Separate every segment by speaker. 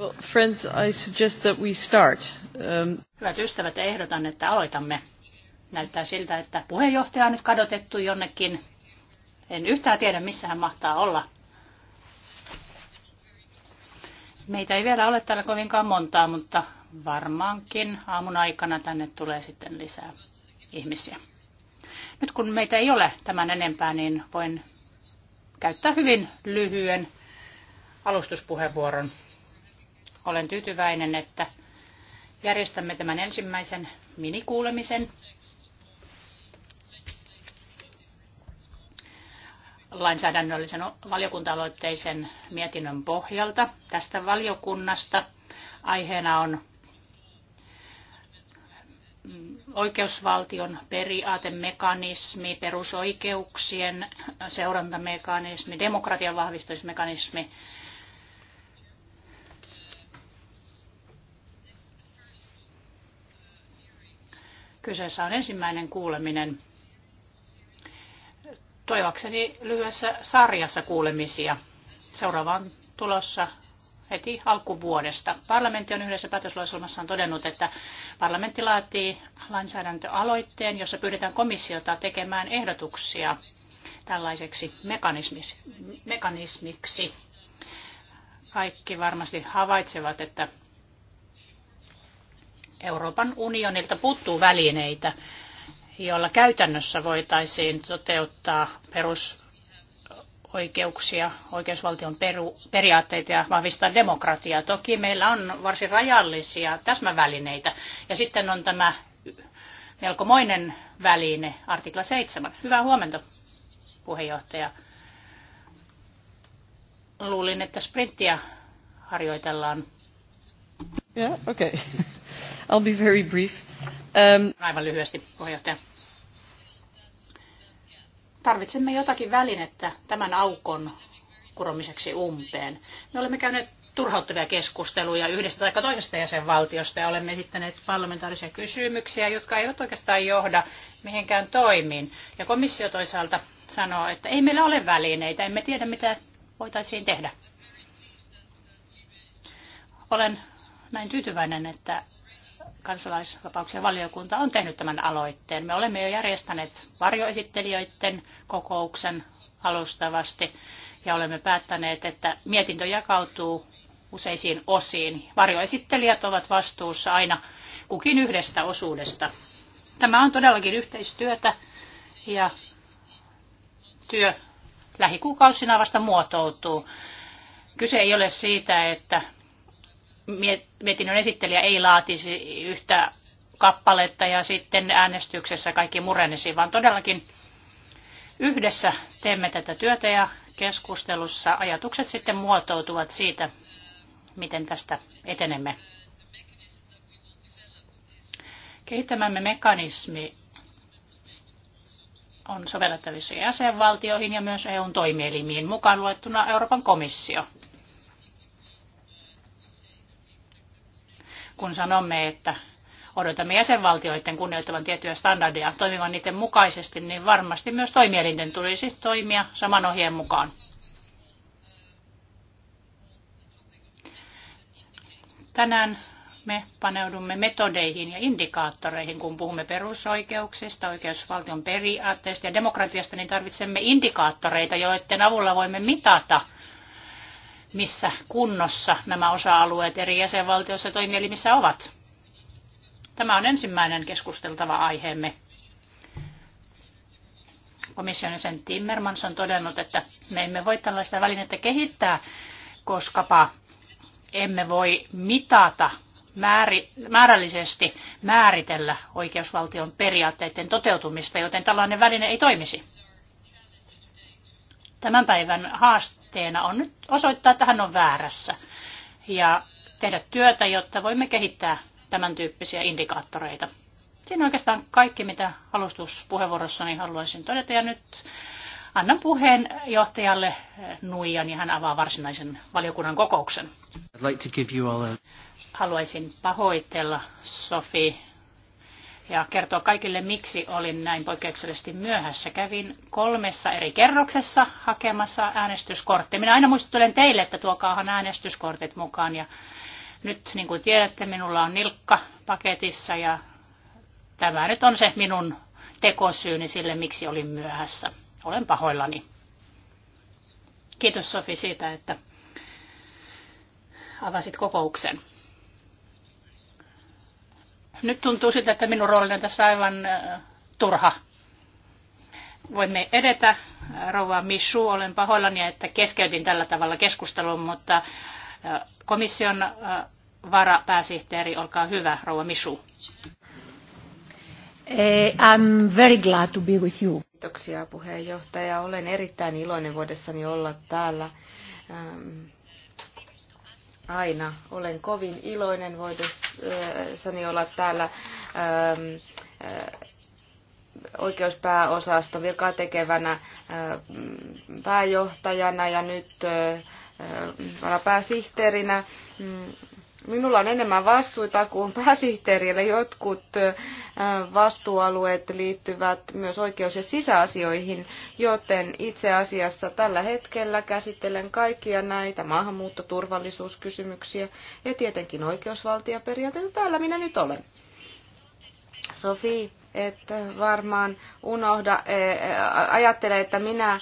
Speaker 1: Well, friends, I suggest that we start. Um...
Speaker 2: Hyvät ystävät, ehdotan, että aloitamme. Näyttää siltä, että puheenjohtaja on nyt kadotettu jonnekin. En yhtään tiedä, missä hän mahtaa olla. Meitä ei vielä ole täällä kovinkaan montaa, mutta varmaankin aamun aikana tänne tulee sitten lisää ihmisiä. Nyt kun meitä ei ole tämän enempää, niin voin käyttää hyvin lyhyen alustuspuheenvuoron olen tyytyväinen, että järjestämme tämän ensimmäisen minikuulemisen. lainsäädännöllisen valiokunta-aloitteisen mietinnön pohjalta tästä valiokunnasta. Aiheena on oikeusvaltion periaatemekanismi, perusoikeuksien seurantamekanismi, demokratian vahvistamismekanismi Kyseessä on ensimmäinen kuuleminen. Toivakseni lyhyessä sarjassa kuulemisia. Seuraava on tulossa heti alkuvuodesta. Parlamentti on yhdessä päätöslauselmassaan todennut, että parlamentti laatii lainsäädäntöaloitteen, jossa pyydetään komissiota tekemään ehdotuksia tällaiseksi mekanismiksi. Kaikki varmasti havaitsevat, että Euroopan unionilta puuttuu välineitä, joilla käytännössä voitaisiin toteuttaa perusoikeuksia, oikeusvaltion peru, periaatteita ja vahvistaa demokratiaa. Toki meillä on varsin rajallisia täsmävälineitä. Ja sitten on tämä melkomoinen väline, artikla 7. Hyvää huomenta, puheenjohtaja. Luulin, että sprinttiä harjoitellaan.
Speaker 1: Yeah, okay. I'll be very brief.
Speaker 2: Um, Aivan lyhyesti, puheenjohtaja. Tarvitsemme jotakin välinettä tämän aukon kuromiseksi umpeen. Me olemme käyneet turhauttavia keskusteluja yhdestä tai toisesta jäsenvaltiosta ja olemme esittäneet parlamentaarisia kysymyksiä, jotka eivät oikeastaan johda mihinkään toimiin. Ja komissio toisaalta sanoo, että ei meillä ole välineitä, emme tiedä mitä voitaisiin tehdä. Olen näin tyytyväinen, että kansalaisvapauksien valiokunta on tehnyt tämän aloitteen. Me olemme jo järjestäneet varjoesittelijöiden kokouksen alustavasti ja olemme päättäneet, että mietintö jakautuu useisiin osiin. Varjoesittelijät ovat vastuussa aina kukin yhdestä osuudesta. Tämä on todellakin yhteistyötä ja työ lähikuukausina vasta muotoutuu. Kyse ei ole siitä, että mietinnön esittelijä ei laatisi yhtä kappaletta ja sitten äänestyksessä kaikki murenisi, vaan todellakin yhdessä teemme tätä työtä ja keskustelussa ajatukset sitten muotoutuvat siitä, miten tästä etenemme. Kehittämämme mekanismi on sovellettavissa jäsenvaltioihin ja myös EUn toimielimiin, mukaan luettuna Euroopan komissio. kun sanomme, että odotamme jäsenvaltioiden kunnioittavan tiettyjä standardeja toimivan niiden mukaisesti, niin varmasti myös toimielinten tulisi toimia saman ohjeen mukaan. Tänään me paneudumme metodeihin ja indikaattoreihin. Kun puhumme perusoikeuksista, oikeusvaltion periaatteista ja demokratiasta, niin tarvitsemme indikaattoreita, joiden avulla voimme mitata – missä kunnossa nämä osa-alueet eri jäsenvaltioissa ja toimielimissä ovat. Tämä on ensimmäinen keskusteltava aiheemme. Komission sen Timmermans on todennut, että me emme voi tällaista välinettä kehittää, koska emme voi mitata määri, määrällisesti määritellä oikeusvaltion periaatteiden toteutumista, joten tällainen väline ei toimisi. Tämän päivän haasteena on nyt osoittaa, että hän on väärässä ja tehdä työtä, jotta voimme kehittää tämän tyyppisiä indikaattoreita. Siinä on oikeastaan kaikki, mitä alustuspuheenvuorossani haluaisin todeta. Ja nyt annan puheenjohtajalle Nuijan ja hän avaa varsinaisen valiokunnan kokouksen.
Speaker 3: Like a...
Speaker 2: Haluaisin pahoitella, Sofi, ja kertoa kaikille, miksi olin näin poikkeuksellisesti myöhässä. Kävin kolmessa eri kerroksessa hakemassa äänestyskortteja. Minä aina muistuttelen teille, että tuokaahan äänestyskortit mukaan. Ja nyt, niin kuin tiedätte, minulla on nilkka paketissa ja tämä nyt on se minun tekosyyni sille, miksi olin myöhässä. Olen pahoillani. Kiitos Sofi siitä, että avasit kokouksen. Nyt tuntuu siltä, että minun roolini on tässä aivan turha. Voimme edetä. Rouva Missu, olen pahoillani, että keskeytin tällä tavalla keskustelun, mutta komission varapääsihteeri, olkaa hyvä, rouva Missu. Eh, I'm very glad to be with you.
Speaker 1: Kiitoksia puheenjohtaja. Olen erittäin iloinen voidessani olla täällä aina. Olen kovin iloinen voidessani olla täällä ähm, äh, oikeuspääosaston virkaa tekevänä äh, pääjohtajana ja nyt äh, varapääsihteerinä. Mm. Minulla on enemmän vastuita kuin pääsihteerillä. Jotkut vastuualueet liittyvät myös oikeus- ja sisäasioihin, joten itse asiassa tällä hetkellä käsittelen kaikkia näitä maahanmuuttoturvallisuuskysymyksiä ja tietenkin oikeusvaltioperiaatteita. Täällä minä nyt olen. Sofi, et varmaan unohda, e, e, ajattele, että minä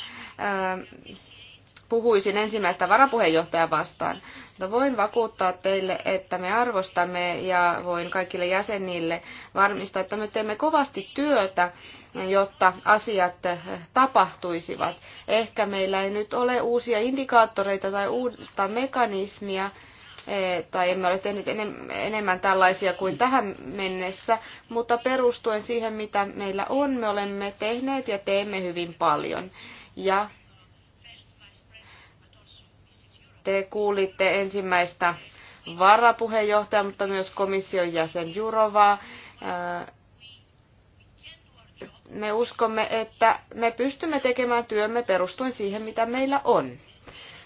Speaker 1: puhuisin ensimmäistä varapuheenjohtajaa vastaan, mutta no, voin vakuuttaa teille, että me arvostamme ja voin kaikille jäsenille varmistaa, että me teemme kovasti työtä, jotta asiat eh, tapahtuisivat. Ehkä meillä ei nyt ole uusia indikaattoreita tai uutta mekanismia, eh, tai emme ole tehneet enemmän tällaisia kuin tähän mennessä, mutta perustuen siihen, mitä meillä on, me olemme tehneet ja teemme hyvin paljon. Ja Te kuulitte ensimmäistä varapuheenjohtajaa, mutta myös komission jäsen Jurovaa. Äh, me uskomme, että me pystymme tekemään työmme perustuen siihen, mitä meillä on.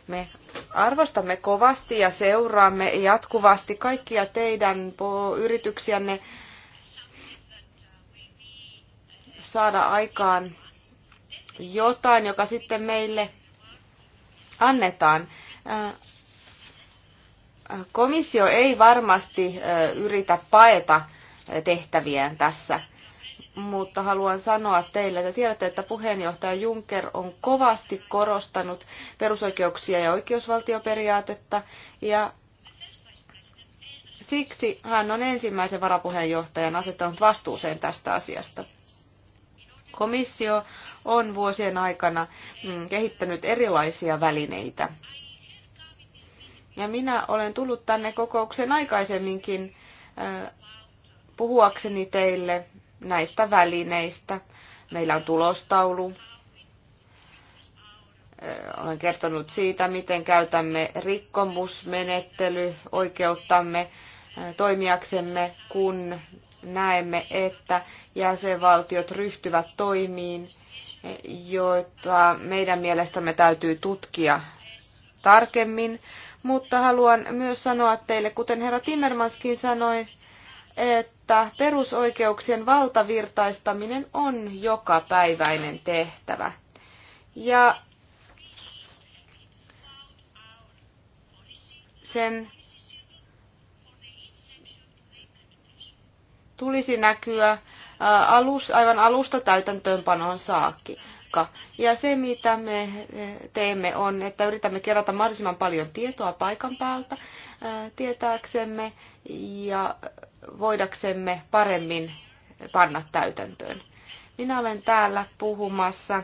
Speaker 1: Me arvostamme kovasti ja seuraamme jatkuvasti kaikkia teidän yrityksiänne saada aikaan jotain, joka sitten meille annetaan. Komissio ei varmasti yritä paeta tehtäviään tässä, mutta haluan sanoa teille, että tiedätte, että puheenjohtaja Juncker on kovasti korostanut perusoikeuksia ja oikeusvaltioperiaatetta, ja siksi hän on ensimmäisen varapuheenjohtajan asettanut vastuuseen tästä asiasta. Komissio on vuosien aikana mm, kehittänyt erilaisia välineitä ja minä olen tullut tänne kokoukseen aikaisemminkin puhuakseni teille näistä välineistä. Meillä on tulostaulu. Olen kertonut siitä, miten käytämme rikkomusmenettely oikeuttamme toimijaksemme, kun näemme, että jäsenvaltiot ryhtyvät toimiin, joita meidän mielestämme täytyy tutkia tarkemmin. Mutta haluan myös sanoa teille, kuten herra Timmermanskin sanoi, että perusoikeuksien valtavirtaistaminen on jokapäiväinen tehtävä. Ja sen tulisi näkyä alus, aivan alusta täytäntöönpanoon saakki taakka. Ja se, mitä me eh, teemme, on, että yritämme kerätä mahdollisimman paljon tietoa paikan päältä eh, tietääksemme ja voidaksemme paremmin panna täytäntöön. Minä olen täällä puhumassa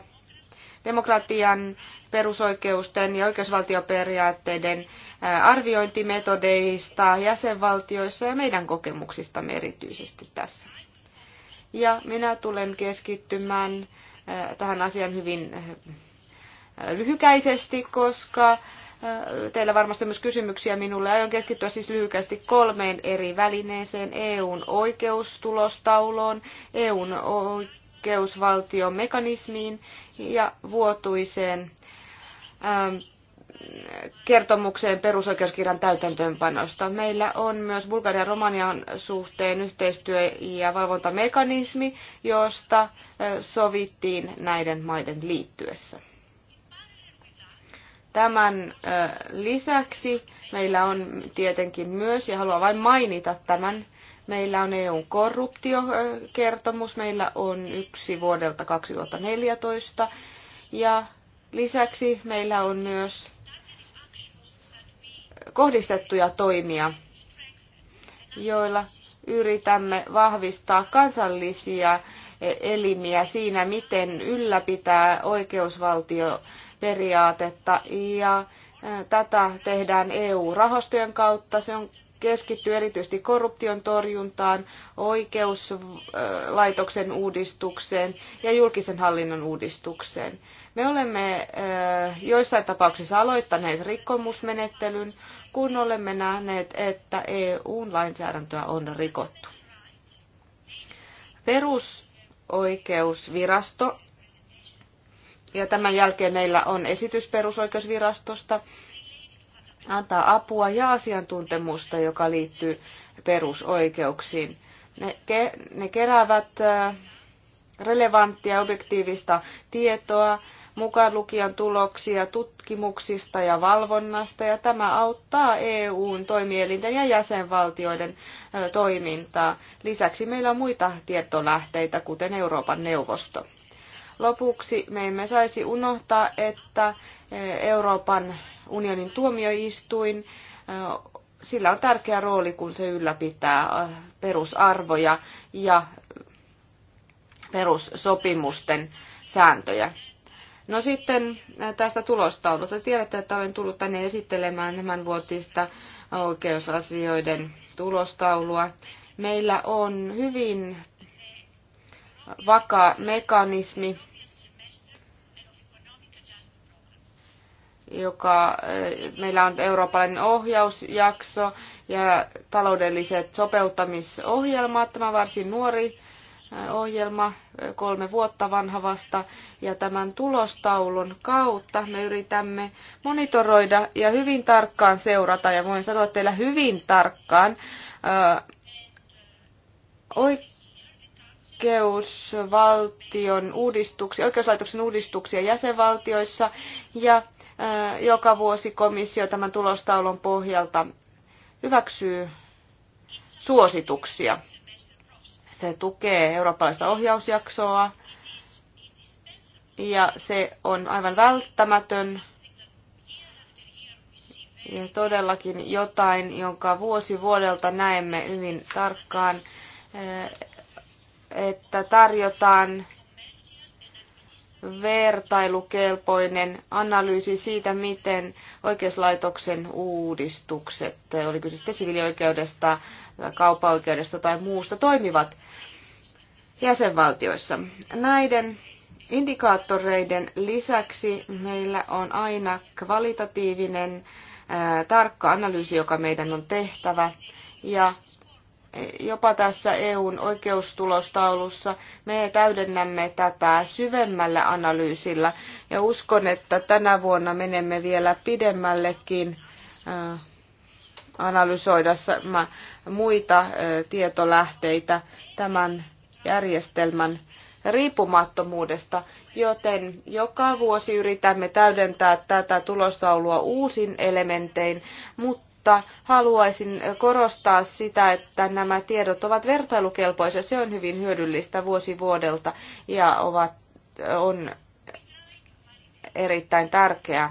Speaker 1: demokratian, perusoikeusten ja oikeusvaltioperiaatteiden eh, arviointimetodeista jäsenvaltioissa ja meidän kokemuksistamme erityisesti tässä. Ja minä tulen keskittymään Äh, tähän asiaan hyvin äh, lyhykäisesti, koska äh, teillä varmasti on myös kysymyksiä minulle. Aion keskittyä siis lyhykästi kolmeen eri välineeseen, EUn oikeustulostauloon, EUn oikeusvaltiomekanismiin ja vuotuiseen ähm, kertomukseen perusoikeuskirjan täytäntöönpanosta. Meillä on myös Bulgarian Romanian suhteen yhteistyö- ja valvontamekanismi, josta sovittiin näiden maiden liittyessä. Tämän lisäksi meillä on tietenkin myös, ja haluan vain mainita tämän, meillä on EUn korruptiokertomus, meillä on yksi vuodelta 2014, ja lisäksi meillä on myös kohdistettuja toimia, joilla yritämme vahvistaa kansallisia elimiä siinä, miten ylläpitää oikeusvaltioperiaatetta. Ja tätä tehdään EU-rahastojen kautta. Se on keskittyy erityisesti korruption torjuntaan, oikeuslaitoksen uudistukseen ja julkisen hallinnon uudistukseen. Me olemme joissain tapauksissa aloittaneet rikkomusmenettelyn, kun olemme nähneet, että EUn lainsäädäntöä on rikottu. Perusoikeusvirasto, ja tämän jälkeen meillä on esitys perusoikeusvirastosta, antaa apua ja asiantuntemusta, joka liittyy perusoikeuksiin. Ne, ke, ne keräävät äh, relevanttia objektiivista tietoa mukaan lukijan tuloksia tutkimuksista ja valvonnasta, ja tämä auttaa EUn toimielinten ja jäsenvaltioiden toimintaa. Lisäksi meillä on muita tietolähteitä, kuten Euroopan neuvosto. Lopuksi me emme saisi unohtaa, että Euroopan unionin tuomioistuin sillä on tärkeä rooli, kun se ylläpitää perusarvoja ja perussopimusten sääntöjä. No sitten äh, tästä tulostaulusta. Tiedätte, että olen tullut tänne esittelemään tämän vuotista oikeusasioiden tulostaulua. Meillä on hyvin vakaa mekanismi, joka äh, meillä on eurooppalainen ohjausjakso ja taloudelliset sopeuttamisohjelmat. Tämä on varsin nuori ohjelma, kolme vuotta vanha vasta, ja tämän tulostaulun kautta me yritämme monitoroida ja hyvin tarkkaan seurata, ja voin sanoa teille hyvin tarkkaan, oikeusvaltion uudistuksia, oikeuslaitoksen uudistuksia jäsenvaltioissa, ja joka vuosi komissio tämän tulostaulun pohjalta hyväksyy suosituksia. Se tukee eurooppalaista ohjausjaksoa ja se on aivan välttämätön ja todellakin jotain, jonka vuosi vuodelta näemme hyvin tarkkaan, eh, että tarjotaan vertailukelpoinen analyysi siitä, miten oikeuslaitoksen uudistukset, oli kyse sitten siviilioikeudesta, kaupaoikeudesta tai muusta, toimivat jäsenvaltioissa. Näiden indikaattoreiden lisäksi meillä on aina kvalitatiivinen ää, tarkka analyysi, joka meidän on tehtävä. Ja e, jopa tässä EUn oikeustulostaulussa me täydennämme tätä syvemmällä analyysillä ja uskon, että tänä vuonna menemme vielä pidemmällekin analysoidassa muita tietolähteitä tämän järjestelmän riippumattomuudesta, joten joka vuosi yritämme täydentää tätä tulostaulua uusin elementein, mutta haluaisin korostaa sitä, että nämä tiedot ovat vertailukelpoisia. Se on hyvin hyödyllistä vuosi vuodelta ja ovat, on erittäin tärkeä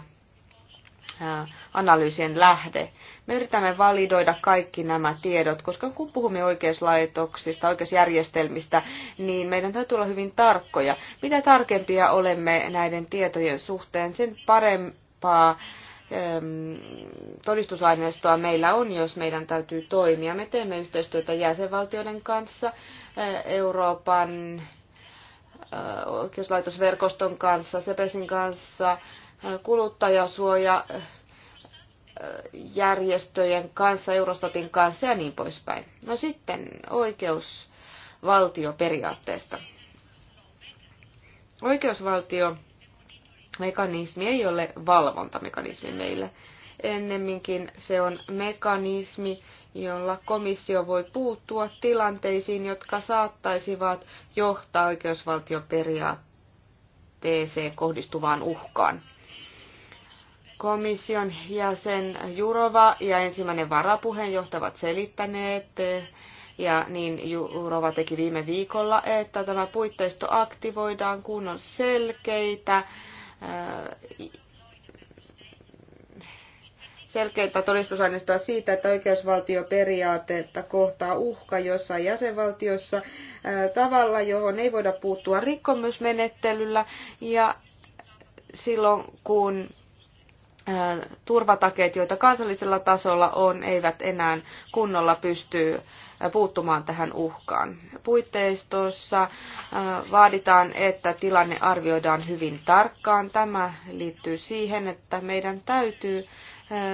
Speaker 1: analyysien lähde. Me yritämme validoida kaikki nämä tiedot, koska kun puhumme oikeuslaitoksista, oikeusjärjestelmistä, niin meidän täytyy olla hyvin tarkkoja. Mitä tarkempia olemme näiden tietojen suhteen, sen parempaa ehm, todistusaineistoa meillä on, jos meidän täytyy toimia. Me teemme yhteistyötä jäsenvaltioiden kanssa, eh, Euroopan eh, oikeuslaitosverkoston kanssa, SEPESin kanssa, eh, kuluttajasuoja järjestöjen kanssa, Eurostatin kanssa ja niin poispäin. No sitten oikeusvaltioperiaatteesta. Oikeusvaltiomekanismi ei ole valvontamekanismi meille. Ennemminkin se on mekanismi, jolla komissio voi puuttua tilanteisiin, jotka saattaisivat johtaa oikeusvaltioperiaatteeseen kohdistuvaan uhkaan. Komission jäsen Jurova ja ensimmäinen varapuheenjohtaja ovat selittäneet, ja niin Jurova teki viime viikolla, että tämä puitteisto aktivoidaan, kun on selkeitä äh, selkeitä todistusaineistoa siitä, että oikeusvaltioperiaatetta kohtaa uhka jossain jäsenvaltiossa äh, tavalla, johon ei voida puuttua rikkomusmenettelyllä. Ja silloin kun turvatakeet, joita kansallisella tasolla on, eivät enää kunnolla pysty puuttumaan tähän uhkaan. Puitteistossa vaaditaan, että tilanne arvioidaan hyvin tarkkaan. Tämä liittyy siihen, että meidän täytyy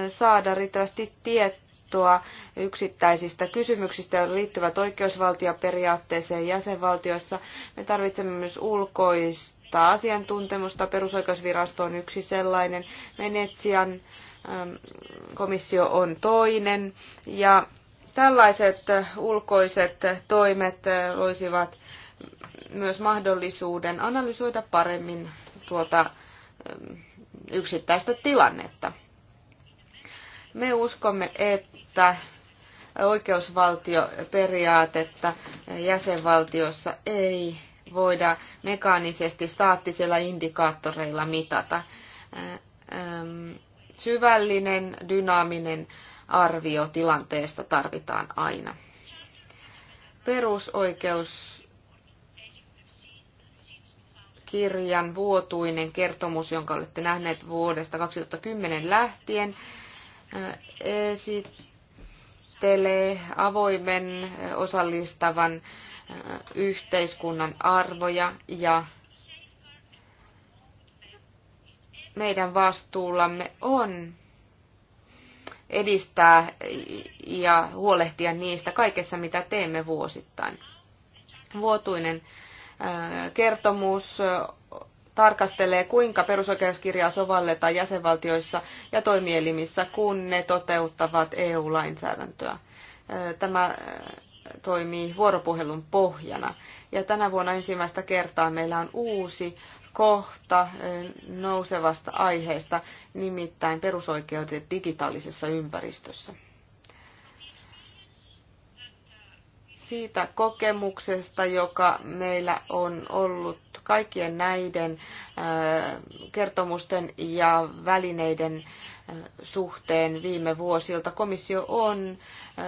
Speaker 1: saada riittävästi tietoa yksittäisistä kysymyksistä, jotka liittyvät oikeusvaltioperiaatteeseen jäsenvaltioissa. Me tarvitsemme myös ulkoista osoittaa asiantuntemusta. Perusoikeusvirasto on yksi sellainen, Venetsian komissio on toinen ja tällaiset ulkoiset toimet loisivat myös mahdollisuuden analysoida paremmin tuota yksittäistä tilannetta. Me uskomme, että oikeusvaltioperiaatetta jäsenvaltiossa ei voida mekaanisesti staattisilla indikaattoreilla mitata. Syvällinen, dynaaminen arvio tilanteesta tarvitaan aina. Perusoikeus kirjan vuotuinen kertomus, jonka olette nähneet vuodesta 2010 lähtien, esittelee avoimen osallistavan yhteiskunnan arvoja ja meidän vastuullamme on edistää ja huolehtia niistä kaikessa, mitä teemme vuosittain. Vuotuinen kertomus tarkastelee, kuinka perusoikeuskirjaa sovalletaan jäsenvaltioissa ja toimielimissä, kun ne toteuttavat EU-lainsäädäntöä. Tämä toimii vuoropuhelun pohjana. Ja tänä vuonna ensimmäistä kertaa meillä on uusi kohta eh, nousevasta aiheesta, nimittäin perusoikeudet digitaalisessa ympäristössä. Siitä kokemuksesta, joka meillä on ollut kaikkien näiden eh, kertomusten ja välineiden suhteen viime vuosilta. Komissio on äh,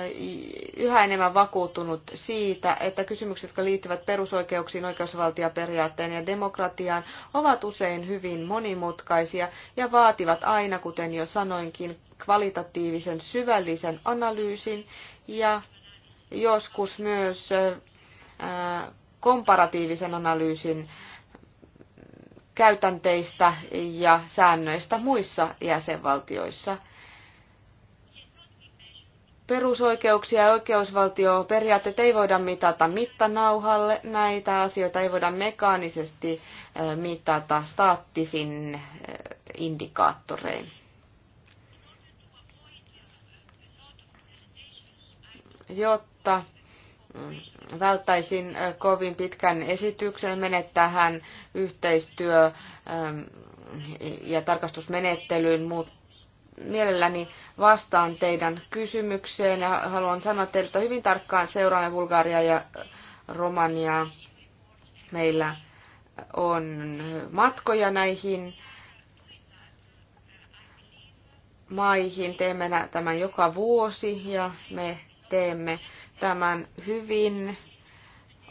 Speaker 1: yhä enemmän vakuuttunut siitä, että kysymykset, jotka liittyvät perusoikeuksiin, oikeusvaltioperiaatteen ja demokratiaan, ovat usein hyvin monimutkaisia ja vaativat aina, kuten jo sanoinkin, kvalitatiivisen syvällisen analyysin ja joskus myös äh, komparatiivisen analyysin käytänteistä ja säännöistä muissa jäsenvaltioissa. Perusoikeuksia ja oikeusvaltioperiaatteet ei voida mitata mittanauhalle. Näitä asioita ei voida mekaanisesti mitata staattisin indikaattorein. Jotta välttäisin äh, kovin pitkän esityksen, menettää tähän yhteistyö- ähm, ja tarkastusmenettelyyn, mutta mielelläni vastaan teidän kysymykseen ja haluan sanoa teille, että hyvin tarkkaan seuraamme Bulgaria ja romania Meillä on matkoja näihin maihin. Teemme tämän joka vuosi ja me teemme tämän hyvin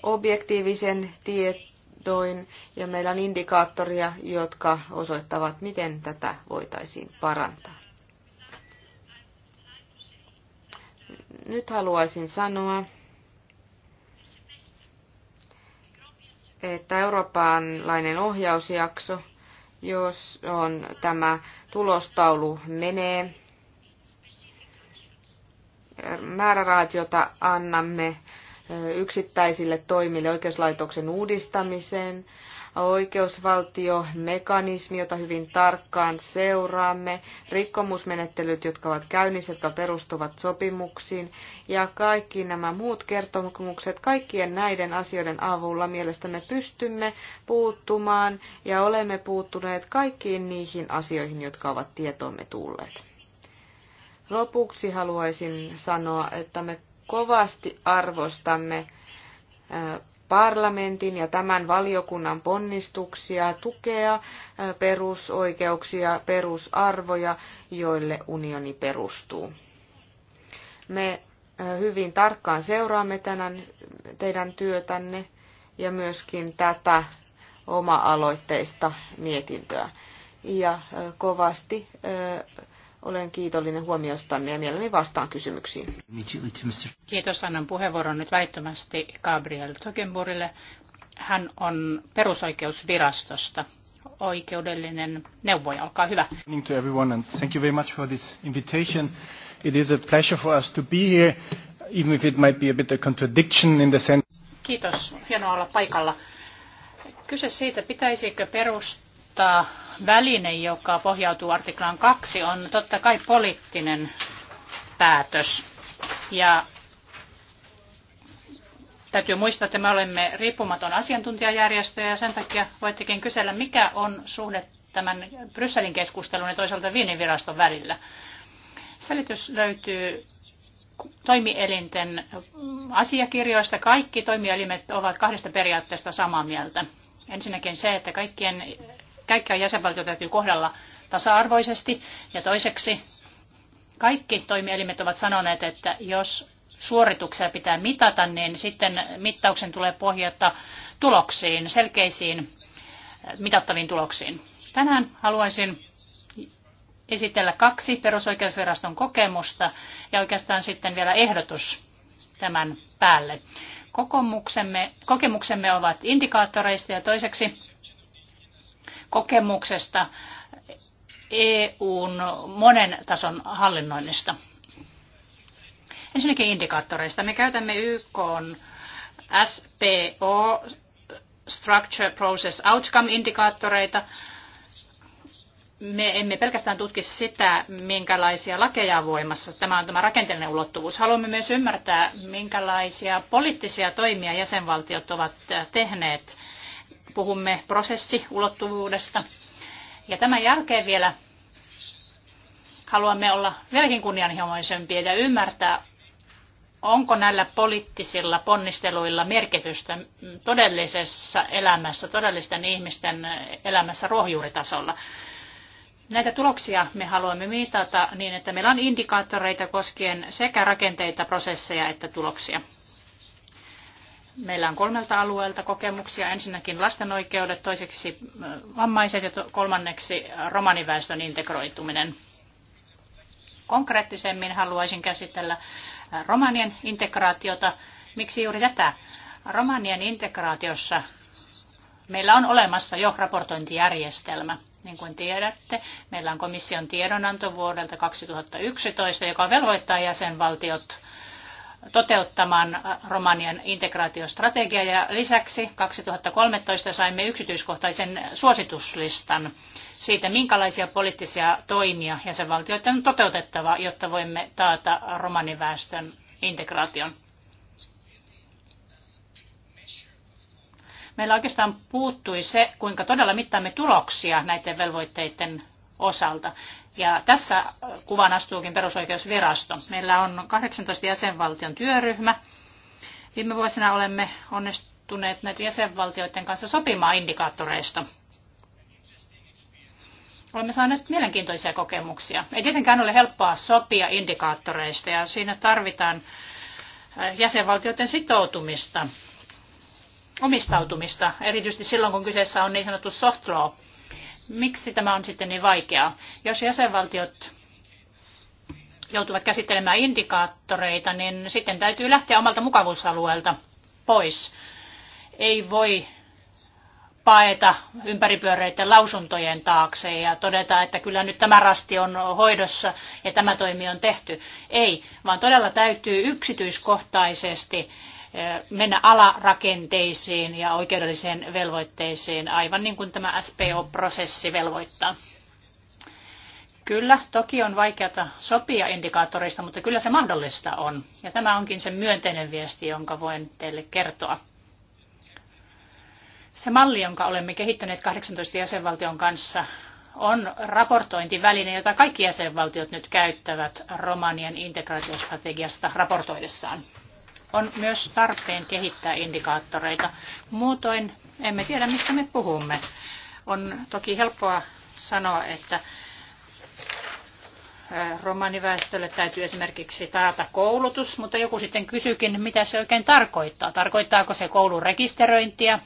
Speaker 1: objektiivisen tiedoin ja meillä on indikaattoria, jotka osoittavat, miten tätä voitaisiin parantaa. Nyt haluaisin sanoa, että eurooppalainen ohjausjakso, jos on tämä tulostaulu menee määrärahat, joita annamme yksittäisille toimille oikeuslaitoksen uudistamiseen, oikeusvaltiomekanismi, jota hyvin tarkkaan seuraamme, rikkomusmenettelyt, jotka ovat käynnissä, jotka perustuvat sopimuksiin, ja kaikki nämä muut kertomukset, kaikkien näiden asioiden avulla mielestämme pystymme puuttumaan ja olemme puuttuneet kaikkiin niihin asioihin, jotka ovat tietomme tulleet. Lopuksi haluaisin sanoa, että me kovasti arvostamme parlamentin ja tämän valiokunnan ponnistuksia tukea perusoikeuksia, perusarvoja, joille unioni perustuu. Me hyvin tarkkaan seuraamme tänään teidän työtänne ja myöskin tätä oma-aloitteista mietintöä. Ja kovasti olen kiitollinen huomiostanne ja mielelläni vastaan kysymyksiin.
Speaker 2: Kiitos. Annan puheenvuoron nyt välittömästi Gabriel Tokenburille. Hän on perusoikeusvirastosta oikeudellinen neuvoja. Olkaa hyvä.
Speaker 4: Morning to everyone and thank you very much for this invitation. It is a pleasure for us to be here, even if
Speaker 5: it might be a bit of contradiction in the sense.
Speaker 2: Kiitos. Hienoa olla paikalla. Kyse siitä, pitäisikö perustaa väline, joka pohjautuu artiklaan 2, on totta kai poliittinen päätös. Ja täytyy muistaa, että me olemme riippumaton asiantuntijajärjestö ja sen takia voittekin kysellä, mikä on suhde tämän Brysselin keskustelun ja toisaalta Viinin viraston välillä. Selitys löytyy toimielinten asiakirjoista. Kaikki toimielimet ovat kahdesta periaatteesta samaa mieltä. Ensinnäkin se, että kaikkien kaikkia jäsenvaltioita täytyy kohdella tasa-arvoisesti. Ja toiseksi kaikki toimielimet ovat sanoneet, että jos suorituksia pitää mitata, niin sitten mittauksen tulee pohjata tuloksiin, selkeisiin äh, mitattaviin tuloksiin. Tänään haluaisin esitellä kaksi perusoikeusviraston kokemusta ja oikeastaan sitten vielä ehdotus tämän päälle. Kokemuksemme, kokemuksemme ovat indikaattoreista ja toiseksi kokemuksesta EUn monen tason hallinnoinnista. Ensinnäkin indikaattoreista. Me käytämme YK SPO, Structure Process Outcome-indikaattoreita. Me emme pelkästään tutki sitä, minkälaisia lakeja on voimassa. Tämä on tämä rakenteellinen ulottuvuus. Haluamme myös ymmärtää, minkälaisia poliittisia toimia jäsenvaltiot ovat tehneet puhumme prosessiulottuvuudesta. Ja tämän jälkeen vielä haluamme olla vieläkin kunnianhimoisempia ja ymmärtää, onko näillä poliittisilla ponnisteluilla merkitystä todellisessa elämässä, todellisten ihmisten elämässä ruohonjuuritasolla. Näitä tuloksia me haluamme mitata niin, että meillä on indikaattoreita koskien sekä rakenteita, prosesseja että tuloksia. Meillä on kolmelta alueelta kokemuksia. Ensinnäkin lasten oikeudet, toiseksi äh, vammaiset ja kolmanneksi romaniväestön integroituminen. Konkreettisemmin haluaisin käsitellä äh, romanien integraatiota. Miksi juuri tätä? Romanien integraatiossa meillä on olemassa jo raportointijärjestelmä. Niin kuin tiedätte, meillä on komission tiedonanto vuodelta 2011, joka velvoittaa jäsenvaltiot toteuttamaan äh, Romanian integraatiostrategiaa ja lisäksi 2013 saimme yksityiskohtaisen suosituslistan siitä, minkälaisia poliittisia toimia jäsenvaltioiden on toteutettava, jotta voimme taata romaniväestön integraation. Meillä oikeastaan puuttui se, kuinka todella mittaamme tuloksia näiden velvoitteiden osalta. Ja tässä kuvan astuukin perusoikeusvirasto. Meillä on 18 jäsenvaltion työryhmä. Viime vuosina olemme onnistuneet näitä jäsenvaltioiden kanssa sopimaan indikaattoreista. Olemme saaneet mielenkiintoisia kokemuksia. Ei tietenkään ole helppoa sopia indikaattoreista ja siinä tarvitaan äh, jäsenvaltioiden sitoutumista, omistautumista, erityisesti silloin kun kyseessä on niin sanottu soft law Miksi tämä on sitten niin vaikeaa? Jos jäsenvaltiot joutuvat käsittelemään indikaattoreita, niin sitten täytyy lähteä omalta mukavuusalueelta pois. Ei voi paeta ympäripyöreiden lausuntojen taakse ja todeta, että kyllä nyt tämä rasti on hoidossa ja tämä toimi on tehty. Ei, vaan todella täytyy yksityiskohtaisesti Eh, mennä alarakenteisiin ja oikeudellisiin velvoitteisiin, aivan niin kuin tämä SPO-prosessi velvoittaa. Kyllä, toki on vaikeata sopia indikaattoreista, mutta kyllä se mahdollista on. Ja tämä onkin se myönteinen viesti, jonka voin teille kertoa. Se malli, jonka olemme kehittäneet 18 jäsenvaltion kanssa, on raportointiväline, jota kaikki jäsenvaltiot nyt käyttävät Romanian integraatiostrategiasta raportoidessaan on myös tarpeen kehittää indikaattoreita. Muutoin emme tiedä, mistä me puhumme. On toki helppoa sanoa, että romaniväestölle täytyy esimerkiksi taata koulutus, mutta joku sitten kysyykin, mitä se oikein tarkoittaa. Tarkoittaako se koulun rekisteröintiä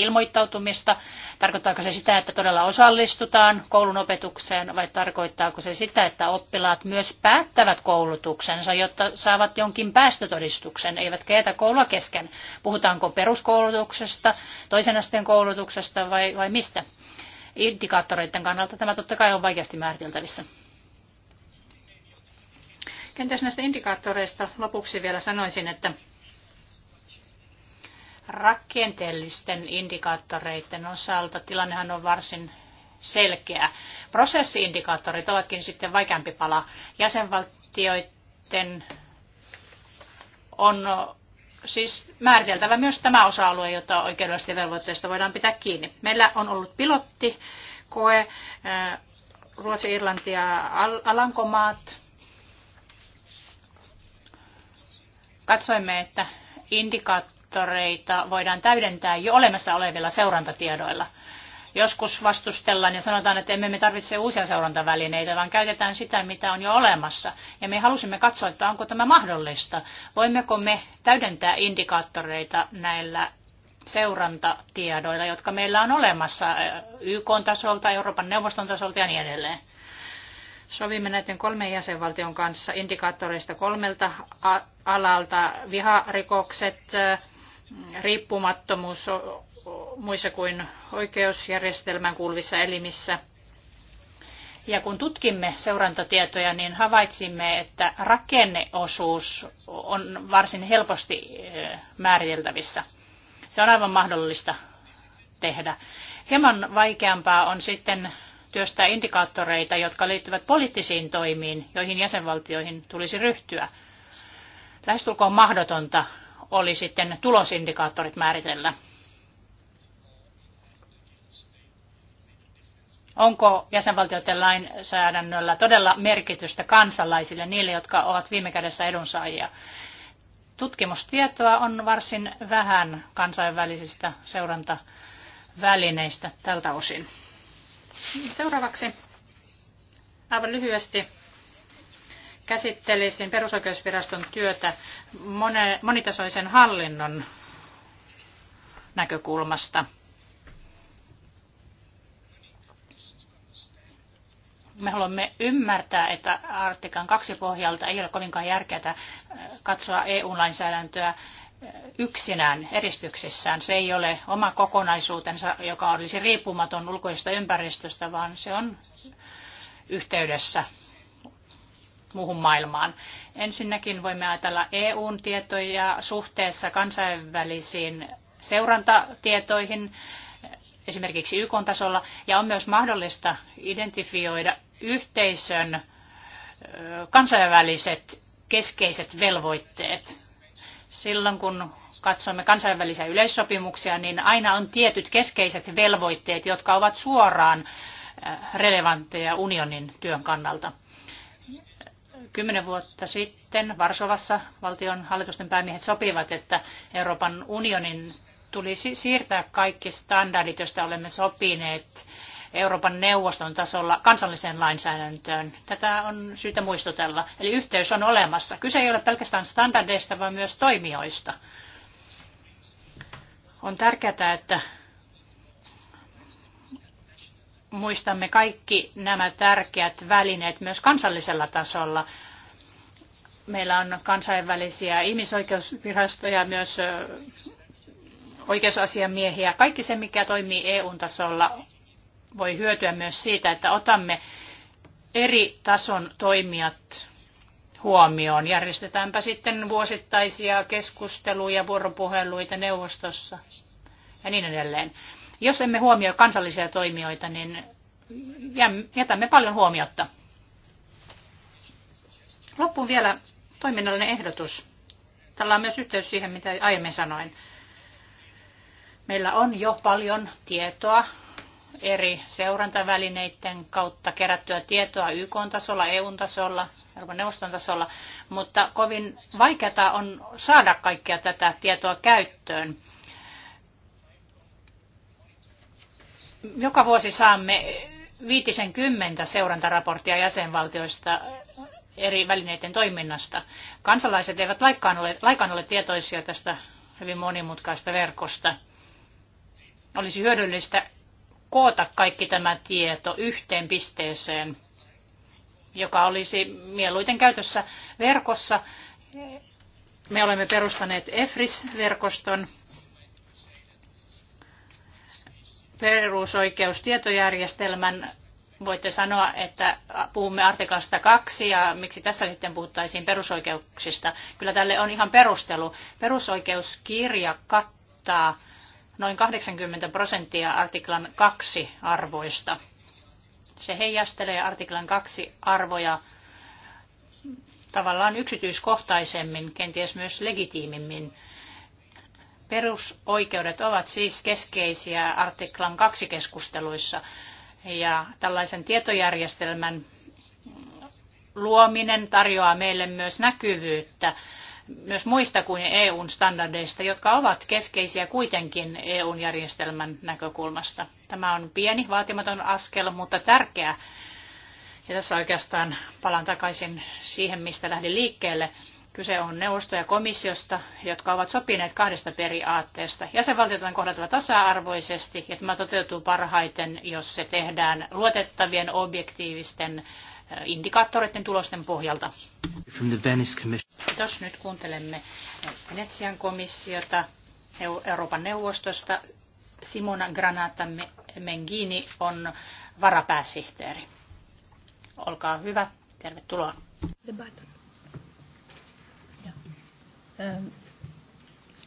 Speaker 2: ilmoittautumista? Tarkoittaako se sitä, että todella osallistutaan koulun opetukseen vai tarkoittaako se sitä, että oppilaat myös päättävät koulutuksensa, jotta saavat jonkin päästötodistuksen, eivät jätä koulua kesken? Puhutaanko peruskoulutuksesta, toisen asteen koulutuksesta vai, vai mistä? Indikaattoreiden kannalta tämä totta kai on vaikeasti määriteltävissä. Kenties näistä indikaattoreista lopuksi vielä sanoisin, että rakenteellisten indikaattoreiden osalta tilannehan on varsin selkeä. Prosessiindikaattorit ovatkin sitten vaikeampi pala. Jäsenvaltioiden on siis määriteltävä myös tämä osa-alue, jota oikeudellisesti velvoitteista voidaan pitää kiinni. Meillä on ollut pilotti, koe, äh, Ruotsi, Irlanti ja Alankomaat. Katsoimme, että indikaattorit indikaattoreita voidaan täydentää jo olemassa olevilla seurantatiedoilla. Joskus vastustellaan ja sanotaan, että emme me tarvitse uusia seurantavälineitä, vaan käytetään sitä, mitä on jo olemassa. Ja me halusimme katsoa, että onko tämä mahdollista. Voimmeko me täydentää indikaattoreita näillä seurantatiedoilla, jotka meillä on olemassa eh, YK-tasolta, Euroopan neuvoston tasolta ja niin edelleen. Sovimme näiden kolmen jäsenvaltion kanssa indikaattoreista kolmelta alalta viharikokset, eh, riippumattomuus muissa kuin oikeusjärjestelmään kuuluvissa elimissä. Ja kun tutkimme seurantatietoja, niin havaitsimme, että rakenneosuus on varsin helposti eh, määriteltävissä. Se on aivan mahdollista tehdä. Hieman vaikeampaa on sitten työstää indikaattoreita, jotka liittyvät poliittisiin toimiin, joihin jäsenvaltioihin tulisi ryhtyä. Lähestulkoon mahdotonta oli sitten tulosindikaattorit määritellä. Onko jäsenvaltioiden lainsäädännöllä todella merkitystä kansalaisille, niille, jotka ovat viime kädessä edunsaajia? Tutkimustietoa on varsin vähän kansainvälisistä seurantavälineistä tältä osin. Seuraavaksi aivan lyhyesti käsittelisin perusoikeusviraston työtä monitasoisen hallinnon näkökulmasta. me haluamme ymmärtää, että artiklan kaksi pohjalta ei ole kovinkaan järkeää äh, katsoa EU-lainsäädäntöä äh, yksinään eristyksissään. Se ei ole oma kokonaisuutensa, joka olisi riippumaton ulkoisesta ympäristöstä, vaan se on yhteydessä muuhun maailmaan. Ensinnäkin voimme ajatella EUn tietoja suhteessa kansainvälisiin seurantatietoihin, esimerkiksi YK-tasolla, ja on myös mahdollista identifioida yhteisön kansainväliset keskeiset velvoitteet. Silloin kun katsomme kansainvälisiä yleissopimuksia, niin aina on tietyt keskeiset velvoitteet, jotka ovat suoraan relevantteja unionin työn kannalta. Kymmenen vuotta sitten Varsovassa valtion hallitusten päämiehet sopivat, että Euroopan unionin tulisi siirtää kaikki standardit, joista olemme sopineet Euroopan neuvoston tasolla kansalliseen lainsäädäntöön. Tätä on syytä muistutella. Eli yhteys on olemassa. Kyse ei ole pelkästään standardeista, vaan myös toimijoista. On tärkeää, että muistamme kaikki nämä tärkeät välineet myös kansallisella tasolla. Meillä on kansainvälisiä ihmisoikeusvirastoja, myös oikeusasiamiehiä. Kaikki se, mikä toimii EU-tasolla, voi hyötyä myös siitä, että otamme eri tason toimijat huomioon. Järjestetäänpä sitten vuosittaisia keskusteluja, vuoropuheluita neuvostossa ja niin edelleen. Jos emme huomioi kansallisia toimijoita, niin jätämme paljon huomiota. Loppuun vielä toiminnallinen ehdotus. Tällä on myös yhteys siihen, mitä aiemmin sanoin. Meillä on jo paljon tietoa eri seurantavälineiden kautta kerättyä tietoa YK-tasolla, EU-tasolla, Euroopan neuvoston tasolla, mutta kovin vaikeata on saada kaikkea tätä tietoa käyttöön. Joka vuosi saamme 50 seurantaraporttia jäsenvaltioista eri välineiden toiminnasta. Kansalaiset eivät lainkaan ole, laikaan ole tietoisia tästä hyvin monimutkaista verkosta. Olisi hyödyllistä koota kaikki tämä tieto yhteen pisteeseen, joka olisi mieluiten käytössä verkossa. Me olemme perustaneet EFRIS-verkoston, perusoikeustietojärjestelmän voitte sanoa, että puhumme artiklasta kaksi ja miksi tässä sitten puhuttaisiin perusoikeuksista. Kyllä tälle on ihan perustelu. Perusoikeuskirja kattaa noin 80 prosenttia artiklan kaksi arvoista. Se heijastelee artiklan kaksi arvoja tavallaan yksityiskohtaisemmin, kenties myös legitiimimmin Perusoikeudet ovat siis keskeisiä artiklan kaksi keskusteluissa ja tällaisen tietojärjestelmän luominen tarjoaa meille myös näkyvyyttä myös muista kuin EUn standardeista, jotka ovat keskeisiä kuitenkin EUn järjestelmän näkökulmasta. Tämä on pieni, vaatimaton askel, mutta tärkeä. Ja tässä oikeastaan palaan takaisin siihen, mistä lähdin liikkeelle. Kyse on neuvosto ja komissiosta, jotka ovat sopineet kahdesta periaatteesta. Jäsenvaltiot on kohdattava tasa-arvoisesti ja tämä toteutuu parhaiten, jos se tehdään luotettavien objektiivisten indikaattoreiden tulosten pohjalta. Kiitos. Nyt kuuntelemme Venetsian komissiota Euroopan neuvostosta. Simona Granata Mengini on varapääsihteeri. Olkaa hyvä. Tervetuloa. The button.
Speaker 5: Um,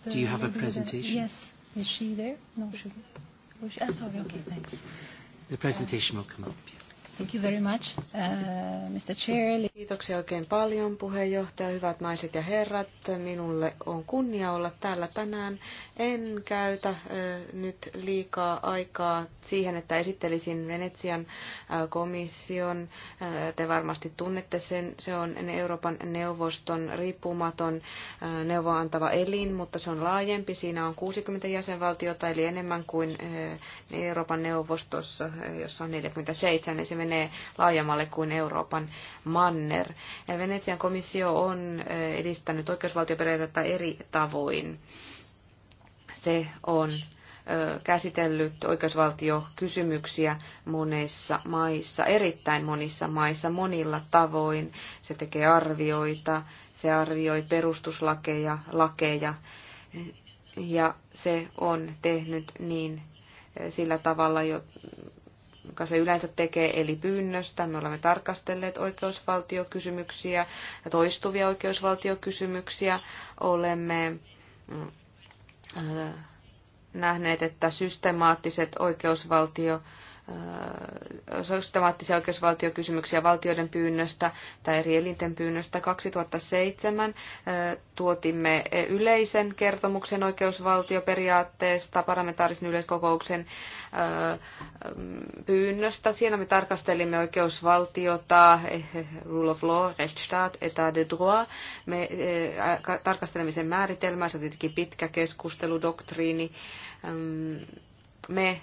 Speaker 4: Do you have a presentation? Yes. Is she there? No, she's not. Oh, ah, sorry.
Speaker 1: Okay, thanks.
Speaker 3: The presentation will come up. Yeah.
Speaker 2: Thank you very much, uh, Mr.
Speaker 1: Chair. Kiitoksia oikein paljon puheenjohtaja, hyvät naiset ja herrat. Minulle on kunnia olla täällä tänään. En käytä uh, nyt liikaa aikaa siihen, että esittelisin Venetsian uh, komission. Uh, te varmasti tunnette sen. Se on Euroopan neuvoston riippumaton uh, neuvoantava elin, mutta se on laajempi. Siinä on 60 jäsenvaltiota, eli enemmän kuin uh, Euroopan neuvostossa, uh, jossa on 47 esimerkiksi menee laajemmalle kuin Euroopan manner. Venetsian komissio on edistänyt oikeusvaltioperiaatetta eri tavoin. Se on käsitellyt oikeusvaltiokysymyksiä monissa maissa, erittäin monissa maissa, monilla tavoin. Se tekee arvioita, se arvioi perustuslakeja, lakeja ja se on tehnyt niin sillä tavalla, joka se yleensä tekee, eli pyynnöstä. Me olemme tarkastelleet oikeusvaltiokysymyksiä, toistuvia oikeusvaltiokysymyksiä. Olemme mm, äh, nähneet, että systemaattiset oikeusvaltio systemaattisia oikeusvaltiokysymyksiä valtioiden pyynnöstä tai eri elinten pyynnöstä. 2007 tuotimme yleisen kertomuksen oikeusvaltioperiaatteesta parlamentaarisen yleiskokouksen mm, pyynnöstä. Siinä me tarkastelimme oikeusvaltiota, eh, eh, rule of law, rechtsstaat, état de droit. Me eh, tarkastelemme sen määritelmää, se on tietenkin pitkä keskustelu, doktriini. Me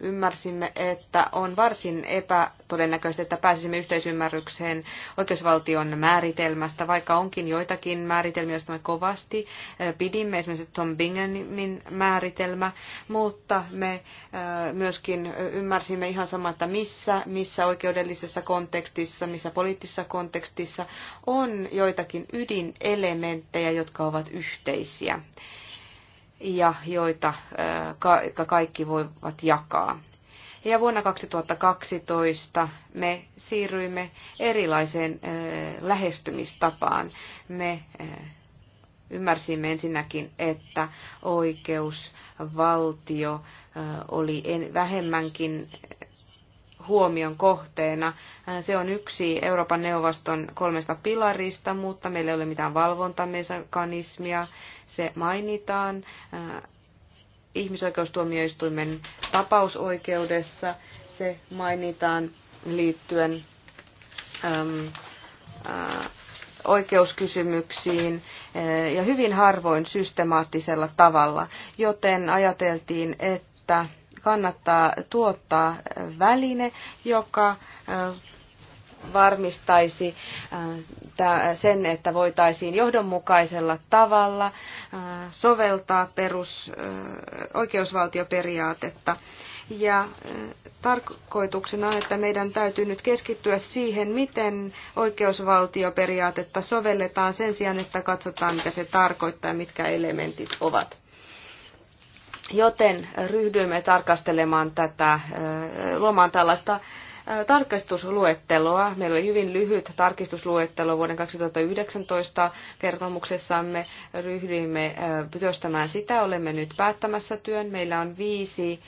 Speaker 1: ymmärsimme, että on varsin epätodennäköistä, että pääsisimme yhteisymmärrykseen oikeusvaltion määritelmästä, vaikka onkin joitakin määritelmiä, joista me kovasti eh, pidimme, esimerkiksi Tom Binghamin määritelmä, mutta me eh, myöskin ymmärsimme ihan sama, että missä, missä oikeudellisessa kontekstissa, missä poliittisessa kontekstissa on joitakin ydinelementtejä, jotka ovat yhteisiä ja joita kaikki voivat jakaa. Ja vuonna 2012 me siirryimme erilaiseen lähestymistapaan. Me ymmärsimme ensinnäkin, että oikeusvaltio oli vähemmänkin huomion kohteena. Äh, se on yksi Euroopan neuvoston kolmesta pilarista, mutta meillä ei ole mitään valvontamekanismia. Se mainitaan äh, ihmisoikeustuomioistuimen tapausoikeudessa. Se mainitaan liittyen äm, ä, äh, oikeuskysymyksiin ja hyvin harvoin systemaattisella tavalla, joten ajateltiin, että kannattaa tuottaa väline, joka varmistaisi sen, että voitaisiin johdonmukaisella tavalla soveltaa perus oikeusvaltioperiaatetta. Ja tarkoituksena on, että meidän täytyy nyt keskittyä siihen, miten oikeusvaltioperiaatetta sovelletaan sen sijaan, että katsotaan, mitä se tarkoittaa ja mitkä elementit ovat. Joten ryhdyimme tarkastelemaan tätä, luomaan tällaista tarkastusluetteloa. Meillä oli hyvin lyhyt tarkistusluettelo vuoden 2019 kertomuksessamme. Ryhdyimme työstämään sitä. Olemme nyt päättämässä työn. Meillä on viisi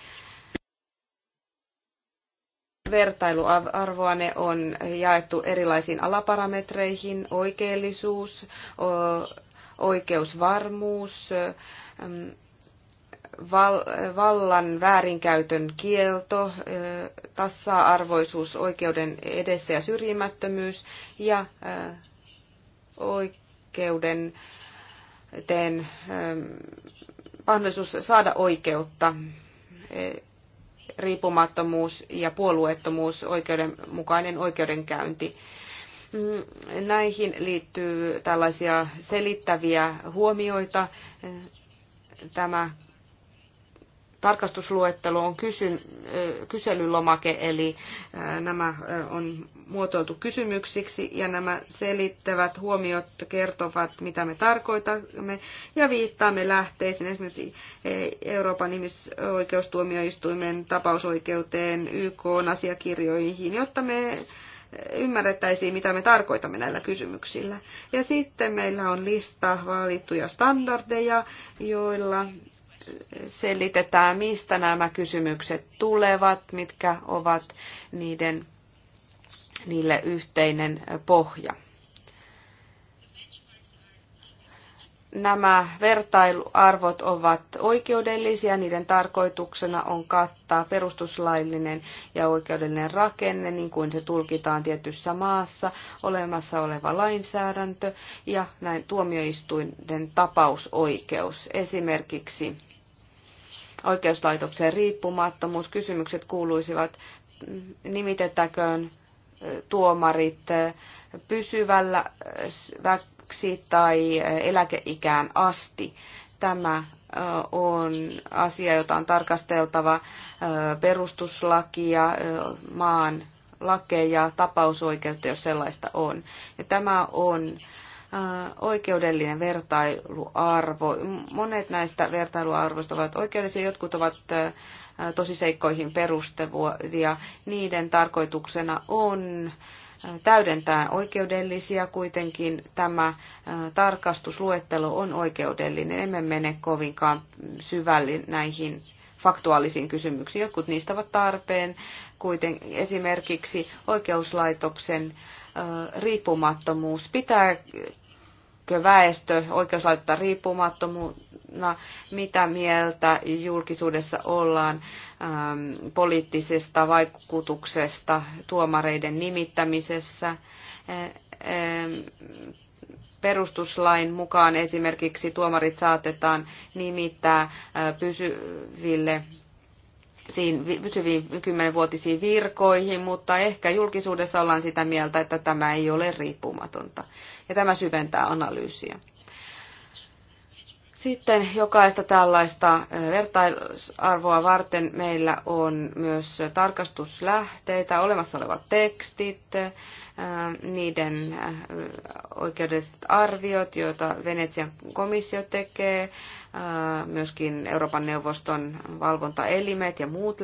Speaker 1: vertailuarvoa. Ne on jaettu erilaisiin alaparametreihin. Oikeellisuus, oikeusvarmuus, vallan väärinkäytön kielto, tasa-arvoisuus oikeuden edessä ja syrjimättömyys ja oikeuden teen mahdollisuus saada oikeutta, e, riippumattomuus ja puolueettomuus, oikeudenmukainen oikeudenkäynti. Mm, näihin liittyy tällaisia selittäviä huomioita. Tämä tarkastusluettelo on kysy, kyselylomake, eli nämä on muotoiltu kysymyksiksi ja nämä selittävät huomiot kertovat, mitä me tarkoitamme ja viittaamme lähteisiin, esimerkiksi e, Euroopan ihmisoikeustuomioistuimen tapausoikeuteen, YK asiakirjoihin, jotta me e, ymmärrettäisiin, mitä me tarkoitamme näillä kysymyksillä. Ja sitten meillä on lista valittuja standardeja, joilla selitetään, mistä nämä kysymykset tulevat, mitkä ovat niiden, niille yhteinen pohja. Nämä vertailuarvot ovat oikeudellisia, niiden tarkoituksena on kattaa perustuslaillinen ja oikeudellinen rakenne, niin kuin se tulkitaan tietyssä maassa, olemassa oleva lainsäädäntö ja näin tuomioistuinten tapausoikeus. Esimerkiksi oikeuslaitoksen riippumattomuus. Kysymykset kuuluisivat, nimitetäköön tuomarit pysyvällä väksi tai eläkeikään asti. Tämä on asia, jota on tarkasteltava perustuslakia, maan lakeja, tapausoikeutta, jos sellaista on. Ja tämä on oikeudellinen vertailuarvo. Monet näistä vertailuarvoista ovat oikeudellisia, jotkut ovat tosiseikkoihin perustuvia. Niiden tarkoituksena on täydentää oikeudellisia, kuitenkin tämä tarkastusluettelo on oikeudellinen. Emme mene kovinkaan syvälle näihin faktuaalisiin kysymyksiin. Jotkut niistä ovat tarpeen, kuiten esimerkiksi oikeuslaitoksen riippumattomuus. Pitää väestö oikeuslaittaa riippumattomuutta mitä mieltä julkisuudessa ollaan ähm, poliittisesta vaikutuksesta tuomareiden nimittämisessä. Äh, äh, perustuslain mukaan esimerkiksi tuomarit saatetaan nimittää äh, pysyville pysyviin kymmenenvuotisiin virkoihin, mutta ehkä julkisuudessa ollaan sitä mieltä, että tämä ei ole riippumatonta. Ja tämä syventää analyysiä. Sitten jokaista tällaista vertaisarvoa varten meillä on myös tarkastuslähteitä, olemassa olevat tekstit, niiden oikeudelliset arviot, joita Venetsian komissio tekee, myöskin Euroopan neuvoston valvontaelimet ja muut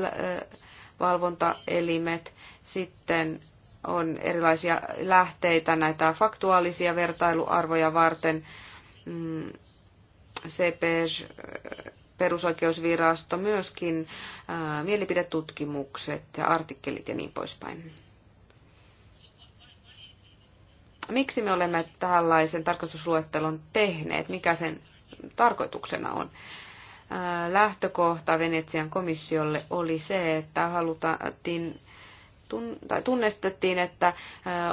Speaker 1: valvontaelimet. Sitten on erilaisia lähteitä näitä faktuaalisia vertailuarvoja varten mm, CPS, perusoikeusvirasto, myöskin ää, mielipidetutkimukset ja artikkelit ja niin poispäin. Miksi me olemme tällaisen tarkastusluettelon tehneet? Mikä sen tarkoituksena on? Ää, lähtökohta Venetsian komissiolle oli se, että halutaan tunnistettiin, että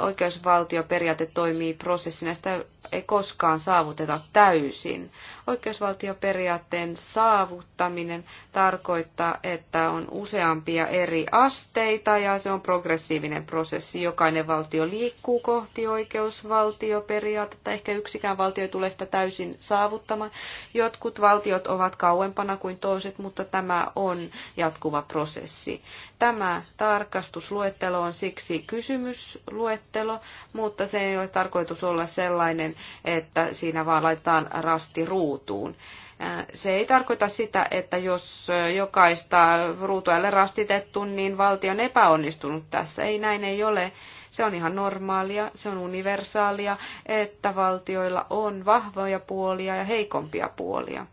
Speaker 1: oikeusvaltioperiaate toimii prosessina. Sitä ei koskaan saavuteta täysin. Oikeusvaltioperiaatteen saavuttaminen tarkoittaa, että on useampia eri asteita ja se on progressiivinen prosessi. Jokainen valtio liikkuu kohti oikeusvaltioperiaatetta. Ehkä yksikään valtio ei tule sitä täysin saavuttamaan. Jotkut valtiot ovat kauempana kuin toiset, mutta tämä on jatkuva prosessi. Tämä tarkastusluettelo on siksi kysymysluettelo, mutta se ei ole tarkoitus olla sellainen, että siinä vaan laitetaan rasti ruutuun. Se ei tarkoita sitä, että jos jokaista ruutuelle rastitettu, niin valtio on epäonnistunut tässä. Ei näin ei ole. Se on ihan normaalia, se on universaalia, että valtioilla on vahvoja puolia ja heikompia puolia.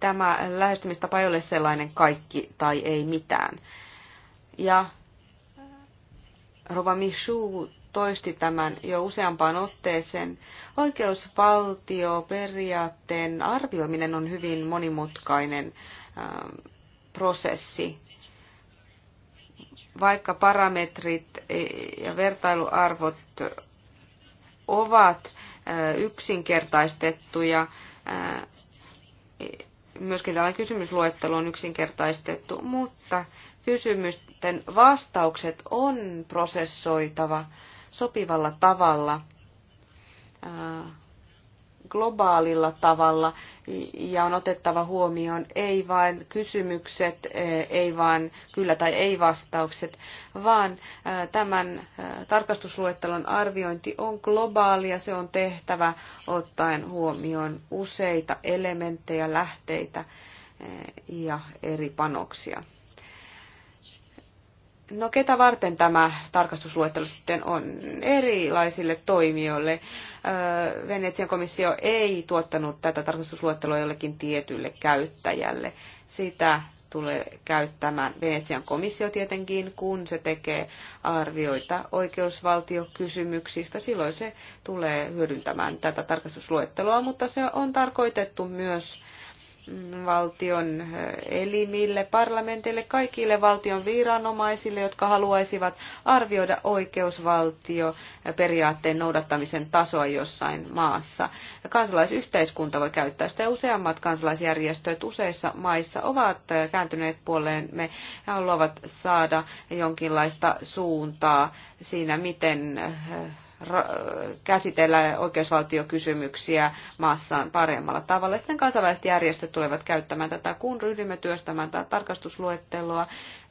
Speaker 1: Tämä lähestymistapa ei ole sellainen kaikki tai ei mitään. Ja Rova Michoud toisti tämän jo useampaan otteeseen. Oikeusvaltioperiaatteen arvioiminen on hyvin monimutkainen ähm, prosessi. Vaikka parametrit e, ja vertailuarvot ovat äh, yksinkertaistettuja, äh, e, myöskin tällainen kysymysluettelo on yksinkertaistettu, mutta kysymysten vastaukset on prosessoitava sopivalla tavalla, globaalilla tavalla ja on otettava huomioon ei vain kysymykset, ei vain kyllä tai ei vastaukset, vaan tämän tarkastusluettelon arviointi on globaali ja se on tehtävä ottaen huomioon useita elementtejä, lähteitä ja eri panoksia. No ketä varten tämä tarkastusluettelo sitten on? Erilaisille toimijoille. Venetsian komissio ei tuottanut tätä tarkastusluetteloa jollekin tietylle käyttäjälle. Sitä tulee käyttämään Venetsian komissio tietenkin, kun se tekee arvioita oikeusvaltiokysymyksistä. Silloin se tulee hyödyntämään tätä tarkastusluetteloa, mutta se on tarkoitettu myös valtion elimille, parlamentille, kaikille valtion viranomaisille, jotka haluaisivat arvioida oikeusvaltioperiaatteen noudattamisen tasoa jossain maassa. Kansalaisyhteiskunta voi käyttää sitä. Useammat kansalaisjärjestöt useissa maissa ovat kääntyneet puoleemme ja haluavat saada jonkinlaista suuntaa siinä, miten käsitellä oikeusvaltiokysymyksiä maassaan paremmalla tavalla. Sitten kansainväliset järjestöt tulevat käyttämään tätä, kun ryhdymme työstämään tätä tarkastusluetteloa.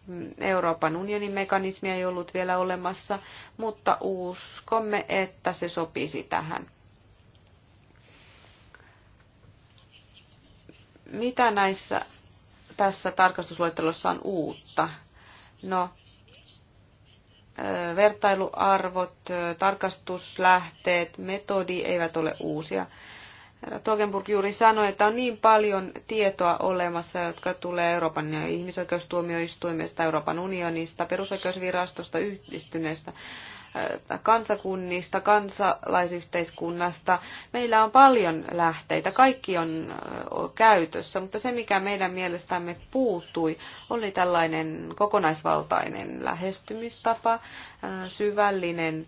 Speaker 1: Mm, Euroopan unionin mekanismia ei ollut vielä olemassa, mutta uskomme, että se sopisi tähän. Mitä näissä tässä tarkastusluettelossa on uutta? No, vertailuarvot, tarkastuslähteet, metodi eivät ole uusia. Togenburg juuri sanoi, että on niin paljon tietoa olemassa, jotka tulee Euroopan ihmisoikeustuomioistuimesta, Euroopan unionista, perusoikeusvirastosta, yhdistyneestä kansakunnista, kansalaisyhteiskunnasta. Meillä on paljon lähteitä, kaikki on käytössä, mutta se mikä meidän mielestämme puuttui oli tällainen kokonaisvaltainen lähestymistapa, syvällinen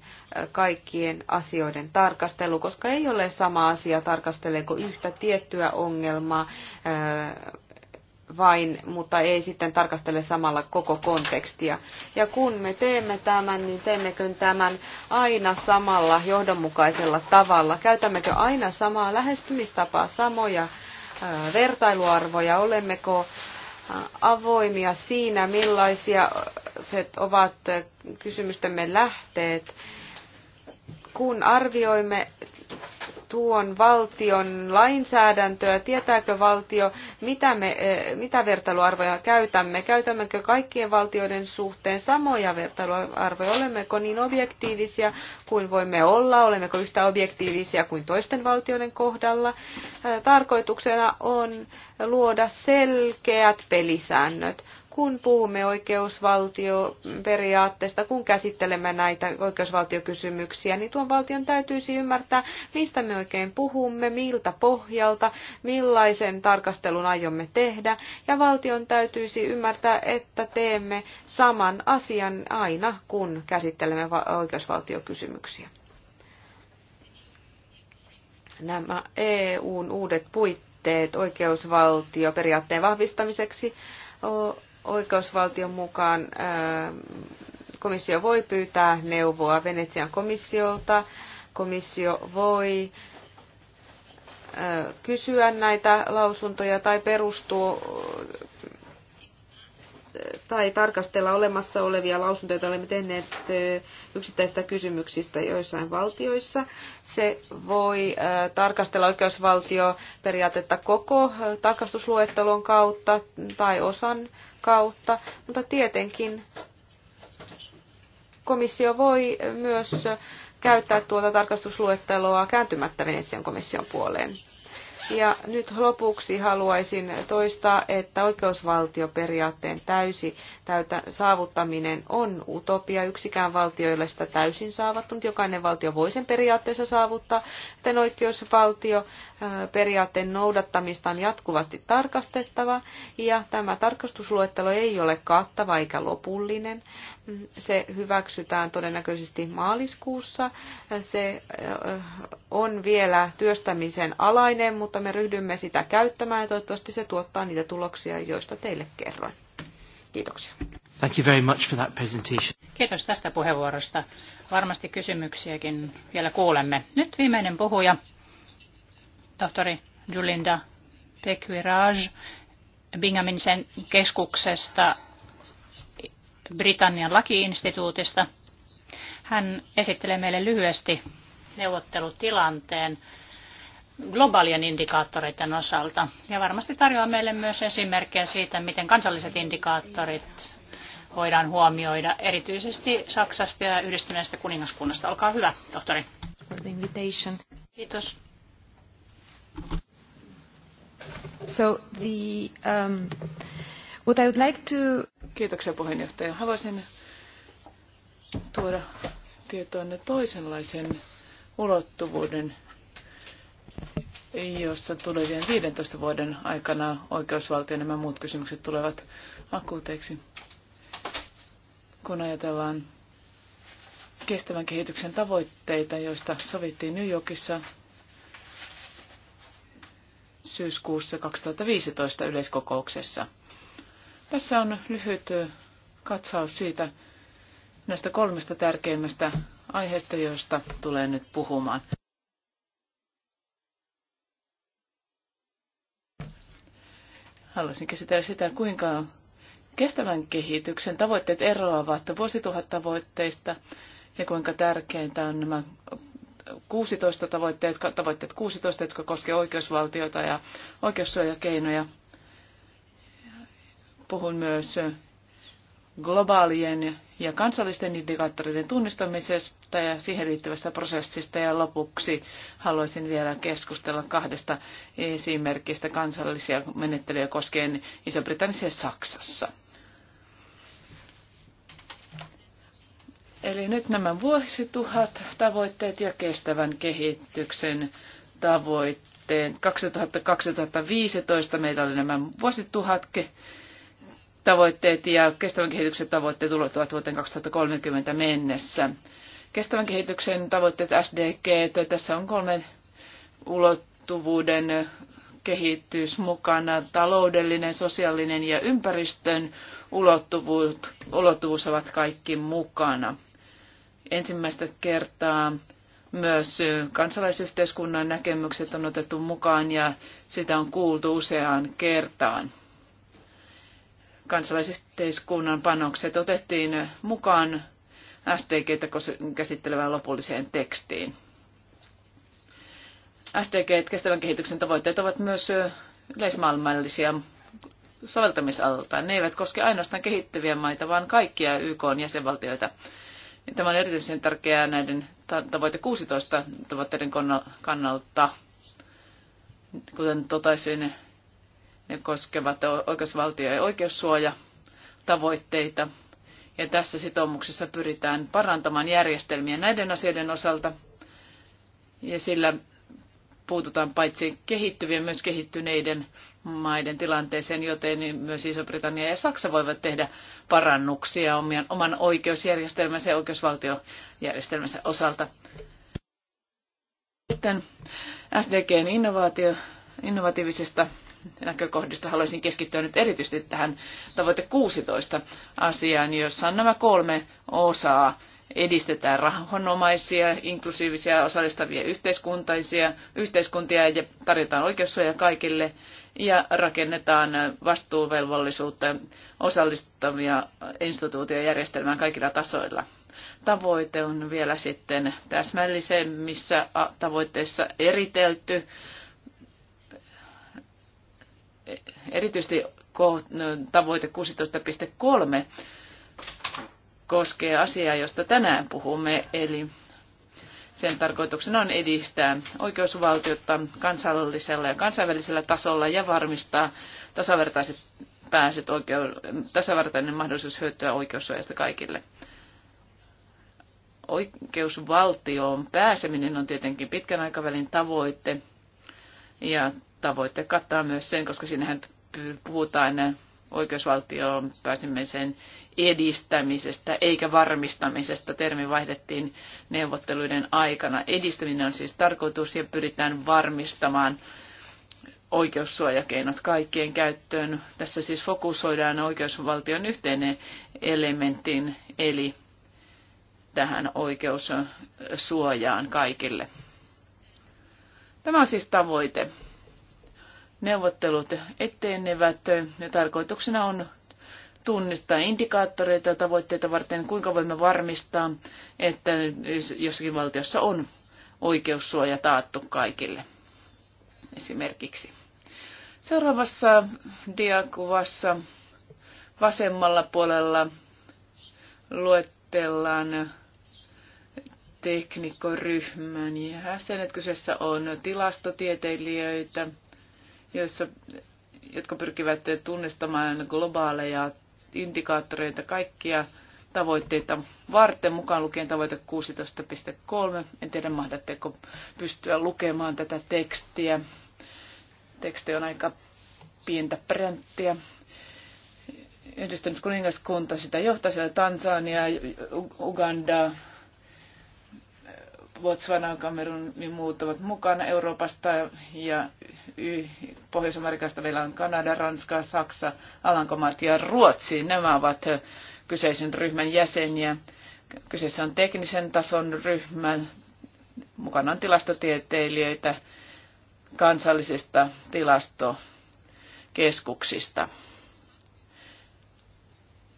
Speaker 1: kaikkien asioiden tarkastelu, koska ei ole sama asia tarkasteleeko yhtä tiettyä ongelmaa vain, mutta ei sitten tarkastele samalla koko kontekstia. Ja kun me teemme tämän, niin teemmekö tämän aina samalla johdonmukaisella tavalla? Käytämmekö aina samaa lähestymistapaa, samoja vertailuarvoja? Olemmeko avoimia siinä, millaisia ovat kysymystemme lähteet? Kun arvioimme tuon valtion lainsäädäntöä? Tietääkö valtio, mitä, me, eh, mitä vertailuarvoja käytämme? Käytämmekö kaikkien valtioiden suhteen samoja vertailuarvoja? Olemmeko niin objektiivisia kuin voimme olla? Olemmeko yhtä objektiivisia kuin toisten valtioiden kohdalla? Eh, tarkoituksena on luoda selkeät pelisäännöt kun puhumme oikeusvaltioperiaatteesta, kun käsittelemme näitä oikeusvaltiokysymyksiä, niin tuon valtion täytyisi ymmärtää, mistä me oikein puhumme, miltä pohjalta, millaisen tarkastelun aiomme tehdä, ja valtion täytyisi ymmärtää, että teemme saman asian aina, kun käsittelemme oikeusvaltiokysymyksiä nämä EUn uudet puitteet oikeusvaltioperiaatteen vahvistamiseksi oikeusvaltion mukaan komissio voi pyytää neuvoa Venetsian komissiolta. Komissio voi kysyä näitä lausuntoja tai perustuu tai tarkastella olemassa olevia lausuntoja, joita olemme tehneet yksittäisistä kysymyksistä joissain valtioissa. Se voi tarkastella oikeusvaltioperiaatetta koko tarkastusluettelon kautta tai osan kautta, mutta tietenkin komissio voi myös käyttää tuota tarkastusluetteloa kääntymättä Venetsian komission puoleen. Ja nyt lopuksi haluaisin toistaa, että oikeusvaltioperiaatteen täysi täytä, saavuttaminen on utopia. Yksikään valtio ei ole sitä täysin saavuttanut. Jokainen valtio voi sen periaatteessa saavuttaa. Joten oikeusvaltioperiaatteen noudattamista on jatkuvasti tarkastettava. Ja tämä tarkastusluettelo ei ole kattava eikä lopullinen. Se hyväksytään todennäköisesti maaliskuussa. Se on vielä työstämisen alainen, mutta me ryhdymme sitä käyttämään ja toivottavasti se tuottaa niitä tuloksia, joista teille kerroin. Kiitoksia.
Speaker 3: Thank you very much for that presentation.
Speaker 1: Kiitos tästä puheenvuorosta.
Speaker 2: Varmasti kysymyksiäkin vielä kuulemme. Nyt viimeinen puhuja, tohtori Julinda Pekviraj Binghamin keskuksesta Britannian lakiinstituutista. Hän esittelee meille lyhyesti neuvottelutilanteen globaalien indikaattoreiden osalta. Ja varmasti tarjoaa meille myös esimerkkejä siitä, miten kansalliset indikaattorit voidaan huomioida, erityisesti Saksasta ja yhdistyneestä kuningaskunnasta. Olkaa hyvä, tohtori. Kiitos.
Speaker 1: So the, um,
Speaker 6: What I would like to... Kiitoksia puheenjohtaja. Haluaisin tuoda tietoonne toisenlaisen ulottuvuuden, jossa tulevien 15 vuoden aikana oikeusvaltio nämä muut kysymykset tulevat akuuteiksi. Kun ajatellaan kestävän kehityksen tavoitteita, joista sovittiin New Yorkissa syyskuussa 2015 yleiskokouksessa – tässä on lyhyt katsaus siitä näistä kolmesta tärkeimmästä aiheesta, joista tulee nyt puhumaan. Haluaisin käsitellä sitä, kuinka kestävän kehityksen tavoitteet eroavat vuosituhattavoitteista ja kuinka tärkeintä on nämä 16 tavoitteet, tavoitteet 16, jotka koskevat oikeusvaltiota ja oikeussuojakeinoja Puhun myös globaalien ja kansallisten indikaattoreiden tunnistamisesta ja siihen liittyvästä prosessista. Ja lopuksi haluaisin vielä keskustella kahdesta esimerkistä kansallisia menettelyjä koskien Iso-Britanniassa ja Saksassa. Eli nyt nämä vuosituhat tavoitteet ja kestävän kehityksen tavoitteet. 2000-2015 meillä oli nämä vuosituhatke tavoitteet ja kestävän kehityksen tavoitteet ulottuvat vuoteen 2030 mennessä. Kestävän kehityksen tavoitteet SDG, t. tässä on kolmen ulottuvuuden kehitys mukana, taloudellinen, sosiaalinen ja ympäristön ulottuvuus, ulottuvuus ovat kaikki mukana. Ensimmäistä kertaa myös kansalaisyhteiskunnan näkemykset on otettu mukaan ja sitä on kuultu useaan kertaan kansalaisyhteiskunnan panokset otettiin mukaan SDGtä käsittelevään lopulliseen tekstiin. SDG, kestävän kehityksen tavoitteet, ovat myös yleismaailmallisia soveltamisalta. Ne eivät koske ainoastaan kehittyviä maita, vaan kaikkia YK jäsenvaltioita. Tämä on erityisen tärkeää näiden tavoite 16 tavoitteiden kannalta. Kuten totesin, ne koskevat oikeusvaltio- ja oikeussuojatavoitteita. Ja tässä sitoumuksessa pyritään parantamaan järjestelmiä näiden asioiden osalta. Ja sillä puututaan paitsi kehittyvien myös kehittyneiden maiden tilanteeseen, joten myös Iso-Britannia ja Saksa voivat tehdä parannuksia oman oikeusjärjestelmänsä ja oikeusvaltiojärjestelmänsä osalta. Sitten SDGn innovaatio, innovatiivisesta näkökohdista haluaisin keskittyä nyt erityisesti tähän tavoite 16 asiaan, jossa on nämä kolme osaa. Edistetään rahanomaisia, inklusiivisia, osallistavia yhteiskuntaisia, yhteiskuntia ja tarjotaan oikeussuoja kaikille ja rakennetaan vastuuvelvollisuutta osallistavia järjestelmään kaikilla tasoilla. Tavoite on vielä sitten täsmällisemmissä tavoitteissa eritelty erityisesti no, tavoite 16.3 koskee asiaa, josta tänään puhumme, eli sen tarkoituksena on edistää oikeusvaltiota kansallisella ja kansainvälisellä tasolla ja varmistaa tasavertaiset pääset oikeu- tasavertainen mahdollisuus hyötyä oikeussuojasta kaikille. Oikeusvaltioon pääseminen on tietenkin pitkän aikavälin tavoite ja tavoite kattaa myös sen, koska sinähän puhutaan oikeusvaltioon pääsemisen edistämisestä eikä varmistamisesta. Termi vaihdettiin neuvotteluiden aikana. Edistäminen on siis tarkoitus ja pyritään varmistamaan oikeussuojakeinot kaikkien käyttöön. Tässä siis fokusoidaan oikeusvaltion yhteinen elementin, eli tähän oikeussuojaan kaikille. Tämä on siis tavoite. Neuvottelut etenevät ja tarkoituksena on tunnistaa indikaattoreita ja tavoitteita varten, kuinka voimme varmistaa, että jossakin valtiossa on oikeussuoja taattu kaikille esimerkiksi. Seuraavassa diakuvassa vasemmalla puolella luettellaan teknikkoryhmän jäsenet. Kyseessä on tilastotieteilijöitä, joissa, jotka pyrkivät tunnistamaan globaaleja indikaattoreita kaikkia tavoitteita varten, mukaan lukien tavoite 16.3. En tiedä, mahdatteko pystyä lukemaan tätä tekstiä. Teksti on aika pientä pränttiä. Yhdistynyt kuningaskunta sitä johtaa siellä Tansania, Uganda, Botswana, Kamerun niin muut ovat mukana Euroopasta ja Pohjois-Amerikasta meillä on Kanada, Ranska, Saksa, Alankomaat ja Ruotsi. Nämä ovat kyseisen ryhmän jäseniä. Kyseessä on teknisen tason ryhmä. Mukana on tilastotieteilijöitä kansallisista tilastokeskuksista.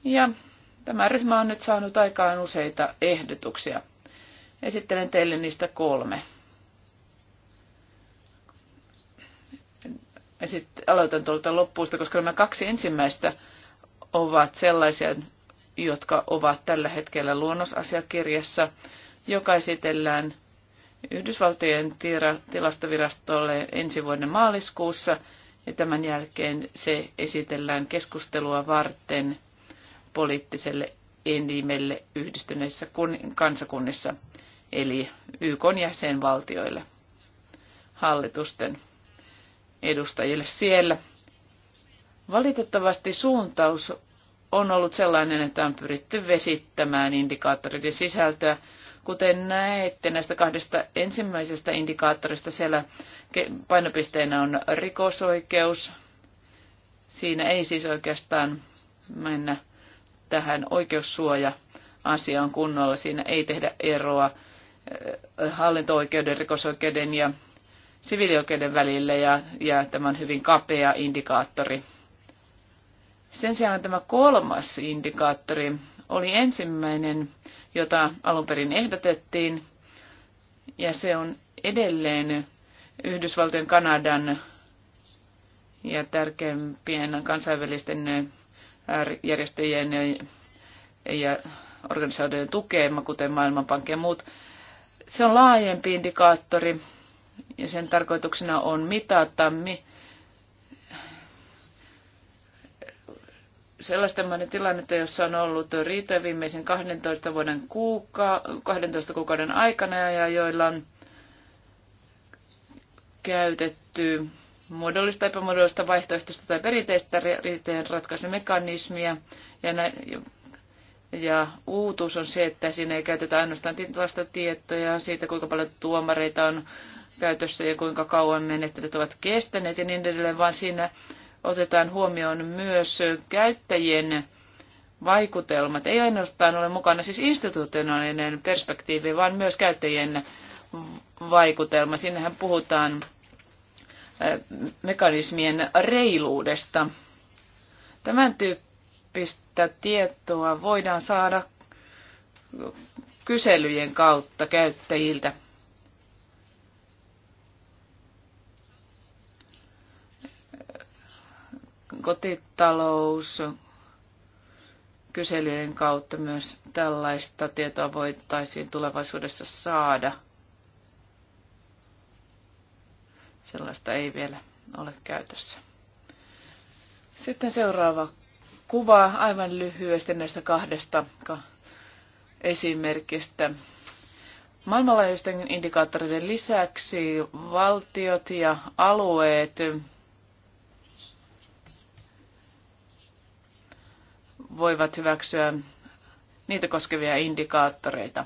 Speaker 6: Ja tämä ryhmä on nyt saanut aikaan useita ehdotuksia. Esittelen teille niistä kolme. sitten aloitan tuolta loppuusta, koska nämä kaksi ensimmäistä ovat sellaisia, jotka ovat tällä hetkellä luonnosasiakirjassa, joka esitellään Yhdysvaltojen tilastovirastolle ensi vuoden maaliskuussa, ja tämän jälkeen se esitellään keskustelua varten poliittiselle enimelle yhdistyneissä kansakunnissa eli YK jäsenvaltioille, hallitusten edustajille siellä. Valitettavasti suuntaus on ollut sellainen, että on pyritty vesittämään indikaattoreiden sisältöä. Kuten näette näistä kahdesta ensimmäisestä indikaattorista, siellä painopisteenä on rikosoikeus. Siinä ei siis oikeastaan mennä tähän oikeussuoja-asiaan kunnolla. Siinä ei tehdä eroa hallinto-oikeuden, rikosoikeuden ja siviilioikeuden välillä ja, ja tämä on hyvin kapea indikaattori. Sen sijaan tämä kolmas indikaattori oli ensimmäinen, jota alun perin ehdotettiin, ja se on edelleen Yhdysvaltojen, Kanadan ja tärkeimpien kansainvälisten järjestöjen ja organisaatioiden tukema, kuten Maailmanpankki ja muut, se on laajempi indikaattori ja sen tarkoituksena on mitata mi- sellaisten maiden tilannetta, jossa on ollut riitoja viimeisen 12, vuoden kuuka- 12 kuukauden aikana ja joilla on käytetty muodollista, epämuodollista, vaihtoehtoista tai perinteistä riitojen ratkaisumekanismia ja ja uutuus on se, että siinä ei käytetä ainoastaan tilasta tietoja siitä, kuinka paljon tuomareita on käytössä ja kuinka kauan menettelyt ovat kestäneet ja niin edelleen, vaan siinä otetaan huomioon myös käyttäjien vaikutelmat. Ei ainoastaan ole mukana siis institutionaalinen perspektiivi, vaan myös käyttäjien vaikutelma. Siinähän puhutaan mekanismien reiluudesta. Tämän tyyppi tyyppistä tietoa voidaan saada kyselyjen kautta käyttäjiltä. Kotitalous kyselyjen kautta myös tällaista tietoa voitaisiin tulevaisuudessa saada. Sellaista ei vielä ole käytössä. Sitten seuraava kuvaa aivan lyhyesti näistä kahdesta esimerkistä. Maailmanlaajuisten indikaattoreiden lisäksi valtiot ja alueet voivat hyväksyä niitä koskevia indikaattoreita.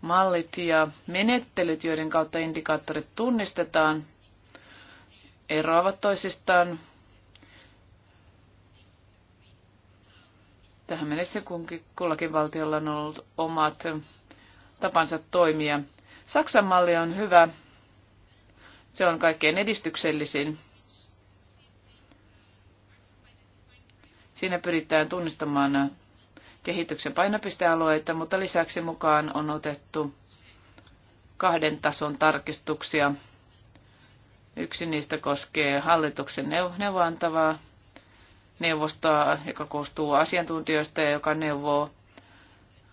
Speaker 6: Mallit ja menettelyt, joiden kautta indikaattorit tunnistetaan, eroavat toisistaan. Tähän mennessä kunkin, kullakin valtiolla on ollut omat tapansa toimia. Saksan malli on hyvä. Se on kaikkein edistyksellisin. Siinä pyritään tunnistamaan kehityksen painopistealueita, mutta lisäksi mukaan on otettu kahden tason tarkistuksia Yksi niistä koskee hallituksen neuvoantavaa neuvostoa, joka koostuu asiantuntijoista ja joka neuvoo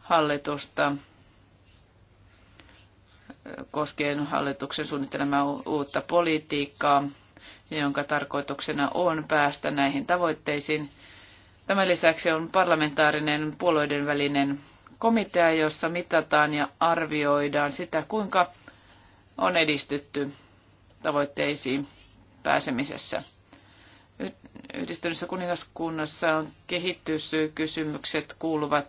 Speaker 6: hallitusta koskien hallituksen suunnittelemaa uutta politiikkaa, jonka tarkoituksena on päästä näihin tavoitteisiin. Tämän lisäksi on parlamentaarinen puolueiden välinen komitea, jossa mitataan ja arvioidaan sitä, kuinka on edistytty tavoitteisiin pääsemisessä. Yhdistyneessä kuningaskunnassa on kehityskysymykset kuuluvat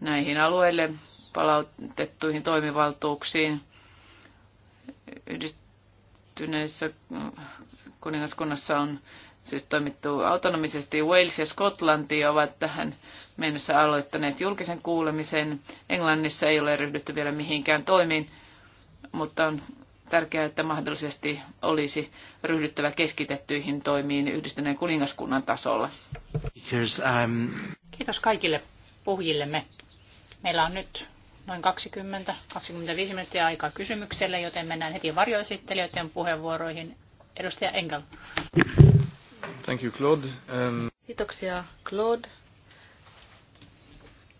Speaker 6: näihin alueille palautettuihin toimivaltuuksiin. Yhdistyneessä kuningaskunnassa on siis toimittu autonomisesti. Wales ja Skotlanti ovat tähän mennessä aloittaneet julkisen kuulemisen. Englannissa ei ole ryhdytty vielä mihinkään toimiin, mutta on tärkeää, että mahdollisesti olisi ryhdyttävä keskitettyihin toimiin yhdistyneen kuningaskunnan tasolla.
Speaker 3: Um,
Speaker 2: Kiitos kaikille puhujillemme. Meillä on nyt noin 20-25 minuuttia aikaa kysymykselle, joten mennään heti varjoesittelijöiden puheenvuoroihin.
Speaker 1: Edustaja Engel.
Speaker 4: Thank you, Claude. Um...
Speaker 1: Kiitoksia, Claude.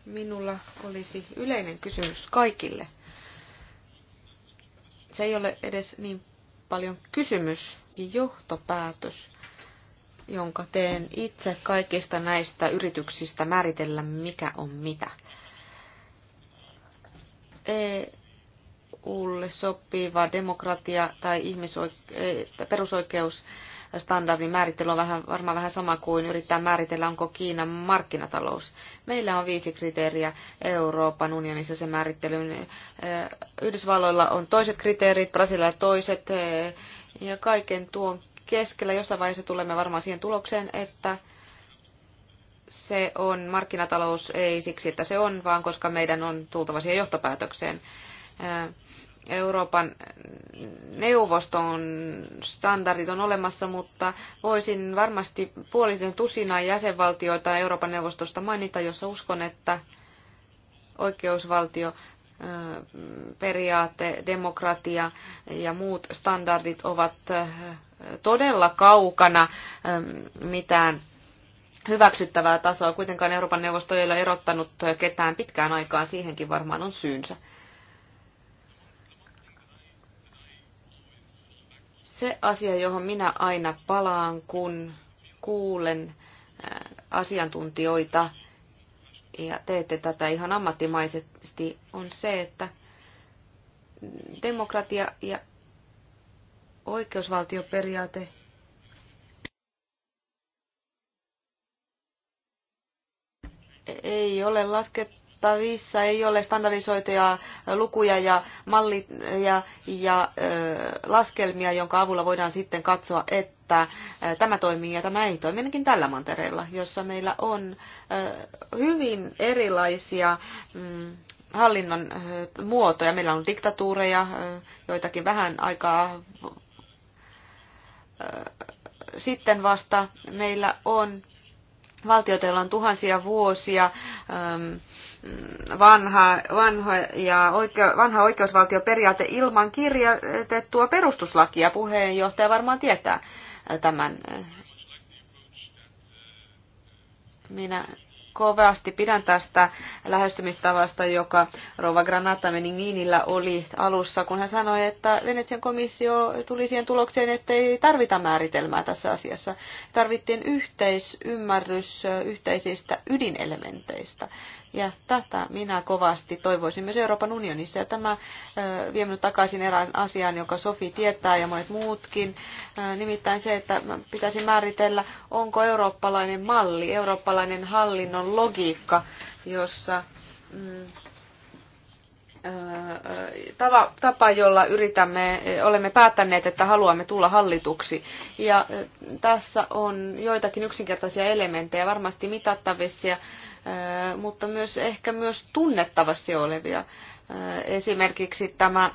Speaker 1: Minulla olisi yleinen kysymys kaikille. Se ei ole edes niin paljon kysymys ja johtopäätös, jonka teen itse kaikista näistä yrityksistä määritellä, mikä on mitä. EUlle sopiva demokratia tai ihmisoike- e- perusoikeus standardin määrittely on vähän, varmaan vähän sama kuin yrittää määritellä, onko Kiinan markkinatalous. Meillä on viisi kriteeriä Euroopan unionissa se määrittely. Yhdysvalloilla on toiset kriteerit, Brasilialla toiset ja kaiken tuon keskellä jossain vaiheessa tulemme varmaan siihen tulokseen, että se on markkinatalous ei siksi, että se on, vaan koska meidän on tultava siihen johtopäätökseen. Euroopan neuvoston standardit on olemassa, mutta voisin varmasti puolisen tusinaa jäsenvaltioita Euroopan neuvostosta mainita, jossa uskon, että oikeusvaltio periaate, demokratia ja muut standardit ovat todella kaukana mitään hyväksyttävää tasoa. Kuitenkaan Euroopan neuvosto ei ole erottanut ketään pitkään aikaan, siihenkin varmaan on syynsä. Se asia, johon minä aina palaan, kun kuulen äh, asiantuntijoita ja teette tätä ihan ammattimaisesti, on se, että demokratia ja oikeusvaltioperiaate ei ole laskettu Tavissa ei ole standardisoituja lukuja ja mallia ja, laskelmia, jonka avulla voidaan sitten katsoa, että tämä toimii ja tämä ei toimi, ainakin tällä mantereella, jossa meillä on hyvin erilaisia mm, hallinnon muotoja. Meillä on diktatuureja, joitakin vähän aikaa sitten vasta meillä on valtioita, joilla on tuhansia vuosia vanha, vanho ja oikeu, vanha oikeusvaltioperiaate ilman kirjoitettua perustuslakia. Puheenjohtaja varmaan tietää tämän. Minä kovasti pidän tästä lähestymistavasta, joka Rova Granata Meninginillä oli alussa, kun hän sanoi, että Venetsian komissio tuli siihen tulokseen, että ei tarvita määritelmää tässä asiassa. Tarvittiin yhteisymmärrys yhteisistä ydinelementeistä. Ja tätä minä kovasti toivoisin myös Euroopan unionissa. Ja tämä vie minut takaisin erään asiaan, jonka Sofi tietää ja monet muutkin. Nimittäin se, että pitäisi määritellä, onko eurooppalainen malli, eurooppalainen hallinnon logiikka, jossa mm, tava, tapa, jolla yritämme, olemme päättäneet, että haluamme tulla hallituksi. Ja tässä on joitakin yksinkertaisia elementtejä, varmasti mitattavissa mutta myös ehkä myös tunnettavasti olevia. Esimerkiksi tämä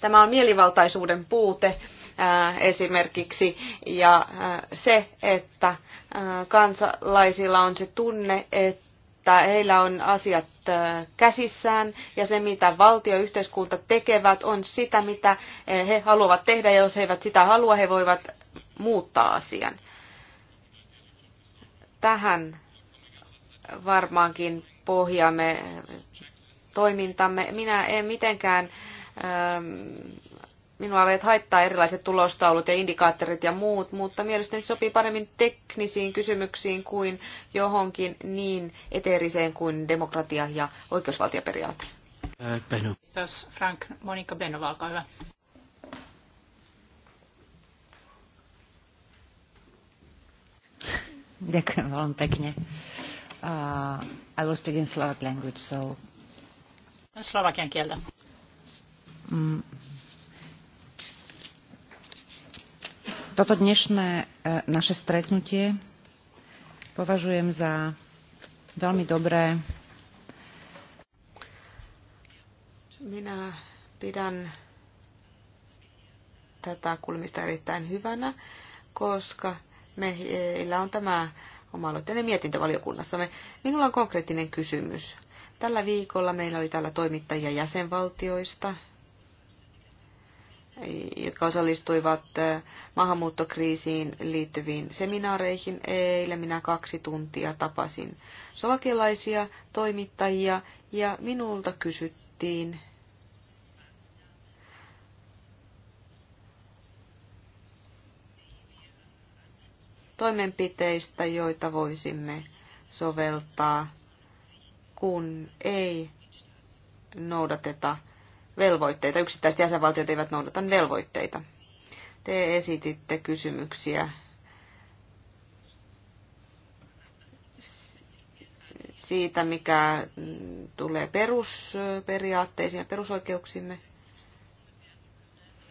Speaker 1: Tämä on mielivaltaisuuden puute esimerkiksi ja se, että kansalaisilla on se tunne, että heillä on asiat käsissään ja se, mitä valtio ja yhteiskunta tekevät, on sitä, mitä he haluavat tehdä. Ja jos he eivät sitä halua, he voivat muuttaa asian. Tähän varmaankin pohjaamme toimintamme. Minä en mitenkään, ähm, minua eivät haittaa erilaiset tulostaulut ja indikaattorit ja muut, mutta mielestäni sopii paremmin teknisiin kysymyksiin kuin johonkin niin eteeriseen kuin demokratia ja oikeusvaltioperiaate.
Speaker 3: Äh, Beno.
Speaker 2: Kiitos Frank. Monika Benova, olkaa hyvä. Ďakujem veľmi pekne.
Speaker 6: Uh, I will speak in Slovak language, so...
Speaker 2: Slovakian kieltä.
Speaker 1: Mm. Toto dnešné uh, naše stretnutie považujem za veľmi dobré. Minä pidän tätä kulmista erittäin hyvänä, koska Meillä on tämä oma-aloitteinen mietintö valiokunnassamme. Minulla on konkreettinen kysymys. Tällä viikolla meillä oli täällä toimittajia jäsenvaltioista, jotka osallistuivat äh, maahanmuuttokriisiin liittyviin seminaareihin. Eilen minä kaksi tuntia tapasin sovakelaisia toimittajia ja minulta kysyttiin toimenpiteistä, joita voisimme soveltaa, kun ei noudateta velvoitteita. Yksittäiset jäsenvaltiot eivät noudata velvoitteita. Te esititte kysymyksiä siitä, mikä tulee perusperiaatteisiin ja perusoikeuksimme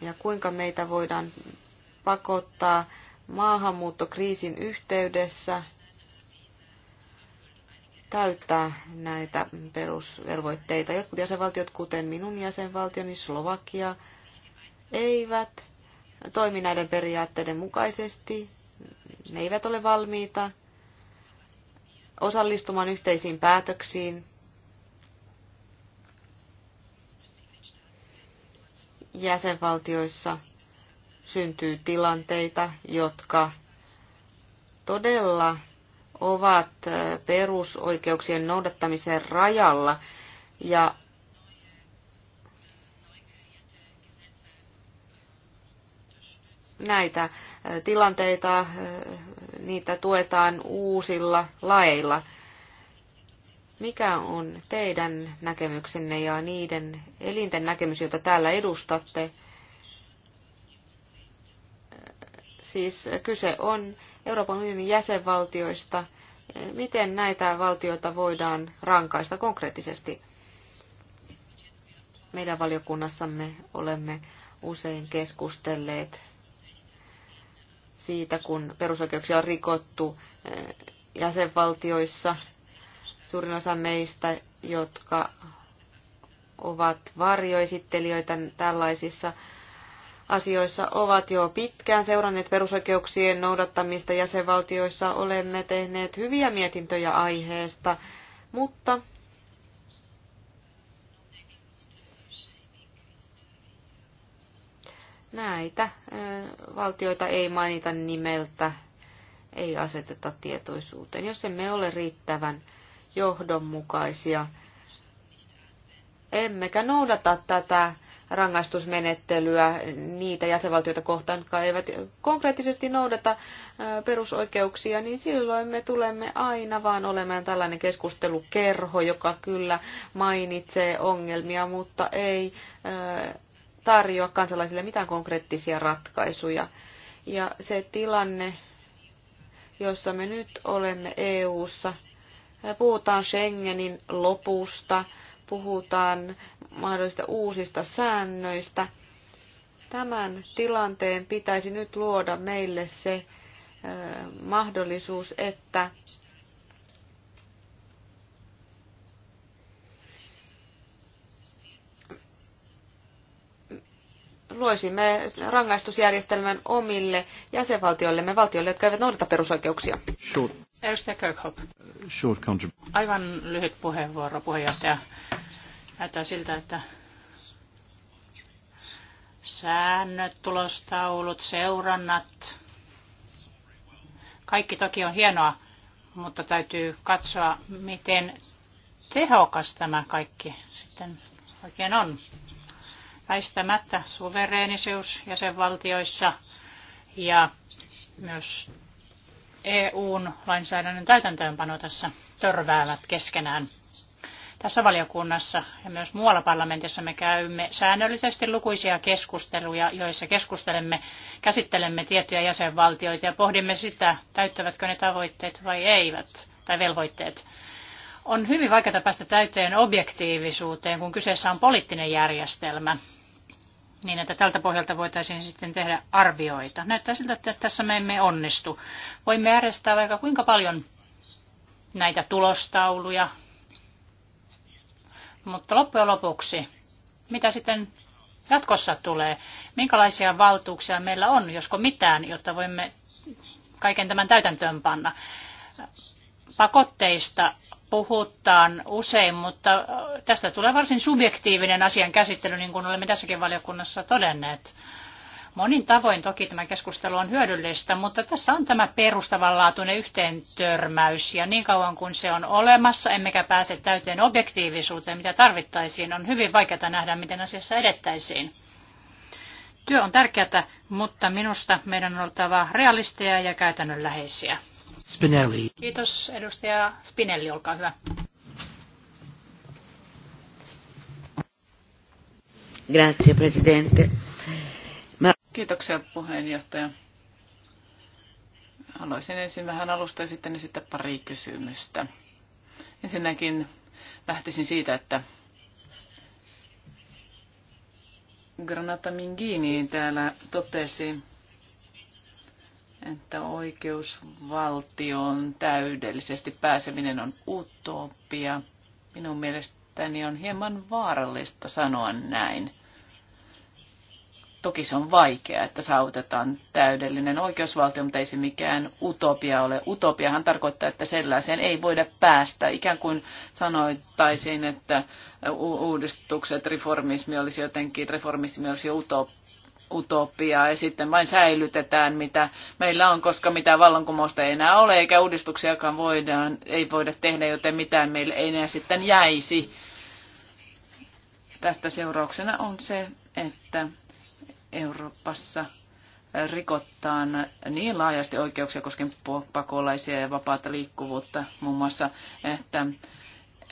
Speaker 1: ja kuinka meitä voidaan pakottaa maahanmuuttokriisin yhteydessä täyttää näitä perusvelvoitteita. Jotkut jäsenvaltiot, kuten minun jäsenvaltioni Slovakia, eivät toimi näiden periaatteiden mukaisesti. Ne eivät ole valmiita osallistumaan yhteisiin päätöksiin. jäsenvaltioissa – syntyy tilanteita, jotka todella ovat perusoikeuksien noudattamisen rajalla ja näitä tilanteita, niitä tuetaan uusilla laeilla. Mikä on teidän näkemyksenne ja niiden elinten näkemys, jota täällä edustatte? Siis kyse on Euroopan unionin jäsenvaltioista. Miten näitä valtioita voidaan rankaista konkreettisesti? Meidän valiokunnassamme olemme usein keskustelleet siitä, kun perusoikeuksia on rikottu eh, jäsenvaltioissa. Suurin osa meistä, jotka ovat varjoesittelijöitä tällaisissa asioissa ovat jo pitkään seuranneet perusoikeuksien noudattamista jäsenvaltioissa. Olemme tehneet hyviä mietintöjä aiheesta, mutta näitä valtioita ei mainita nimeltä, ei aseteta tietoisuuteen, jos emme ole riittävän johdonmukaisia. Emmekä noudata tätä rangaistusmenettelyä niitä jäsenvaltioita kohtaan, jotka eivät konkreettisesti noudata perusoikeuksia, niin silloin me tulemme aina vaan olemaan tällainen keskustelukerho, joka kyllä mainitsee ongelmia, mutta ei tarjoa kansalaisille mitään konkreettisia ratkaisuja. Ja se tilanne, jossa me nyt olemme EU:ssa, puhutaan Schengenin lopusta, puhutaan mahdollisista uusista säännöistä. Tämän tilanteen pitäisi nyt luoda meille se mahdollisuus, että luisimme rangaistusjärjestelmän omille jäsenvaltioillemme, valtioille, jotka eivät noudata perusoikeuksia.
Speaker 3: Shoot.
Speaker 2: Edustaja Kirkhope. Short Aivan lyhyt puheenvuoro, puheenjohtaja. Näyttää siltä, että säännöt, tulostaulut, seurannat, kaikki toki on hienoa, mutta täytyy katsoa, miten tehokas tämä kaikki sitten oikein on. Väistämättä suvereenisuus jäsenvaltioissa ja myös EUn lainsäädännön täytäntöönpano tässä törväävät keskenään. Tässä valiokunnassa ja myös muualla parlamentissa me käymme säännöllisesti lukuisia keskusteluja, joissa keskustelemme, käsittelemme tiettyjä jäsenvaltioita ja pohdimme sitä, täyttävätkö ne tavoitteet vai eivät, tai velvoitteet. On hyvin vaikeaa päästä täyteen objektiivisuuteen, kun kyseessä on poliittinen järjestelmä, niin että tältä pohjalta voitaisiin sitten tehdä arvioita. Näyttää siltä, että tässä me emme onnistu. Voimme järjestää vaikka kuinka paljon näitä tulostauluja, mutta loppujen lopuksi, mitä sitten jatkossa tulee? Minkälaisia valtuuksia meillä on, josko mitään, jotta voimme kaiken tämän täytäntöön panna? Pakotteista puhutaan usein, mutta tästä tulee varsin subjektiivinen asian käsittely, niin kuin olemme tässäkin valiokunnassa todenneet. Monin tavoin toki tämä keskustelu on hyödyllistä, mutta tässä on tämä perustavanlaatuinen yhteentörmäys ja niin kauan kuin se on olemassa, emmekä pääse täyteen objektiivisuuteen, mitä tarvittaisiin, on hyvin vaikeaa nähdä, miten asiassa edettäisiin. Työ on tärkeää, mutta minusta meidän on oltava realisteja ja käytännönläheisiä. Spinelli. Kiitos edustaja Spinelli, olkaa hyvä.
Speaker 1: Grazie, presidente.
Speaker 6: Kiitoksia puheenjohtaja. Haluaisin ensin vähän alusta ja sitten esittää pari kysymystä. Ensinnäkin lähtisin siitä, että Granata Mingini täällä totesi, että oikeusvaltioon täydellisesti pääseminen on utopia. Minun mielestäni on hieman vaarallista sanoa näin. Toki se on vaikeaa, että saavutetaan täydellinen oikeusvaltio, mutta ei se mikään utopia ole. Utopiahan tarkoittaa, että sellaiseen ei voida päästä. Ikään kuin sanoittaisin, että uudistukset, reformismi olisi jotenkin, reformismi olisi utopia utopiaa ja sitten vain säilytetään, mitä meillä on, koska mitään vallankumousta ei enää ole, eikä uudistuksiakaan voidaan, ei voida tehdä, joten mitään meille ei enää sitten jäisi. Tästä seurauksena on se, että Euroopassa rikottaan niin laajasti oikeuksia koskien pakolaisia ja vapaata liikkuvuutta muun muassa, että,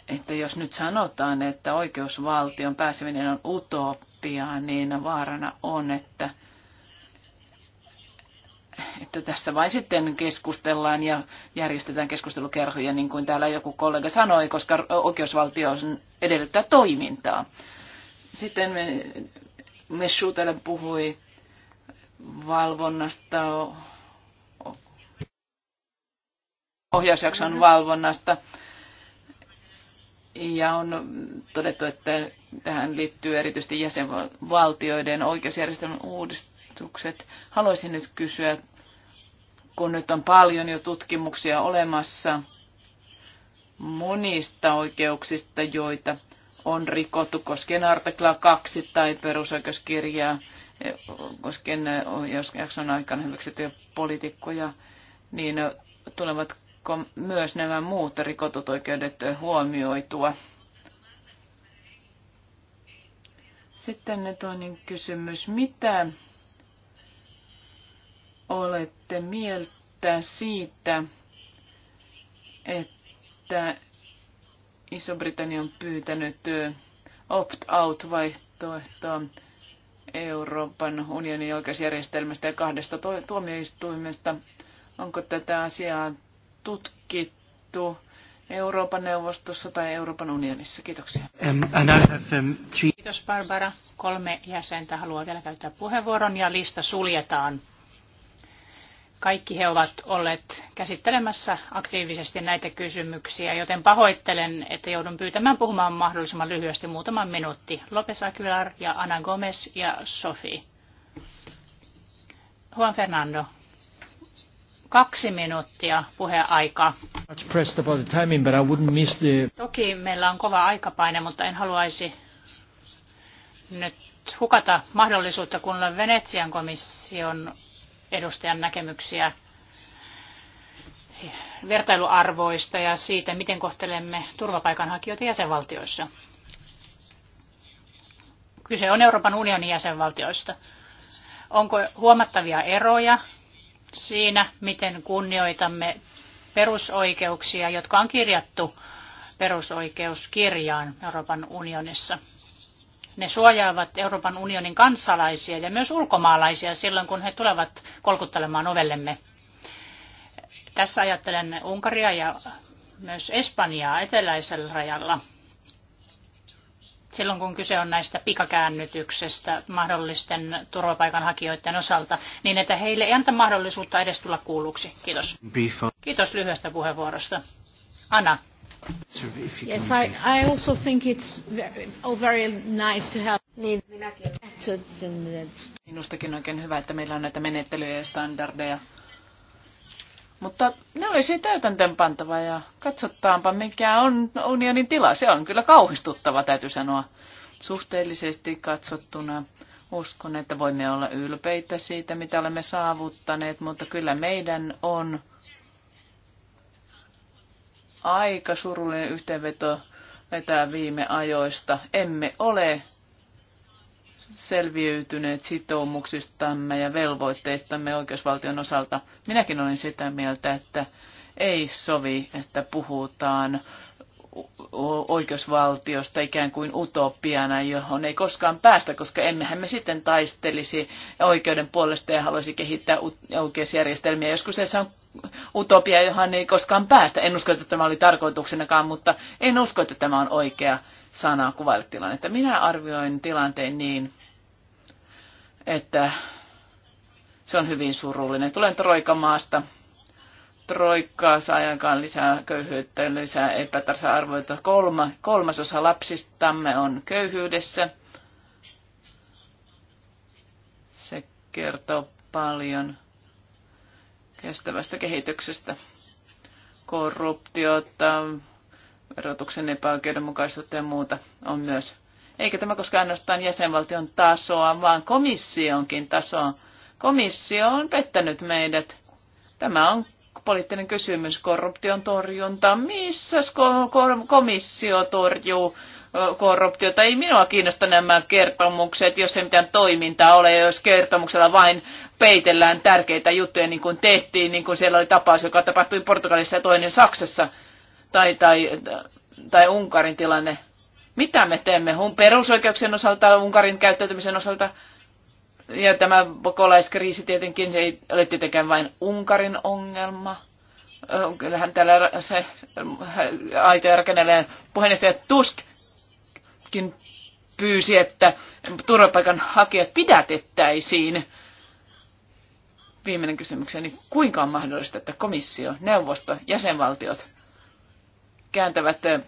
Speaker 6: että jos nyt sanotaan, että oikeusvaltion pääseminen on utopia, oppia, niin vaarana on, että, että tässä vain sitten keskustellaan ja järjestetään keskustelukerhoja, niin kuin täällä joku kollega sanoi, koska oikeusvaltio edellyttää toimintaa. Sitten me, Messu puhui valvonnasta, ohjausjakson valvonnasta. Ja on todettu, että tähän liittyy erityisesti jäsenvaltioiden oikeusjärjestelmän uudistukset. Haluaisin nyt kysyä, kun nyt on paljon jo tutkimuksia olemassa monista oikeuksista, joita on rikottu koskien artiklaa 2 tai perusoikeuskirjaa, koskien jos jakson aikana hyväksytyjä poliitikkoja, niin tulevat myös nämä muut rikotut oikeudet huomioitua? Sitten toinen kysymys. Mitä olette mieltä siitä, että Iso-Britannia on pyytänyt opt-out-vaihtoehtoa Euroopan unionin oikeusjärjestelmästä ja kahdesta tuomioistuimesta. Onko tätä asiaa tutkittu Euroopan neuvostossa tai Euroopan unionissa. Kiitoksia. Um, um, Kiitos Barbara.
Speaker 2: Kolme jäsentä haluaa vielä käyttää puheenvuoron ja lista suljetaan. Kaikki he ovat olleet käsittelemässä aktiivisesti näitä kysymyksiä, joten pahoittelen, että joudun pyytämään puhumaan mahdollisimman lyhyesti muutaman minuutti. Lopes Aguilar ja Ana Gomez ja Sofi. Juan Fernando, kaksi minuuttia puheaikaa. Toki meillä on kova aikapaine, mutta en haluaisi nyt hukata mahdollisuutta kuulla Venetsian komission edustajan näkemyksiä vertailuarvoista ja siitä, miten kohtelemme turvapaikanhakijoita jäsenvaltioissa. Kyse on Euroopan unionin jäsenvaltioista. Onko huomattavia eroja siinä, miten kunnioitamme perusoikeuksia, jotka on kirjattu perusoikeuskirjaan Euroopan unionissa. Ne suojaavat Euroopan unionin kansalaisia ja myös ulkomaalaisia silloin, kun he tulevat kolkuttelemaan ovellemme. Tässä ajattelen Unkaria ja myös Espanjaa eteläisellä rajalla silloin kun kyse on näistä pikakäännytyksestä mahdollisten turvapaikanhakijoiden osalta, niin että heille ei anta mahdollisuutta edes tulla kuulluksi. Kiitos. Kiitos lyhyestä puheenvuorosta. Anna.
Speaker 1: Yes, I, I also think it's very, oh, very nice to have niin, minäkin.
Speaker 6: Minustakin oikein hyvä, että meillä on näitä menettelyjä ja standardeja mutta ne olisi täytäntöönpantava ja katsotaanpa mikä on unionin tila. Se on kyllä kauhistuttava, täytyy sanoa. Suhteellisesti katsottuna uskon, että voimme olla ylpeitä siitä, mitä olemme saavuttaneet, mutta kyllä meidän on aika surullinen yhteenveto vetää viime ajoista. Emme ole selviytyneet sitoumuksistamme ja velvoitteistamme oikeusvaltion osalta. Minäkin olen sitä mieltä, että ei sovi, että puhutaan oikeusvaltiosta ikään kuin utopiana, johon ei koskaan päästä, koska emmehän me sitten taistelisi oikeuden puolesta ja haluaisi kehittää oikeusjärjestelmiä. Joskus se on utopia, johon ei koskaan päästä. En usko, että tämä oli tarkoituksenakaan, mutta en usko, että tämä on oikea sanaa kuvailla tilannetta. Minä arvioin tilanteen niin, että se on hyvin surullinen. Tulen Troikan maasta. Troikkaa saa ajankaan lisää köyhyyttä, lisää epätasa-arvoita. Kolma, kolmasosa lapsistamme on köyhyydessä. Se kertoo paljon kestävästä kehityksestä. Korruptiota, verotuksen epäoikeudenmukaisuutta ja muuta on myös. Eikä tämä koskaan ainoastaan jäsenvaltion tasoa, vaan komissionkin tasoa. Komissio on pettänyt meidät. Tämä on poliittinen kysymys, korruption torjunta. Missä komissio torjuu korruptiota? Ei minua kiinnosta nämä kertomukset, jos ei mitään toimintaa ole, jos kertomuksella vain peitellään tärkeitä juttuja, niin kuin tehtiin, niin kuin siellä oli tapaus, joka tapahtui Portugalissa ja toinen Saksassa – tai, tai, tai Unkarin tilanne. Mitä me teemme perusoikeuksien osalta, Unkarin käyttäytymisen osalta? Ja tämä pakolaiskriisi tietenkin ei ole tietenkään vain Unkarin ongelma. Kyllähän täällä se äh, aitoja rakennelleen puheenjohtaja Tuskkin pyysi, että turvapaikan hakijat pidätettäisiin. Viimeinen kysymykseni. Kuinka on mahdollista, että komissio, neuvosto, jäsenvaltiot kääntävät eh,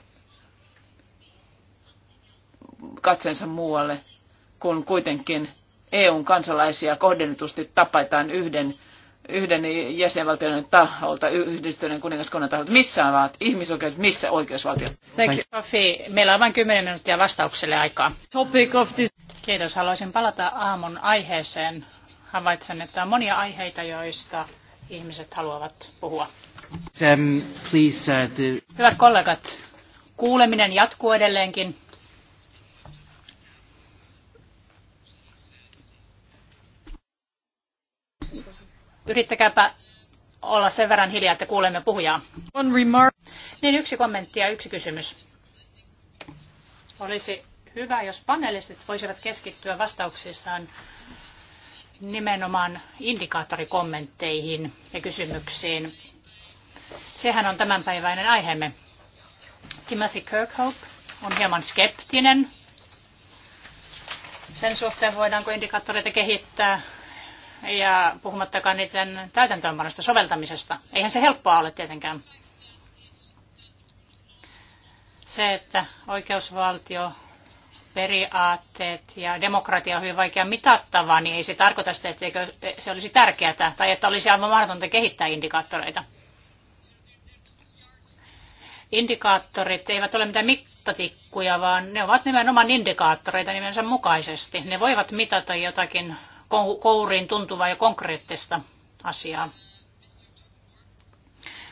Speaker 6: katseensa muualle, kun kuitenkin EUn kansalaisia kohdennetusti tapaitaan yhden, yhden jäsenvaltion taholta, yhdistyneen kuningaskunnan taholta. Missä ovat ihmisoikeudet, missä oikeusvaltiot?
Speaker 2: Thank you. Rafi, meillä on vain 10 minuuttia vastaukselle aikaa. Topic of this. Kiitos. Haluaisin palata aamun aiheeseen. Havaitsen, että on monia aiheita, joista ihmiset haluavat puhua.
Speaker 3: Uh,
Speaker 2: Hyvät kollegat, kuuleminen jatkuu edelleenkin. Yrittäkääpä olla sen verran hiljaa, että kuulemme puhujaa. Niin yksi kommentti ja yksi kysymys. Olisi hyvä, jos panelistit voisivat keskittyä vastauksissaan nimenomaan indikaattorikommentteihin ja kysymyksiin Sehän on tämänpäiväinen aiheemme. Timothy Kirkhope on hieman skeptinen sen suhteen, voidaanko indikaattoreita kehittää ja puhumattakaan niiden täytäntöönpanosta soveltamisesta. Eihän se helppoa ole tietenkään. Se, että oikeusvaltio, periaatteet ja demokratia on hyvin vaikea mitattavaa, niin ei se tarkoita sitä, että se olisi tärkeää tai että olisi aivan mahdotonta kehittää indikaattoreita indikaattorit eivät ole mitään mittatikkuja, vaan ne ovat nimenomaan indikaattoreita nimensä mukaisesti. Ne voivat mitata jotakin kouriin tuntuvaa ja konkreettista asiaa.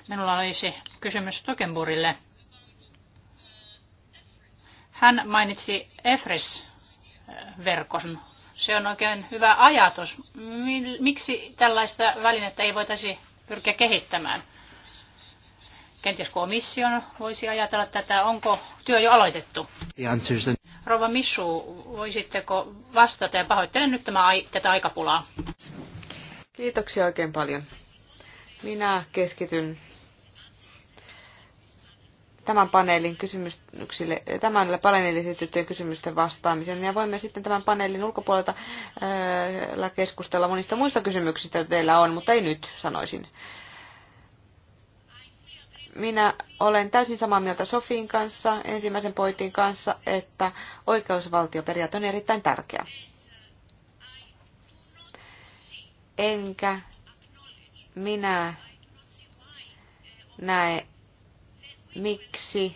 Speaker 2: Minulla olisi kysymys Tokenburille. Hän mainitsi EFRES-verkon. Se on oikein hyvä ajatus. Miksi tällaista välinettä ei voitaisi pyrkiä kehittämään? Kenties komission voisi ajatella tätä, onko työ jo aloitettu? No. Rova Missu, voisitteko vastata ja pahoittelen nyt tämä, tätä aikapulaa.
Speaker 1: Kiitoksia oikein paljon. Minä keskityn tämän paneelin kysymyksille, tämän paneelin esitettyjen kysymysten vastaamiseen. Ja voimme sitten tämän paneelin ulkopuolelta keskustella monista muista kysymyksistä, joita teillä on, mutta ei nyt, sanoisin. Minä olen täysin samaa mieltä Sofiin kanssa, ensimmäisen pointin kanssa, että oikeusvaltioperiaate on erittäin tärkeä. Enkä minä näe, miksi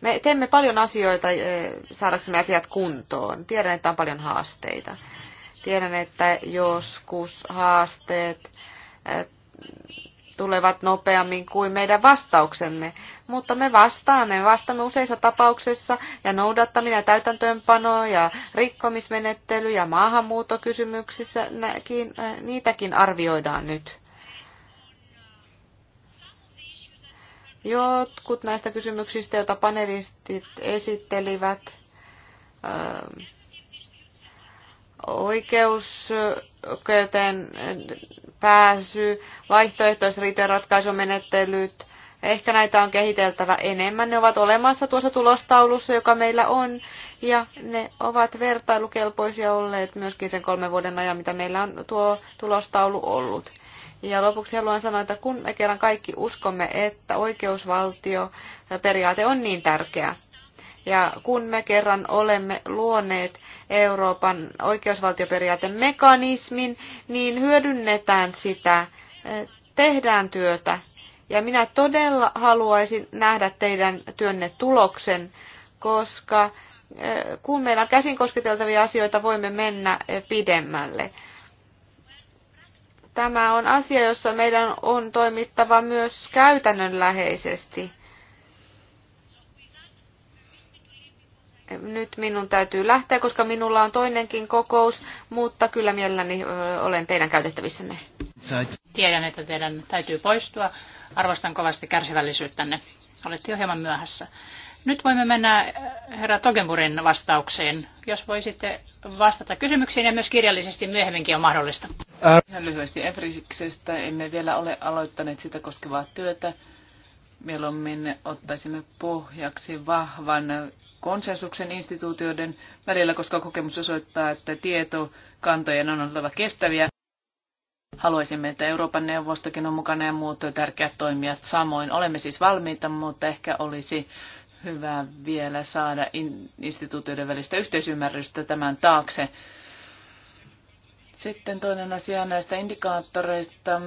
Speaker 1: me teemme paljon asioita eh, saadaksemme asiat kuntoon. Tiedän, että on paljon haasteita. Tiedän, että joskus haasteet eh, tulevat nopeammin kuin meidän vastauksemme. Mutta me vastaamme, vastaamme useissa tapauksissa ja noudattaminen ja täytäntöönpano ja rikkomismenettely ja maahanmuuttokysymyksissä, näkin, äh, niitäkin arvioidaan nyt. Jotkut näistä kysymyksistä, joita panelistit esittelivät, ähm, oikeuskäyteen pääsy, vaihtoehtoisriitojen ratkaisumenettelyt, ehkä näitä on kehiteltävä enemmän. Ne ovat olemassa tuossa tulostaulussa, joka meillä on, ja ne ovat vertailukelpoisia olleet myöskin sen kolmen vuoden ajan, mitä meillä on tuo tulostaulu ollut. Ja lopuksi haluan sanoa, että kun me kerran kaikki uskomme, että oikeusvaltio periaate on niin tärkeä, ja kun me kerran olemme luoneet Euroopan oikeusvaltioperiaatemekanismin, niin hyödynnetään sitä, eh, tehdään työtä. Ja minä todella haluaisin nähdä teidän työnne tuloksen, koska eh, kun meillä on käsin kosketeltavia asioita, voimme mennä eh, pidemmälle. Tämä on asia, jossa meidän on toimittava myös käytännönläheisesti. nyt minun täytyy lähteä, koska minulla on toinenkin kokous, mutta kyllä mielelläni olen teidän käytettävissänne.
Speaker 2: Tiedän, että teidän täytyy poistua. Arvostan kovasti kärsivällisyyttänne. Olette jo hieman myöhässä. Nyt voimme mennä herra Togenburin vastaukseen. Jos
Speaker 6: voisitte vastata kysymyksiin ja myös kirjallisesti myöhemminkin on mahdollista. Ihan lyhyesti Efriksestä emme vielä ole aloittaneet sitä koskevaa työtä. Mieluummin ottaisimme pohjaksi vahvan konsensuksen instituutioiden välillä, koska kokemus osoittaa, että tietokantojen on oltava kestäviä. Haluaisimme, että Euroopan neuvostokin on mukana ja muut tärkeät toimijat samoin. Olemme siis valmiita, mutta ehkä olisi hyvä vielä saada instituutioiden välistä yhteisymmärrystä tämän taakse. Sitten toinen asia näistä indikaattoreista.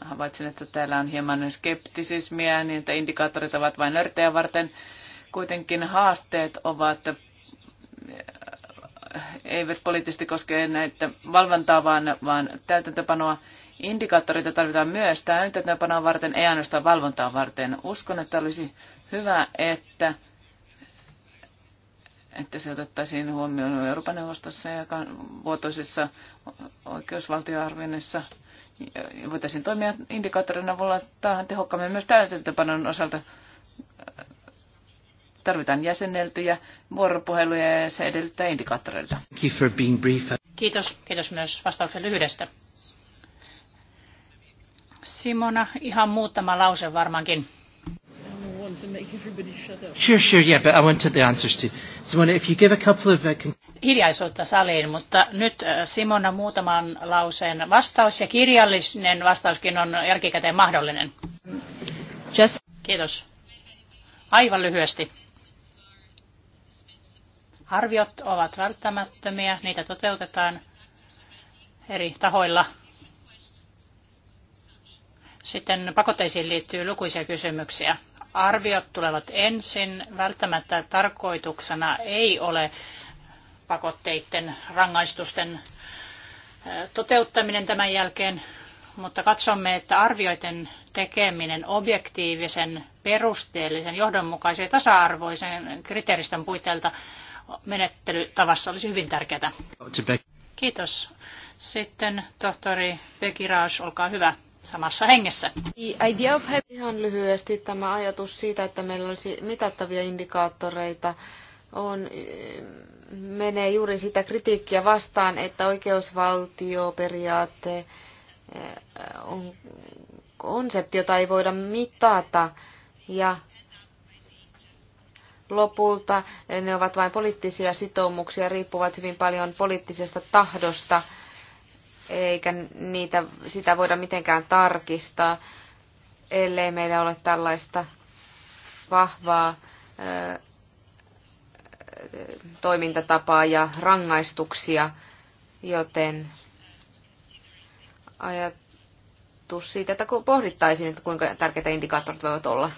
Speaker 6: Havaitsin, että täällä on hieman skeptisismiä, niin että indikaattorit ovat vain nörtejä varten. Kuitenkin haasteet ovat, eivät poliittisesti koske näitä valvontaa, vaan, vaan täytäntöpanoa. Indikaattoreita tarvitaan myös täytäntöpanoa varten, ei ainoastaan valvontaa varten. Uskon, että olisi hyvä, että että se otettaisiin huomioon Euroopan neuvostossa ja vuotoisissa oikeusvaltioarvioinnissa. Voitaisiin toimia indikaattorin avulla tähän tehokkaammin myös täytäntöpanon osalta. Tarvitaan jäsenneltyjä vuoropuheluja ja se edellyttää indikaattoreita. Kiitos, kiitos myös vastauksen lyhyestä.
Speaker 2: Simona, ihan muutama lause varmaankin. Sure,
Speaker 3: sure, Simona, uh,
Speaker 2: Hiljaisuutta saliin, mutta nyt uh, Simona muutaman lauseen vastaus ja kirjallinen vastauskin on jälkikäteen mahdollinen. Just... Kiitos. Aivan lyhyesti. Arviot ovat välttämättömiä, niitä toteutetaan eri tahoilla. Sitten pakotteisiin liittyy lukuisia kysymyksiä. Arviot tulevat ensin. Välttämättä tarkoituksena ei ole pakotteiden rangaistusten toteuttaminen tämän jälkeen, mutta katsomme, että arvioiden tekeminen objektiivisen, perusteellisen, johdonmukaisen ja tasa-arvoisen kriteeristön puitteilta menettelytavassa olisi hyvin tärkeää. Kiitos. Sitten tohtori Pekiraj, olkaa hyvä samassa hengessä. Idea
Speaker 1: Ihan lyhyesti tämä ajatus siitä, että meillä olisi mitattavia indikaattoreita, on, menee juuri sitä kritiikkiä vastaan, että oikeusvaltioperiaate eh, on konsepti, jota ei voida mitata. Ja lopulta ne ovat vain poliittisia sitoumuksia, riippuvat hyvin paljon poliittisesta tahdosta, eikä niitä, sitä voida mitenkään tarkistaa, ellei meillä ole tällaista vahvaa ö, toimintatapaa ja rangaistuksia, joten ajatus siitä, että pohdittaisiin, että kuinka tärkeitä indikaattorit voivat olla.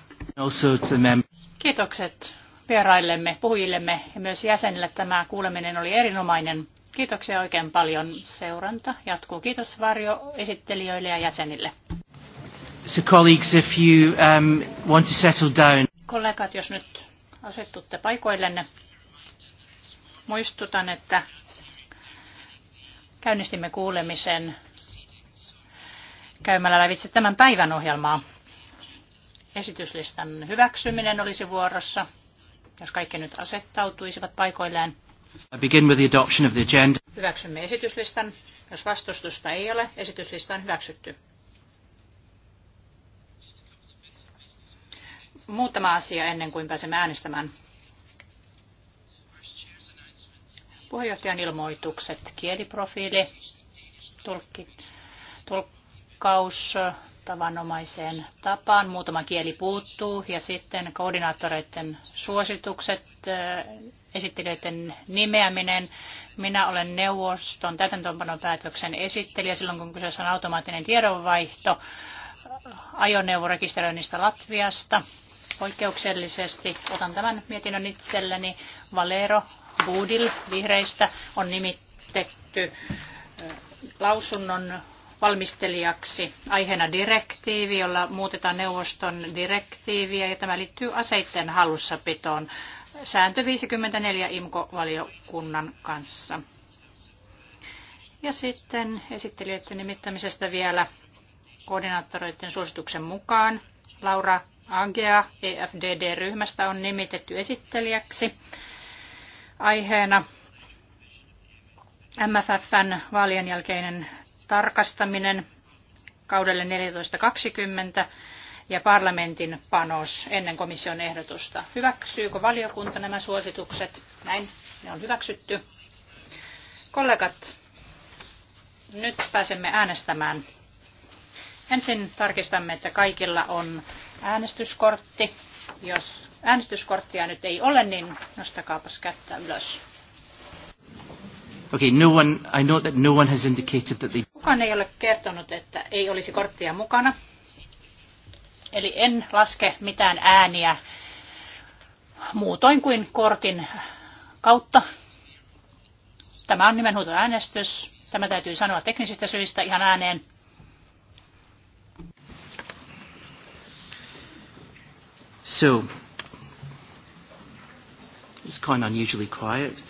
Speaker 2: Kiitokset vieraillemme, puhujillemme ja myös jäsenille tämä kuuleminen oli erinomainen. Kiitoksia oikein paljon. Seuranta jatkuu. Kiitos Varjo esittelijöille ja jäsenille.
Speaker 3: So colleagues, if you um, want to settle down.
Speaker 2: Kollegat, jos nyt asettutte paikoillenne, muistutan, että käynnistimme kuulemisen käymällä lävitse tämän päivän ohjelmaa. Esityslistan hyväksyminen olisi vuorossa jos kaikki nyt asettautuisivat paikoilleen.
Speaker 3: I begin with the adoption of the agenda.
Speaker 2: Hyväksymme esityslistan. Jos vastustusta ei ole, esityslista on hyväksytty. Muutama asia ennen kuin pääsemme äänestämään. Puheenjohtajan ilmoitukset, kieliprofiili, tulkki, tulkkaus tavanomaiseen tapaan. Muutama kieli puuttuu ja sitten koordinaattoreiden suositukset, äh, esittelijöiden nimeäminen. Minä olen neuvoston päätöksen esittelijä silloin, kun kyseessä on automaattinen tiedonvaihto ajoneuvorekisteröinnistä Latviasta. Poikkeuksellisesti otan tämän mietinnön itselleni. Valero Budil vihreistä on nimitetty äh, lausunnon valmistelijaksi. Aiheena direktiivi, jolla muutetaan neuvoston direktiiviä ja tämä liittyy aseiden hallussapitoon. Sääntö 54 IMKO-valiokunnan kanssa. Ja sitten esittelijöiden nimittämisestä vielä koordinaattoreiden suosituksen mukaan. Laura Agea EFDD-ryhmästä on nimitetty esittelijäksi. Aiheena MFFn vaalien jälkeinen tarkastaminen kaudelle 14.20 ja parlamentin panos ennen komission ehdotusta. Hyväksyykö valiokunta nämä suositukset? Näin, ne on hyväksytty. Kollegat, nyt pääsemme äänestämään. Ensin tarkistamme, että kaikilla on äänestyskortti. Jos äänestyskorttia nyt ei ole, niin nostakaapas kättä ylös.
Speaker 3: Okay, no one, I know that no one has indicated that they...
Speaker 2: Kukaan ei ole kertonut, että ei olisi korttia mukana. Eli en laske mitään ääniä muutoin kuin kortin kautta. Tämä on äänestys, Tämä täytyy sanoa teknisistä syistä ihan ääneen.
Speaker 3: So, it's kind of unusually quiet.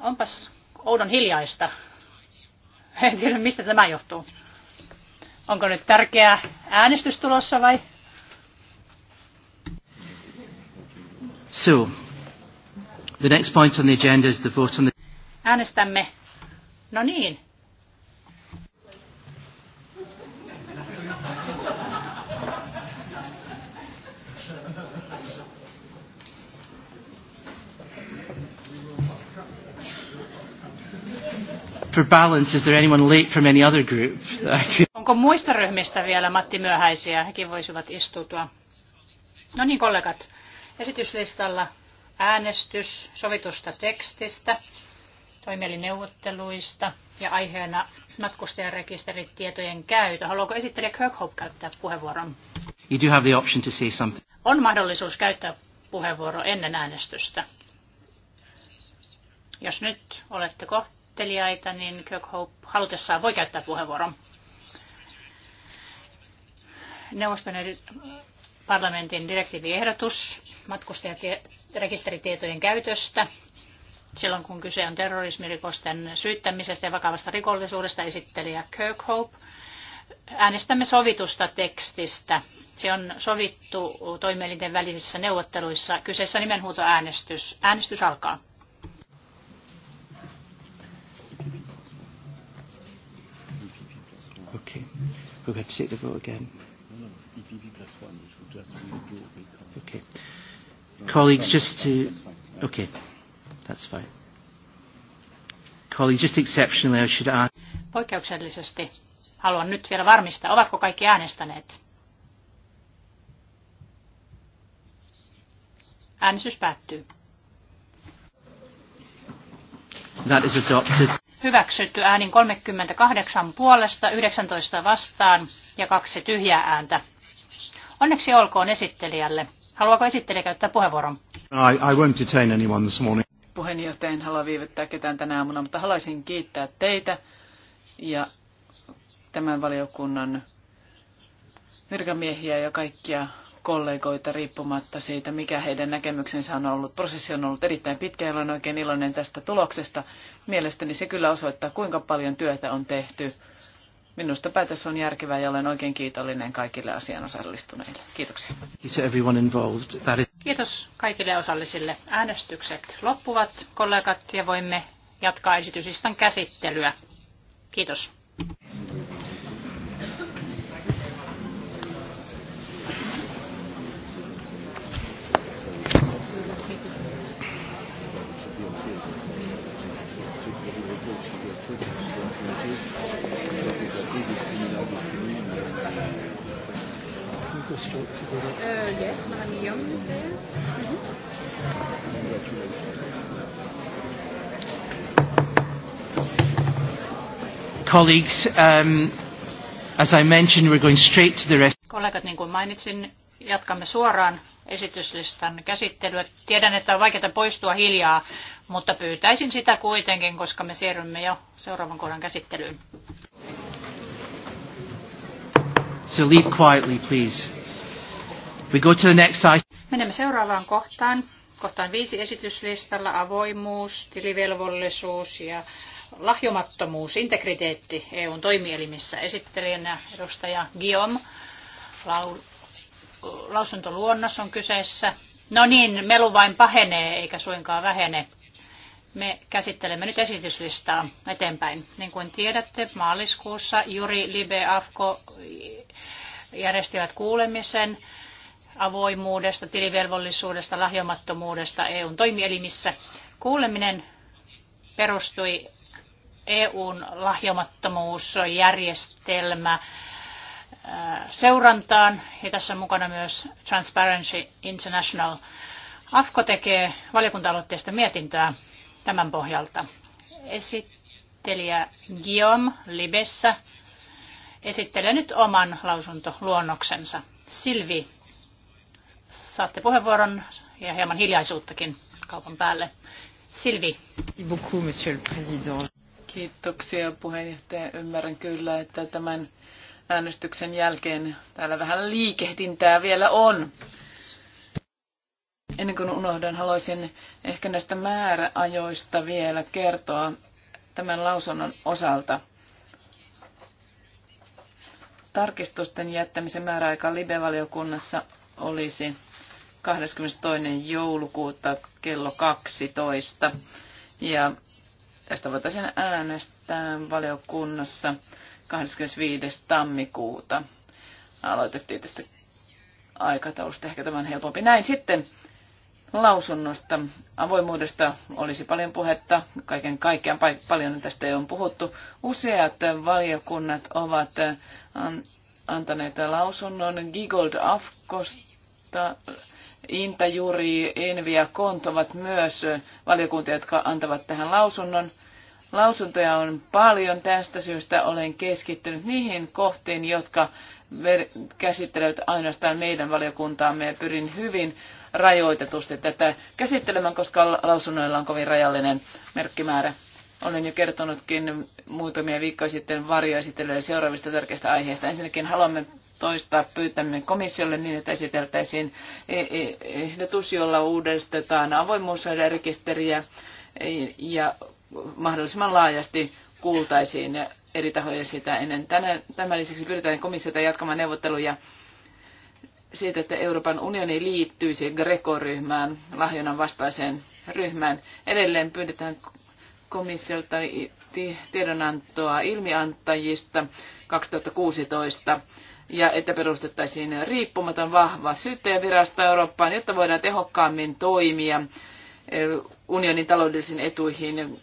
Speaker 2: Onpas oudon hiljaista.
Speaker 1: En tiedä, mistä
Speaker 2: tämä johtuu. Onko nyt tärkeä äänestys tulossa vai?
Speaker 3: So, the next point on the agenda is the vote on the...
Speaker 2: Äänestämme. No niin,
Speaker 3: for balance, is there anyone late from any other group?
Speaker 2: Onko muista ryhmistä vielä Matti myöhäisiä? Hekin voisivat istutua. No niin, kollegat. Esityslistalla äänestys sovitusta tekstistä, toimielineuvotteluista ja aiheena matkustajarekisteritietojen käytö. Haluaako esittelijä Hope käyttää puheenvuoron?
Speaker 3: You do have the option to say something.
Speaker 2: On mahdollisuus käyttää puheenvuoro ennen äänestystä. Jos nyt olette kohta esittelijöitä, niin Hope halutessaan voi käyttää puheenvuoron. Neuvoston parlamentin direktiiviehdotus matkustajarekisteritietojen käytöstä silloin, kun kyse on terrorismirikosten syyttämisestä ja vakavasta rikollisuudesta, esittelijä Hope. Äänestämme sovitusta tekstistä. Se on sovittu toimielinten välisissä neuvotteluissa. Kyseessä nimenhuutoäänestys. Äänestys alkaa.
Speaker 3: Okay. We're going to take the vote again. Okay. Colleagues, just to... Okay. That's fine. Colleagues, just exceptionally, I should ask...
Speaker 2: Poikkeuksellisesti haluan nyt vielä varmistaa, ovatko kaikki äänestäneet? Äänestys päättyy.
Speaker 3: That is adopted
Speaker 2: hyväksytty äänin 38 puolesta, 19 vastaan ja kaksi tyhjää ääntä. Onneksi olkoon esittelijälle.
Speaker 6: Haluaako esittelijä käyttää puheenvuoron?
Speaker 3: I, I won't detain anyone this morning.
Speaker 6: Puheenjohtaja, en halua viivyttää ketään tänä aamuna, mutta haluaisin kiittää teitä ja tämän valiokunnan virkamiehiä ja kaikkia kollegoita riippumatta siitä, mikä heidän näkemyksensä on ollut. Prosessi on ollut erittäin pitkä ja olen oikein iloinen tästä tuloksesta. Mielestäni se kyllä osoittaa, kuinka paljon työtä on tehty. Minusta päätös on järkevää ja olen oikein kiitollinen kaikille asian osallistuneille. Kiitoksia. Kiitos kaikille osallisille. Äänestykset loppuvat, kollegat,
Speaker 2: ja voimme jatkaa esityslistan käsittelyä. Kiitos.
Speaker 4: Uh,
Speaker 6: yes,
Speaker 2: Madame Young is there. Mm-hmm.
Speaker 4: Congratulations.
Speaker 3: Colleagues, um, as I mentioned, we're going straight to the rest.
Speaker 2: Kollegat, niin kuin mainitsin, jatkamme suoraan esityslistan käsittelyä. Tiedän, että on vaikeaa poistua hiljaa, mutta pyytäisin sitä kuitenkin, koska me siirrymme jo seuraavan kohdan käsittelyyn.
Speaker 3: So leave quietly, please. We go to the next item.
Speaker 2: Menemme seuraavaan kohtaan. Kohtaan viisi esityslistalla avoimuus, tilivelvollisuus ja lahjomattomuus, integriteetti EUn toimielimissä. Esittelijänä edustaja Guillaume. Lau- lausuntoluonnos on kyseessä. No niin, melu vain pahenee eikä suinkaan vähene. Me käsittelemme nyt esityslistaa eteenpäin. Niin kuin tiedätte, maaliskuussa Juri Libe Afko järjestivät kuulemisen avoimuudesta, tilivelvollisuudesta, lahjomattomuudesta EUn toimielimissä. Kuuleminen perustui EUn lahjomattomuusjärjestelmä äh, seurantaan ja tässä on mukana myös Transparency International. AFKO tekee valiokunta-aloitteesta mietintöä tämän pohjalta. Esittelijä Guillaume Libessä esittelee nyt oman lausuntoluonnoksensa. Silvi, Saatte puheenvuoron ja hieman hiljaisuuttakin kaupan päälle. Silvi.
Speaker 6: Kiitoksia puheenjohtaja. Ymmärrän kyllä, että tämän äänestyksen jälkeen täällä vähän liikehdintää vielä on. Ennen kuin unohdan, haluaisin ehkä näistä määräajoista vielä kertoa tämän lausunnon osalta. Tarkistusten jättämisen määräaika libevaliokunnassa. valiokunnassa olisi 22. joulukuuta kello 12. Ja tästä voitaisiin äänestää valiokunnassa 25. tammikuuta. Aloitettiin tästä aikataulusta ehkä tämän helpompi. Näin sitten lausunnosta. Avoimuudesta olisi paljon puhetta, kaiken kaikkiaan paljon tästä ole puhuttu. Useat valiokunnat ovat antaneet lausunnon Gigold Afkosta mutta Inta, Juri, Envi ja Kont ovat myös valiokuntia, jotka antavat tähän lausunnon. Lausuntoja on paljon. Tästä syystä olen keskittynyt niihin kohtiin, jotka käsittelevät ainoastaan meidän valiokuntaamme ja pyrin hyvin rajoitetusti tätä käsittelemään, koska lausunnoilla on kovin rajallinen merkkimäärä. Olen jo kertonutkin muutamia viikkoja sitten varjoesittelyille seuraavista tärkeistä aiheista. Ensinnäkin haluamme toistaa pyytämme komissiolle niin, että esiteltäisiin e- e- ehdotus, jolla uudistetaan avoimuusrekisteriä ja mahdollisimman laajasti kuultaisiin eri tahoja sitä ennen. Tänään, tämän lisäksi pyritään komissiota jatkamaan neuvotteluja siitä, että Euroopan unioni liittyisi Greco-ryhmään, lahjonnan vastaiseen ryhmään. Edelleen pyydetään komissiolta tiedonantoa ilmiantajista 2016 ja että perustettaisiin riippumaton vahva syyttäjävirasto Eurooppaan, jotta voidaan tehokkaammin toimia unionin taloudellisiin etuihin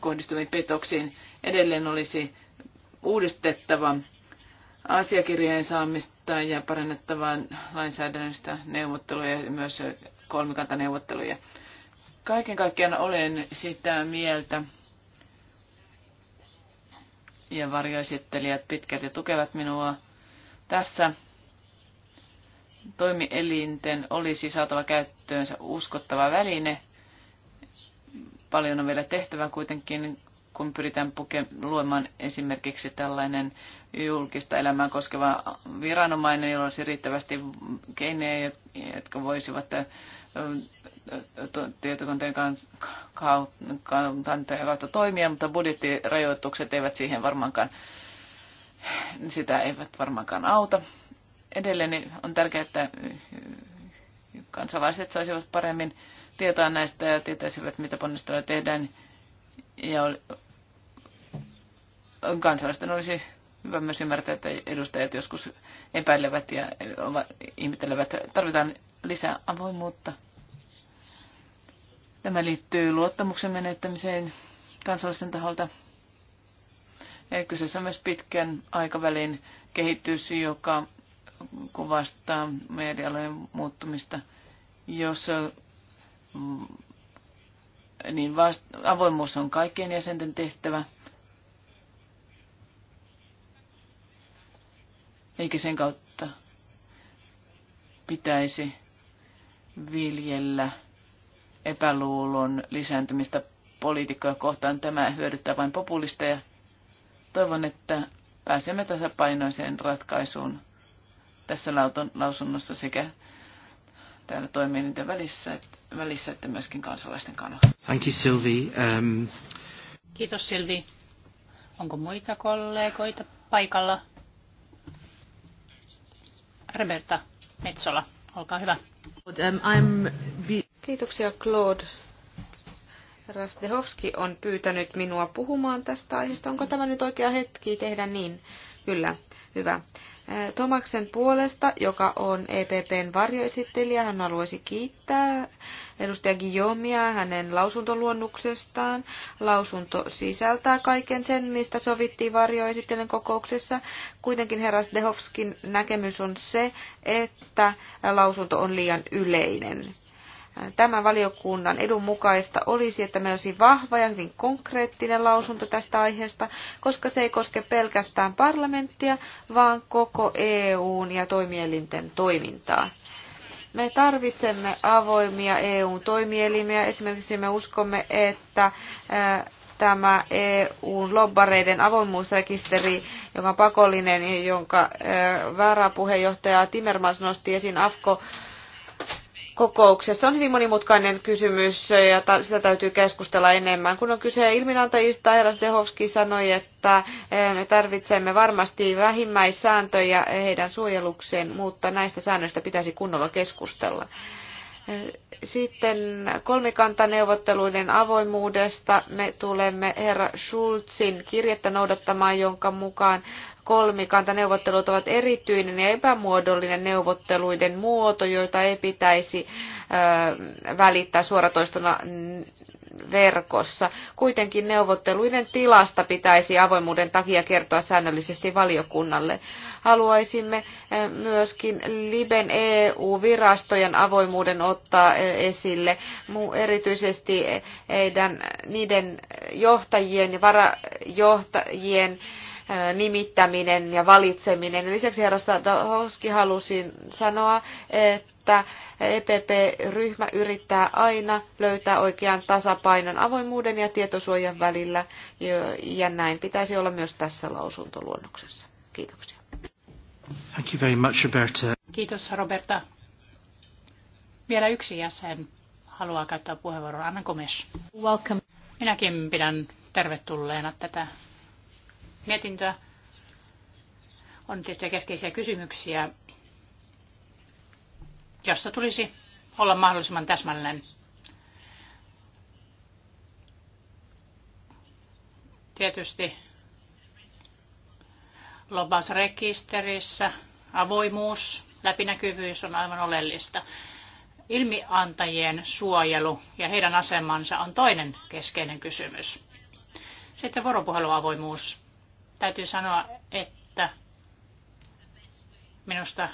Speaker 6: kohdistuviin petoksiin. Edelleen olisi uudistettava asiakirjojen saamista ja parannettava lainsäädännöstä neuvotteluja ja myös kolmikantaneuvotteluja. neuvotteluja Kaiken kaikkiaan olen sitä mieltä, ja pitkät ja tukevat minua tässä. Toimielinten olisi saatava käyttöönsä uskottava väline. Paljon on vielä tehtävä kuitenkin, kun pyritään puke- luomaan esimerkiksi tällainen julkista elämää koskeva viranomainen, jolla olisi riittävästi keinoja, jotka voisivat tietokoneen kautta toimia, mutta budjettirajoitukset eivät siihen varmaankaan, sitä eivät varmaankaan auta. Edelleen niin on tärkeää, että kansalaiset saisivat paremmin tietoa näistä ja tietäisivät, mitä ponnisteluja tehdään. Ja kansalaisten olisi hyvä myös ymmärtää, että edustajat joskus epäilevät ja ihmettelevät. Tarvitaan lisää avoimuutta. Tämä liittyy luottamuksen menettämiseen kansalaisten taholta. Ja kyseessä on myös pitkän aikavälin kehitys, joka kuvastaa medialojen muuttumista, jos mm, niin avoimuus on kaikkien jäsenten tehtävä, eikä sen kautta pitäisi viljellä epäluulon lisääntymistä poliitikkoja kohtaan. Tämä hyödyttää vain populisteja. Toivon, että pääsemme tasapainoiseen ratkaisuun tässä lausunnossa sekä täällä toimielinten välissä, että, välissä, että myöskin kansalaisten kannalta.
Speaker 3: Thank you, Sylvie.
Speaker 2: Um... Kiitos, Silvi. Onko muita kollegoita paikalla? Roberta Metsola, olkaa
Speaker 1: hyvä. Um, Kiitoksia Claude. Rastehovski on pyytänyt minua puhumaan tästä aiheesta. Onko tämä nyt oikea hetki tehdä niin? Kyllä, hyvä. Tomaksen puolesta, joka on EPPn varjoesittelijä. Hän haluaisi kiittää edustaja Guillaumea hänen lausuntoluonnuksestaan. Lausunto sisältää kaiken sen, mistä sovittiin varjoesittelijän kokouksessa. Kuitenkin herra Dehovskin näkemys on se, että lausunto on liian yleinen tämän valiokunnan edun mukaista olisi, että meillä olisi vahva ja hyvin konkreettinen lausunto tästä aiheesta, koska se ei koske pelkästään parlamenttia, vaan koko EUn ja toimielinten toimintaa. Me tarvitsemme avoimia EUn toimielimiä. Esimerkiksi me uskomme, että tämä EUn lobbareiden avoimuusrekisteri, joka on pakollinen, jonka varapuheenjohtaja Timmermans nosti esiin AFKO kokouksessa on hyvin monimutkainen kysymys ja ta- sitä täytyy keskustella enemmän. Kun on kyse ilminantajista, Herra Dehovski sanoi, että eh, me tarvitsemme varmasti vähimmäissääntöjä heidän suojelukseen, mutta näistä säännöistä pitäisi kunnolla keskustella. Eh, sitten kolmikantaneuvotteluiden avoimuudesta me tulemme herra Schulzin kirjettä noudattamaan, jonka mukaan kolmikantaneuvottelut ovat erityinen ja epämuodollinen neuvotteluiden muoto, joita ei pitäisi välittää suoratoistona verkossa. Kuitenkin neuvotteluiden tilasta pitäisi avoimuuden takia kertoa säännöllisesti valiokunnalle. Haluaisimme myöskin Liben EU-virastojen avoimuuden ottaa esille, erityisesti e, niiden johtajien ja varajohtajien nimittäminen ja valitseminen. Lisäksi herra Hoski halusin sanoa, että EPP-ryhmä yrittää aina löytää oikean tasapainon avoimuuden ja tietosuojan välillä, ja näin pitäisi olla myös tässä lausuntoluonnoksessa. Kiitoksia.
Speaker 3: Thank you very much, Roberta.
Speaker 1: Kiitos,
Speaker 2: Roberta. Vielä yksi jäsen haluaa käyttää puheenvuoron. Anna Gomes. Welcome. Minäkin pidän tervetulleena tätä mietintöä. On tiettyjä keskeisiä kysymyksiä, jossa tulisi olla mahdollisimman täsmällinen. Tietysti lobasrekisterissä avoimuus, läpinäkyvyys on aivan oleellista. Ilmiantajien suojelu ja heidän asemansa on toinen keskeinen kysymys. Sitten vuoropuheluavoimuus. Täytyy sanoa, että minusta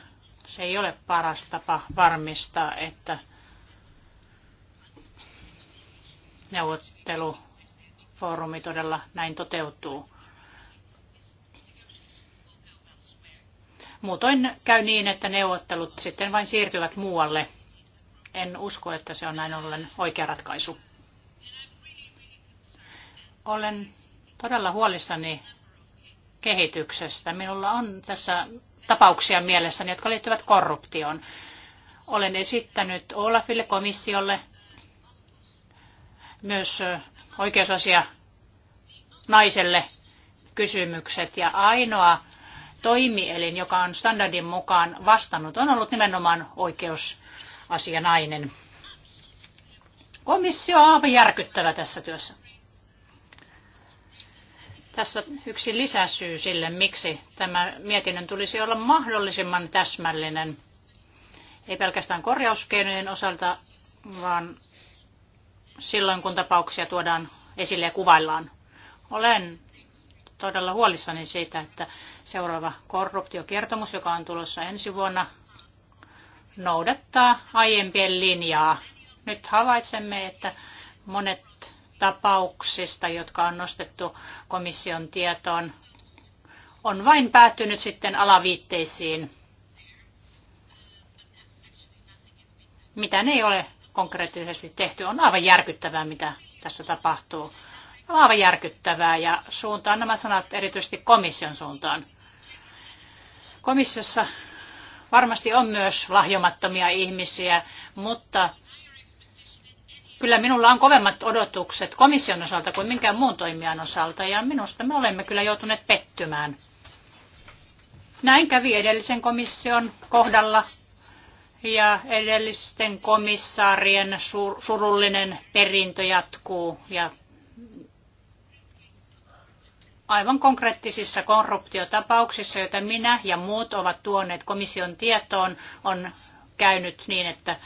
Speaker 2: se ei ole paras tapa varmistaa, että neuvottelufoorumi todella näin toteutuu. Muutoin käy niin, että neuvottelut sitten vain siirtyvät muualle. En usko, että se on näin ollen oikea ratkaisu. Olen todella huolissani kehityksestä. Minulla on tässä tapauksia mielessäni, jotka liittyvät korruptioon. Olen esittänyt Olafille, komissiolle, myös oikeusasia naiselle kysymykset. Ja ainoa toimielin, joka on standardin mukaan vastannut, on ollut nimenomaan oikeusasianainen. Komissio on aivan järkyttävä tässä työssä. Tässä yksi lisäsyy sille, miksi tämä mietinnön tulisi olla mahdollisimman täsmällinen. Ei pelkästään korjauskeinojen osalta, vaan silloin kun tapauksia tuodaan esille ja kuvaillaan. Olen todella huolissani siitä, että seuraava korruptiokertomus, joka on tulossa ensi vuonna, noudattaa aiempien linjaa. Nyt havaitsemme, että monet tapauksista, jotka on nostettu komission tietoon, on vain päättynyt sitten alaviitteisiin. Mitä ne ei ole konkreettisesti tehty, on aivan järkyttävää, mitä tässä tapahtuu. On aivan järkyttävää ja suuntaan nämä sanat erityisesti komission suuntaan. Komissiossa varmasti on myös lahjomattomia ihmisiä, mutta kyllä minulla on kovemmat odotukset komission osalta kuin minkään muun toimijan osalta, ja minusta me olemme kyllä joutuneet pettymään. Näin kävi edellisen komission kohdalla, ja edellisten komissaarien surullinen perintö jatkuu, ja aivan konkreettisissa korruptiotapauksissa, joita minä ja muut ovat tuoneet komission tietoon, on käynyt niin, että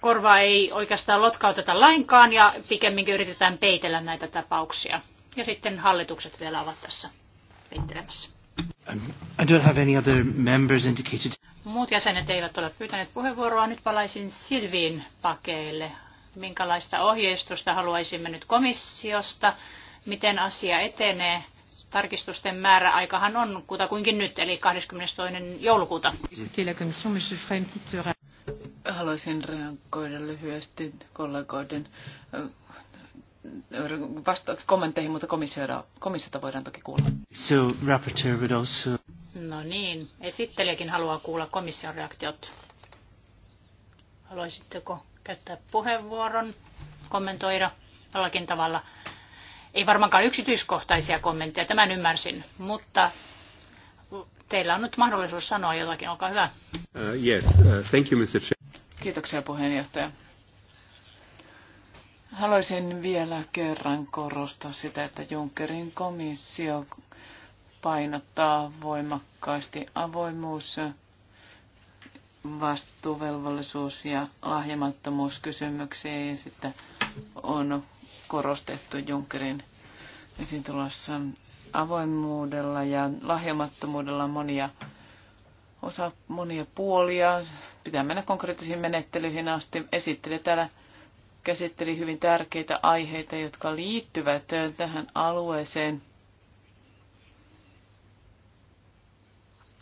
Speaker 2: korvaa ei oikeastaan lotkauteta lainkaan ja pikemminkin yritetään peitellä näitä tapauksia. Ja sitten hallitukset vielä ovat tässä peittelemässä.
Speaker 3: Um, I don't have any other members indicated.
Speaker 2: Muut jäsenet eivät ole pyytäneet puheenvuoroa. Nyt palaisin Silviin pakeille. Minkälaista ohjeistusta haluaisimme nyt komissiosta? Miten asia etenee? Tarkistusten määrä aikahan on kutakuinkin nyt, eli 22. joulukuuta.
Speaker 6: Haluaisin reagoida lyhyesti kollegoiden vastaukset kommentteihin, mutta komissiota, voidaan toki kuulla.
Speaker 3: So, rapporteur would also...
Speaker 6: No niin,
Speaker 2: esittelijäkin haluaa kuulla komission reaktiot. Haluaisitteko käyttää puheenvuoron, kommentoida jollakin tavalla? Ei varmaankaan yksityiskohtaisia kommentteja, tämän ymmärsin, mutta Teillä on nyt mahdollisuus sanoa jotakin, olkaa hyvä.
Speaker 4: Uh, yes, uh, thank you, Mr.
Speaker 6: Kiitoksia puheenjohtaja. Haluaisin vielä kerran korostaa sitä, että Junckerin komissio painottaa voimakkaasti avoimuus, vastuuvelvollisuus ja lahjamattomuuskysymyksiä ja sitten on korostettu Junckerin esiintulossa avoimuudella ja lahjomattomuudella monia, osa, monia puolia. Pitää mennä konkreettisiin menettelyihin asti. Esitteli täällä käsitteli hyvin tärkeitä aiheita, jotka liittyvät tähän alueeseen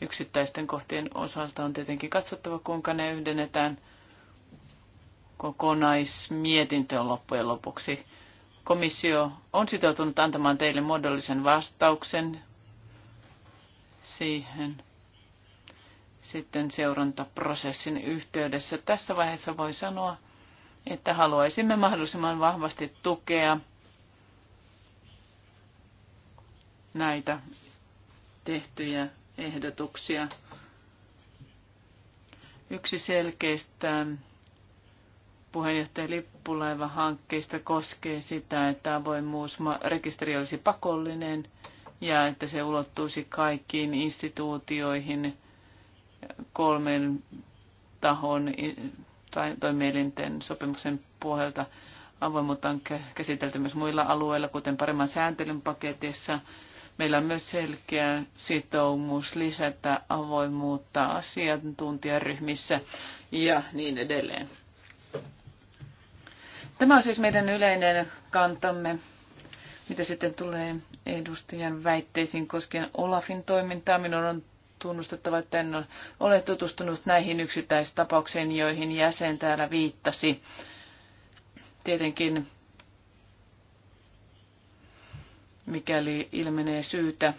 Speaker 6: yksittäisten kohtien osalta on tietenkin katsottava, kuinka ne yhdennetään kokonaismietintöön loppujen lopuksi. Komissio on sitoutunut antamaan teille muodollisen vastauksen siihen sitten seurantaprosessin yhteydessä. Tässä vaiheessa voi sanoa, että haluaisimme mahdollisimman vahvasti tukea näitä tehtyjä ehdotuksia. Yksi selkeistä puheenjohtaja Lippulaiva hankkeista koskee sitä, että avoimuusrekisteri olisi pakollinen ja että se ulottuisi kaikkiin instituutioihin kolmen tahon tai toimielinten sopimuksen pohjalta. Avoimuutta on käsitelty myös muilla alueilla, kuten paremman sääntelyn paketissa. Meillä on myös selkeä sitoumus lisätä avoimuutta asiantuntijaryhmissä ja niin edelleen. Tämä on siis meidän yleinen kantamme, mitä sitten tulee edustajan väitteisiin koskien Olafin toimintaa. Minun on tunnustettava, että en ole tutustunut näihin yksittäistapauksiin, joihin jäsen täällä viittasi. Tietenkin mikäli ilmenee syytä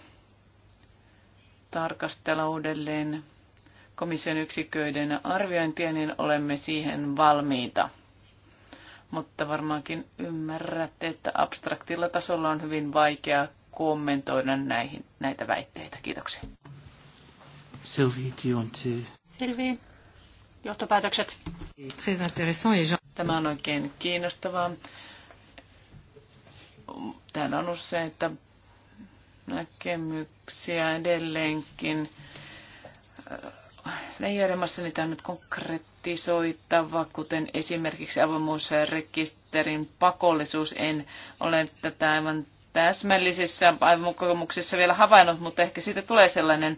Speaker 6: tarkastella uudelleen komission yksiköiden arviointia, niin olemme siihen valmiita mutta varmaankin ymmärrätte, että abstraktilla tasolla on hyvin vaikea kommentoida näihin, näitä väitteitä. Kiitoksia.
Speaker 3: Sylvie, do you want to...
Speaker 6: Sylvie, johtopäätökset. Tämä on oikein kiinnostavaa. Täällä on useita näkemyksiä edelleenkin leijoilemassa niitä on nyt konkretisoitava, kuten esimerkiksi avoimuusrekisterin pakollisuus. En ole tätä aivan täsmällisissä kokemuksissa vielä havainnut, mutta ehkä siitä tulee sellainen.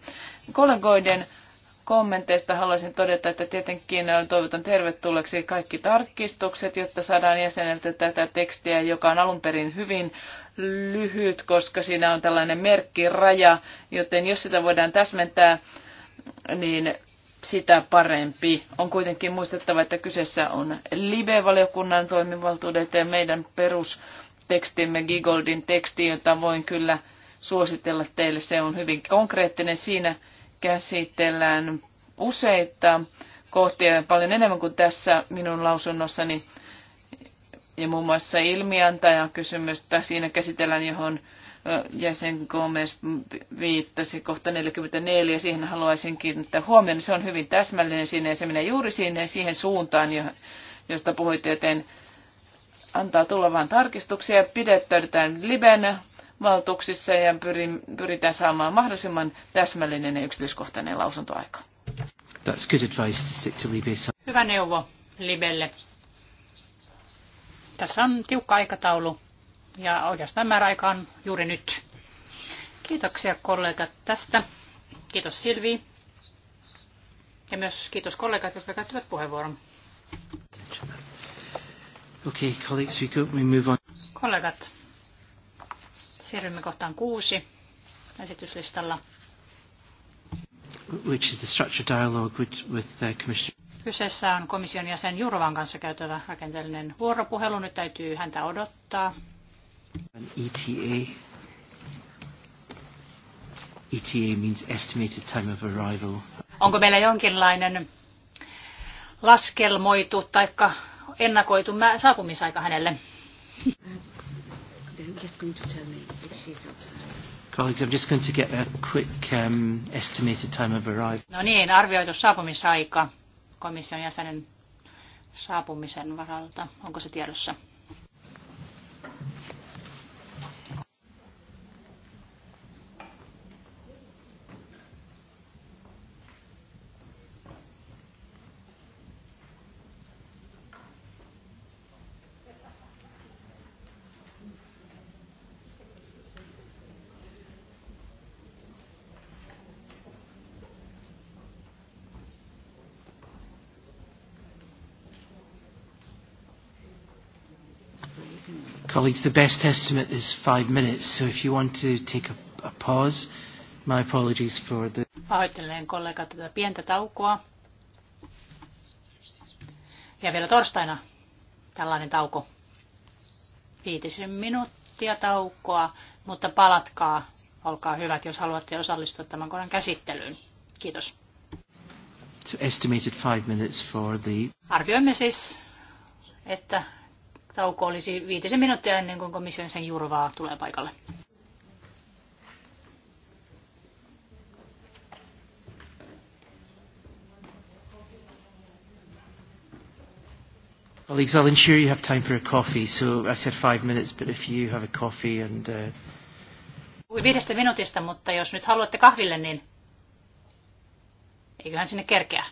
Speaker 6: Kollegoiden kommenteista haluaisin todeta, että tietenkin toivotan tervetulleeksi kaikki tarkistukset, jotta saadaan jäseneltä tätä tekstiä, joka on alun perin hyvin lyhyt, koska siinä on tällainen merkkiraja, joten jos sitä voidaan täsmentää niin sitä parempi. On kuitenkin muistettava, että kyseessä on Libe-valiokunnan toimivaltuudet ja meidän perustekstimme, Gigoldin teksti, jota voin kyllä suositella teille. Se on hyvin konkreettinen. Siinä käsitellään useita kohtia paljon enemmän kuin tässä minun lausunnossani. Ja muun muassa ilmiantaja kysymystä siinä käsitellään, johon jäsen Gomez viittasi kohta 44. Siihen haluaisin kiinnittää huomioon. Se on hyvin täsmällinen sinne ja se menee juuri sinne siihen suuntaan, josta puhuit, joten antaa tulla vain tarkistuksia. Pidettäydytään liben valtuuksissa ja pyritään saamaan mahdollisimman täsmällinen ja yksityiskohtainen lausuntoaika.
Speaker 3: That's good advice to stick to
Speaker 6: Hyvä neuvo
Speaker 2: Libelle. Tässä on tiukka aikataulu. Ja oikeastaan määräaika on juuri nyt. Kiitoksia kollegat tästä. Kiitos Silvi. Ja myös kiitos kollegat, jotka käyttivät puheenvuoron.
Speaker 3: Okay, colleagues, we go, we move on.
Speaker 2: Kollegat, siirrymme kohtaan kuusi esityslistalla.
Speaker 3: Which is the structured dialogue with, with the uh, commission.
Speaker 2: Kyseessä on komission jäsen Jurovan kanssa käytävä rakenteellinen vuoropuhelu. Nyt täytyy häntä odottaa.
Speaker 3: An ETA. ETA means estimated time of arrival.
Speaker 2: Onko meillä jonkinlainen laskelmoitu tai ennakoitu saapumisaika hänelle?
Speaker 3: Colleagues, I'm just going to get a quick um, estimated time of arrival.
Speaker 2: No niin, arvioitu saapumisaika komission jäsenen saapumisen varalta. Onko se tiedossa?
Speaker 3: Colleagues, the best estimate is five minutes, so if you want to take a, a pause, my apologies for the...
Speaker 2: Pahoittelen kollega tätä pientä taukoa. Ja vielä torstaina tällainen tauko. Viitisen minuuttia taukoa, mutta palatkaa, olkaa hyvät, jos haluatte osallistua tämän kohdan käsittelyyn. Kiitos.
Speaker 3: So estimated five minutes for the...
Speaker 2: Arvioimme siis, että tauko olisi viitisen minuuttia ennen kuin komission sen jurvaa tulee paikalle.
Speaker 3: Colleagues, I'll ensure you have time for a coffee. So I said five minutes, but if you have a coffee and... Uh...
Speaker 2: Viidestä minuutista, mutta jos nyt haluatte kahville, niin eiköhän sinne kerkeä.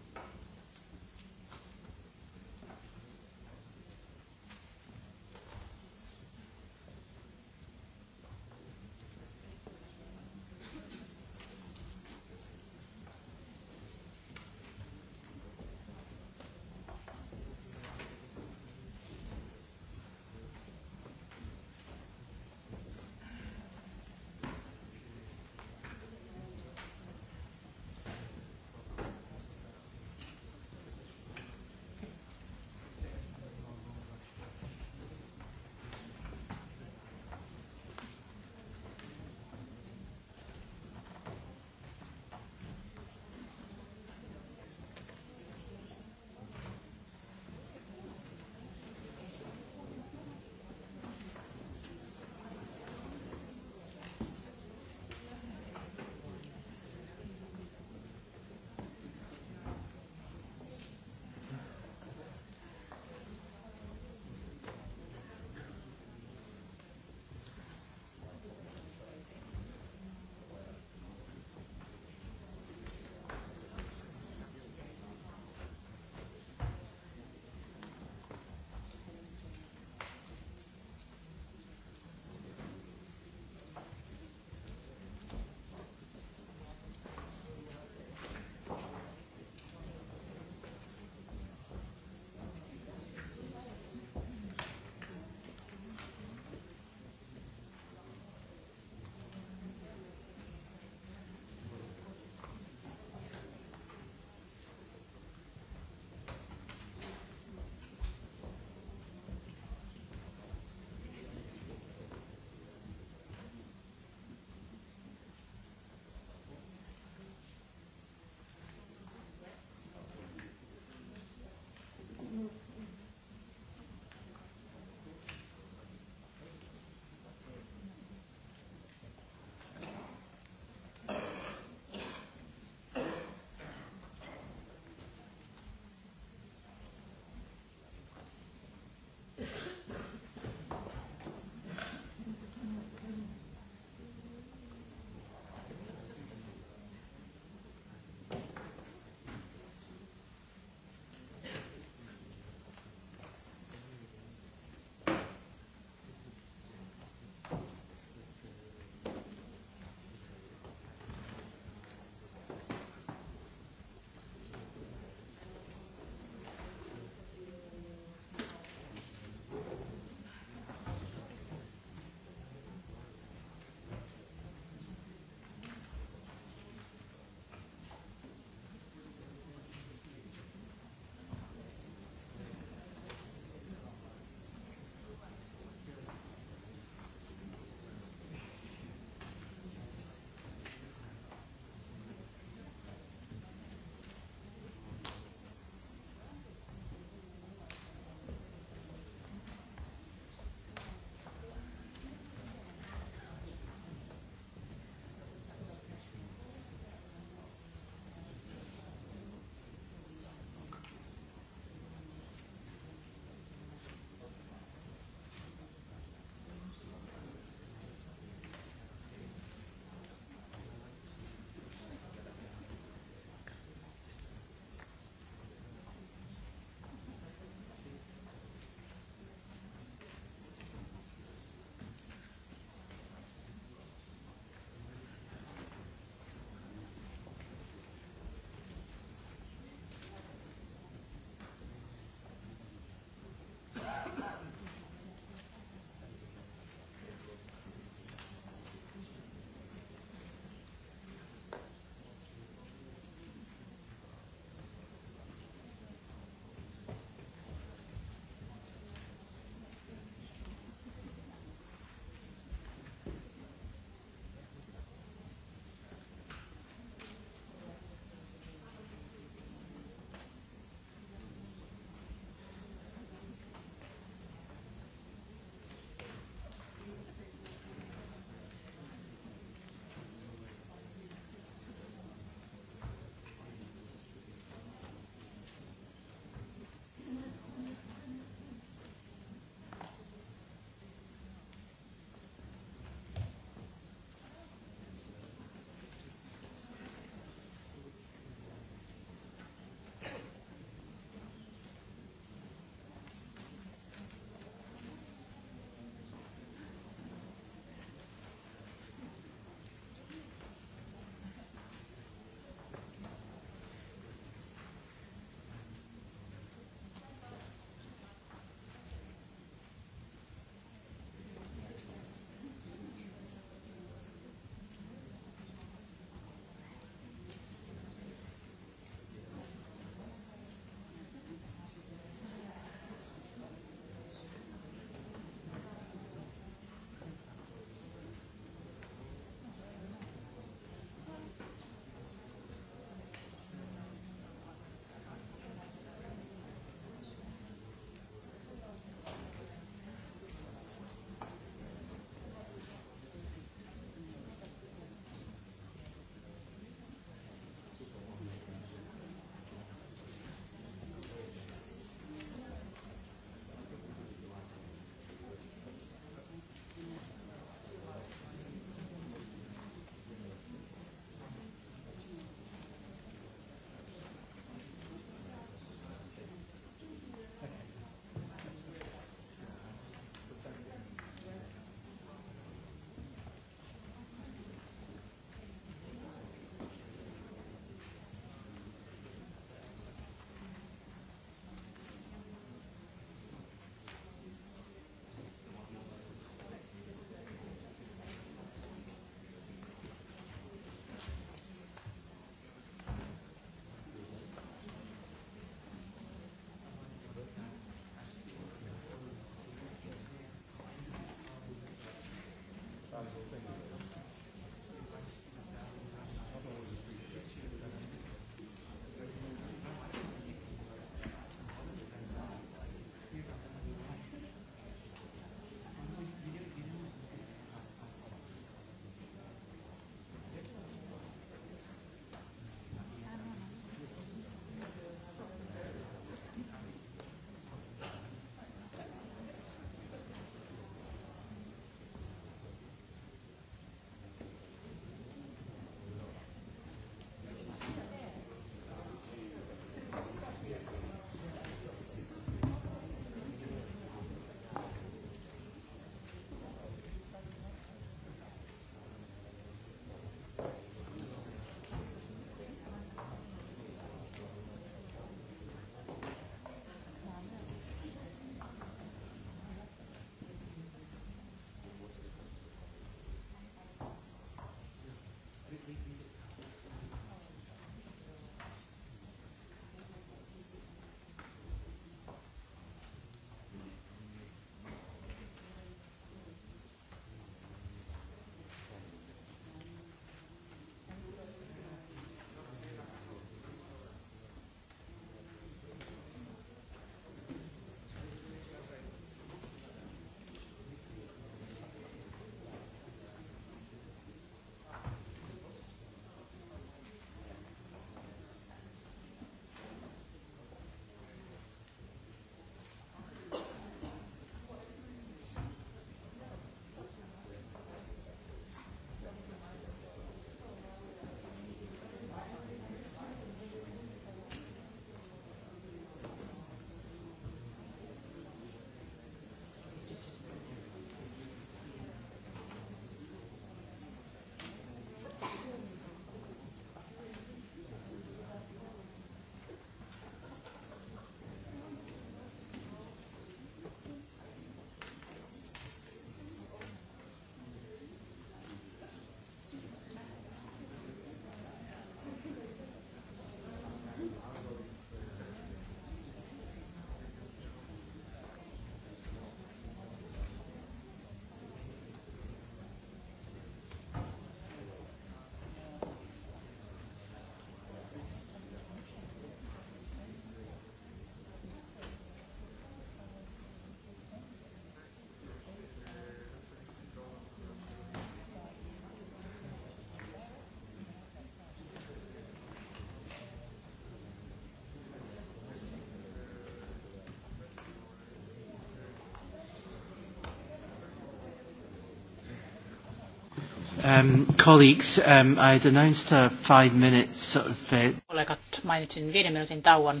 Speaker 3: Um, colleagues, um, I'd announced a five minutes sort of, uh...
Speaker 2: Kollegat, mainitsin viiden minuutin tauon.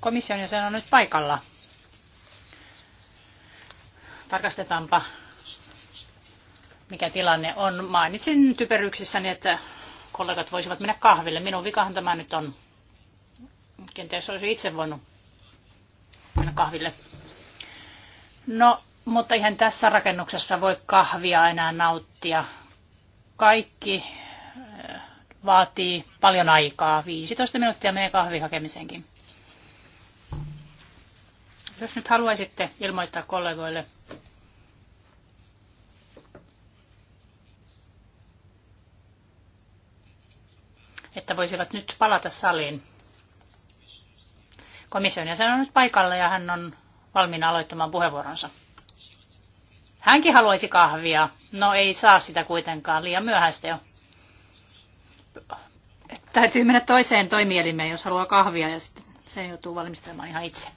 Speaker 2: Komission jäsen on nyt paikalla. Tarkastetaanpa, mikä tilanne on. Mainitsin typeryksissäni, että kollegat voisivat mennä kahville. Minun vikahan tämä nyt on. Kenties olisi itse voinut mennä kahville. No, mutta ihan tässä rakennuksessa voi kahvia enää nauttia. Kaikki eh, vaatii paljon aikaa. 15 minuuttia menee hakemisenkin. Jos nyt haluaisitte ilmoittaa kollegoille että voisivat nyt palata saliin. Komission jäsen on nyt paikalla ja hän on valmiina aloittamaan puheenvuoronsa. Hänkin haluaisi kahvia. No ei saa sitä kuitenkaan, liian myöhäistä jo. Täytyy mennä toiseen toimielimeen, jos haluaa kahvia ja sitten se joutuu valmistelemaan ihan itse.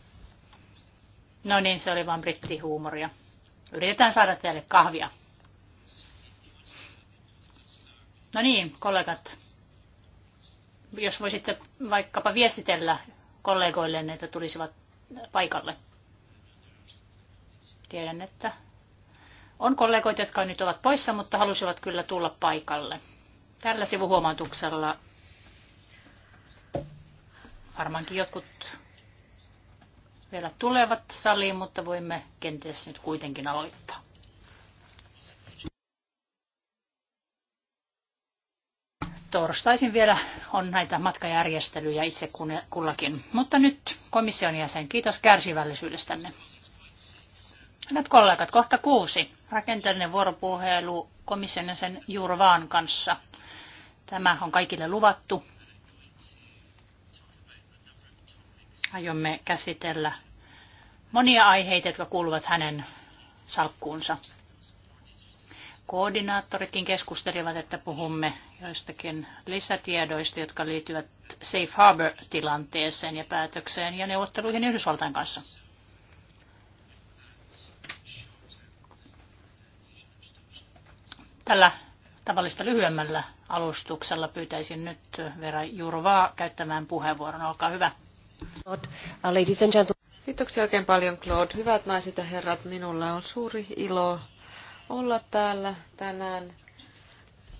Speaker 2: No niin, se oli vain brittihuumoria. Yritetään saada teille kahvia. No niin, kollegat. Jos voisitte vaikkapa viestitellä kollegoille, että tulisivat paikalle. Tiedän, että on kollegoita, jotka nyt ovat poissa, mutta halusivat kyllä tulla paikalle. Tällä sivuhuomautuksella varmaankin jotkut vielä tulevat saliin, mutta voimme kenties nyt kuitenkin aloittaa. Torstaisin vielä on näitä matkajärjestelyjä itse kullakin. Mutta nyt komission jäsen, kiitos kärsivällisyydestänne. Hyvät kollegat, kohta kuusi. Rakenteellinen vuoropuhelu komission sen Jurvaan kanssa. Tämä on kaikille luvattu. Aiomme käsitellä monia aiheita, jotka kuuluvat hänen salkkuunsa. Koordinaattoritkin keskustelivat, että puhumme joistakin lisätiedoista, jotka liittyvät Safe Harbor-tilanteeseen ja päätökseen ja neuvotteluihin Yhdysvaltain kanssa. Tällä tavallista lyhyemmällä alustuksella pyytäisin nyt Vera Jurvaa käyttämään puheenvuoron. Olkaa hyvä.
Speaker 1: Uh, Kiitoksia oikein paljon Claude. Hyvät naiset ja herrat, minulla on suuri ilo olla täällä tänään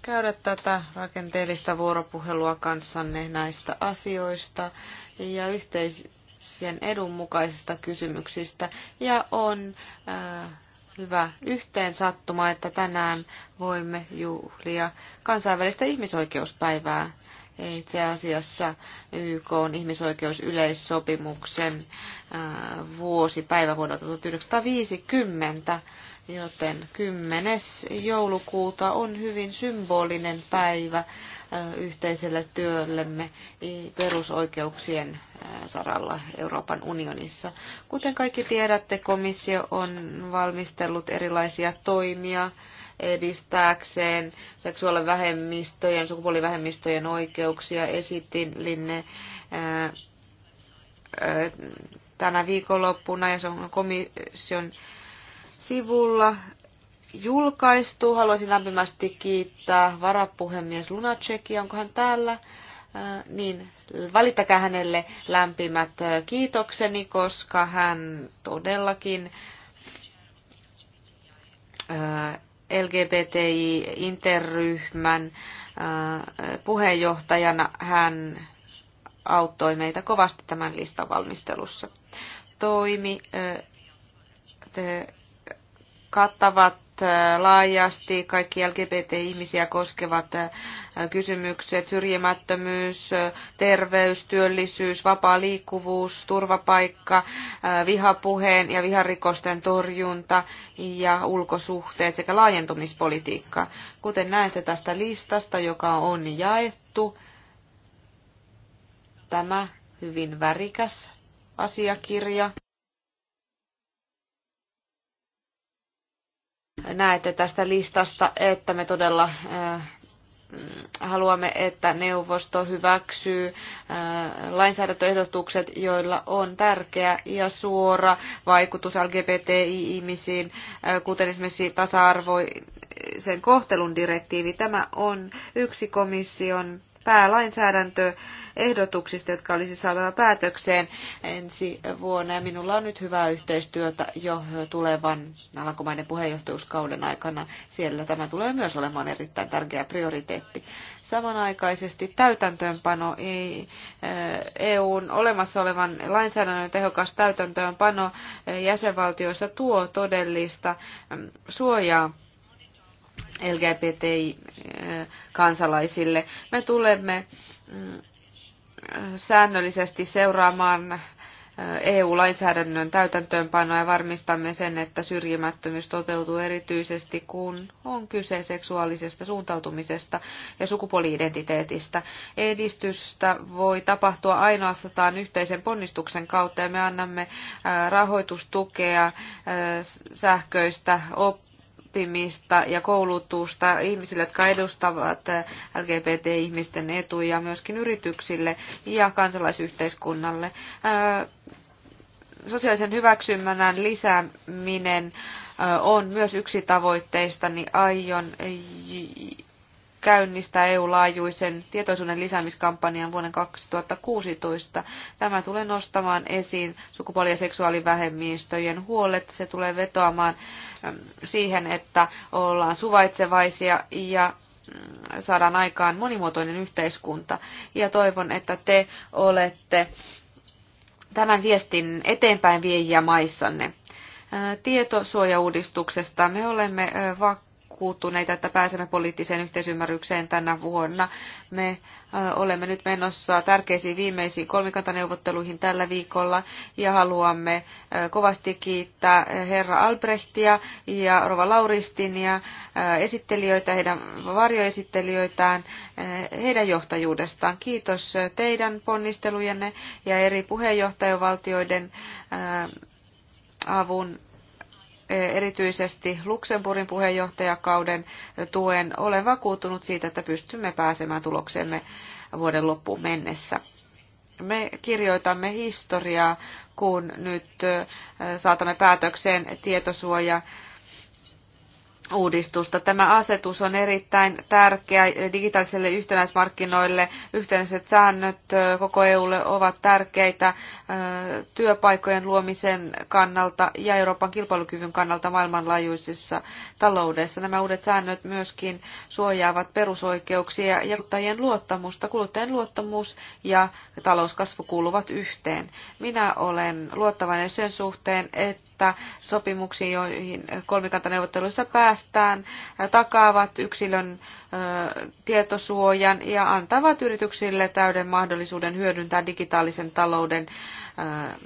Speaker 1: käydä tätä rakenteellista vuoropuhelua kanssanne näistä asioista ja yhteisen edun mukaisista kysymyksistä. Ja on äh, hyvä yhteen sattuma, että tänään voimme juhlia kansainvälistä ihmisoikeuspäivää. Itse asiassa YK on ihmisoikeusyleissopimuksen vuosipäivä vuodelta 1950, joten 10. joulukuuta on hyvin symbolinen päivä yhteiselle työllemme perusoikeuksien saralla Euroopan unionissa. Kuten kaikki tiedätte, komissio on valmistellut erilaisia toimia edistääkseen seksuaalivähemmistöjen, sukupuolivähemmistöjen oikeuksia. Esitin Linne tänä viikonloppuna ja se on komission sivulla julkaistu. Haluaisin lämpimästi kiittää varapuhemies Lunacekia. Onko hän täällä? Äh, niin, välittäkää hänelle lämpimät äh, kiitokseni, koska hän todellakin äh, LGBTI-interryhmän puheenjohtajana hän auttoi meitä kovasti tämän listan valmistelussa. Toimi te kattavat äh, laajasti kaikki LGBT-ihmisiä koskevat äh, kysymykset, syrjimättömyys, äh, terveys, työllisyys, vapaa liikkuvuus, turvapaikka, vihapuheen ja viharikosten torjunta ja ulkosuhteet sekä laajentumispolitiikka. Kuten näette tästä listasta, joka on jaettu, tämä hyvin värikäs asiakirja. näette tästä listasta, että me todella äh, haluamme, että neuvosto hyväksyy äh, lainsäädäntöehdotukset, joilla on tärkeä ja suora vaikutus LGBTI-ihmisiin, äh, kuten esimerkiksi tasa-arvoisen kohtelun direktiivi. Tämä on yksi komission päälainsäädäntö ehdotuksista, jotka olisi saatava päätökseen ensi vuonna. Ja minulla on nyt hyvää yhteistyötä jo tulevan Alankomaiden puheenjohtajuuskauden aikana. Siellä tämä tulee myös olemaan erittäin tärkeä prioriteetti. Samanaikaisesti täytäntöönpano, ei, eh, EUn olemassa olevan lainsäädännön tehokas täytäntöönpano eh, jäsenvaltioissa tuo todellista mm, suojaa LGBTI-kansalaisille. Eh, me tulemme mm, säännöllisesti seuraamaan EU-lainsäädännön eh, e täytäntöönpanoa ja varmistamme sen, että syrjimättömyys toteutuu erityisesti, kun on kyse seksuaalisesta suuntautumisesta ja sukupuoliidentiteetistä. Edistystä voi tapahtua ainoastaan yhteisen ponnistuksen kautta ja me annamme eh, rahoitustukea sähköistä oppia oppimista ja koulutusta ihmisille, jotka edustavat LGBT-ihmisten etuja myöskin yrityksille ja kansalaisyhteiskunnalle. Sosiaalisen hyväksymänän lisääminen on myös yksi tavoitteista, niin aion käynnistää EU-laajuisen tietoisuuden lisäämiskampanjan vuoden 2016. Tämä tulee nostamaan esiin sukupuoli- ja seksuaalivähemmistöjen huolet. Se tulee vetoamaan siihen, että ollaan suvaitsevaisia ja saadaan aikaan monimuotoinen yhteiskunta. Ja toivon, että te olette tämän viestin eteenpäin viejiä maissanne. Tietosuojauudistuksesta me olemme vak- vakuuttuneita, että pääsemme poliittiseen yhteisymmärrykseen tänä vuonna. Me olemme nyt menossa tärkeisiin viimeisiin kolmikantaneuvotteluihin tällä viikolla ja haluamme kovasti kiittää herra Albrechtia ja Rova Lauristinia, esittelijöitä, heidän varjoesittelijöitään, heidän johtajuudestaan. Kiitos teidän ponnistelujenne ja eri puheenjohtajavaltioiden avun erityisesti Luxemburgin puheenjohtajakauden tuen. Olen vakuuttunut siitä, että pystymme pääsemään tuloksemme vuoden loppuun mennessä. Me kirjoitamme historiaa, kun nyt saatamme päätökseen tietosuoja uudistusta. Tämä asetus on erittäin tärkeä digitaaliselle yhtenäismarkkinoille. Yhtenäiset säännöt koko EUlle ovat tärkeitä työpaikojen luomisen kannalta ja Euroopan kilpailukyvyn kannalta maailmanlaajuisessa taloudessa. Nämä uudet säännöt myöskin suojaavat perusoikeuksia ja kuluttajien luottamusta. Kuluttajien luottamus ja talouskasvu kuuluvat yhteen. Minä olen luottavainen sen suhteen, että sopimuksiin, joihin kolmikantaneuvotteluissa päästään, vastaan, äh, takaavat yksilön äh, tietosuojan ja antavat yrityksille täyden mahdollisuuden hyödyntää digitaalisen talouden äh,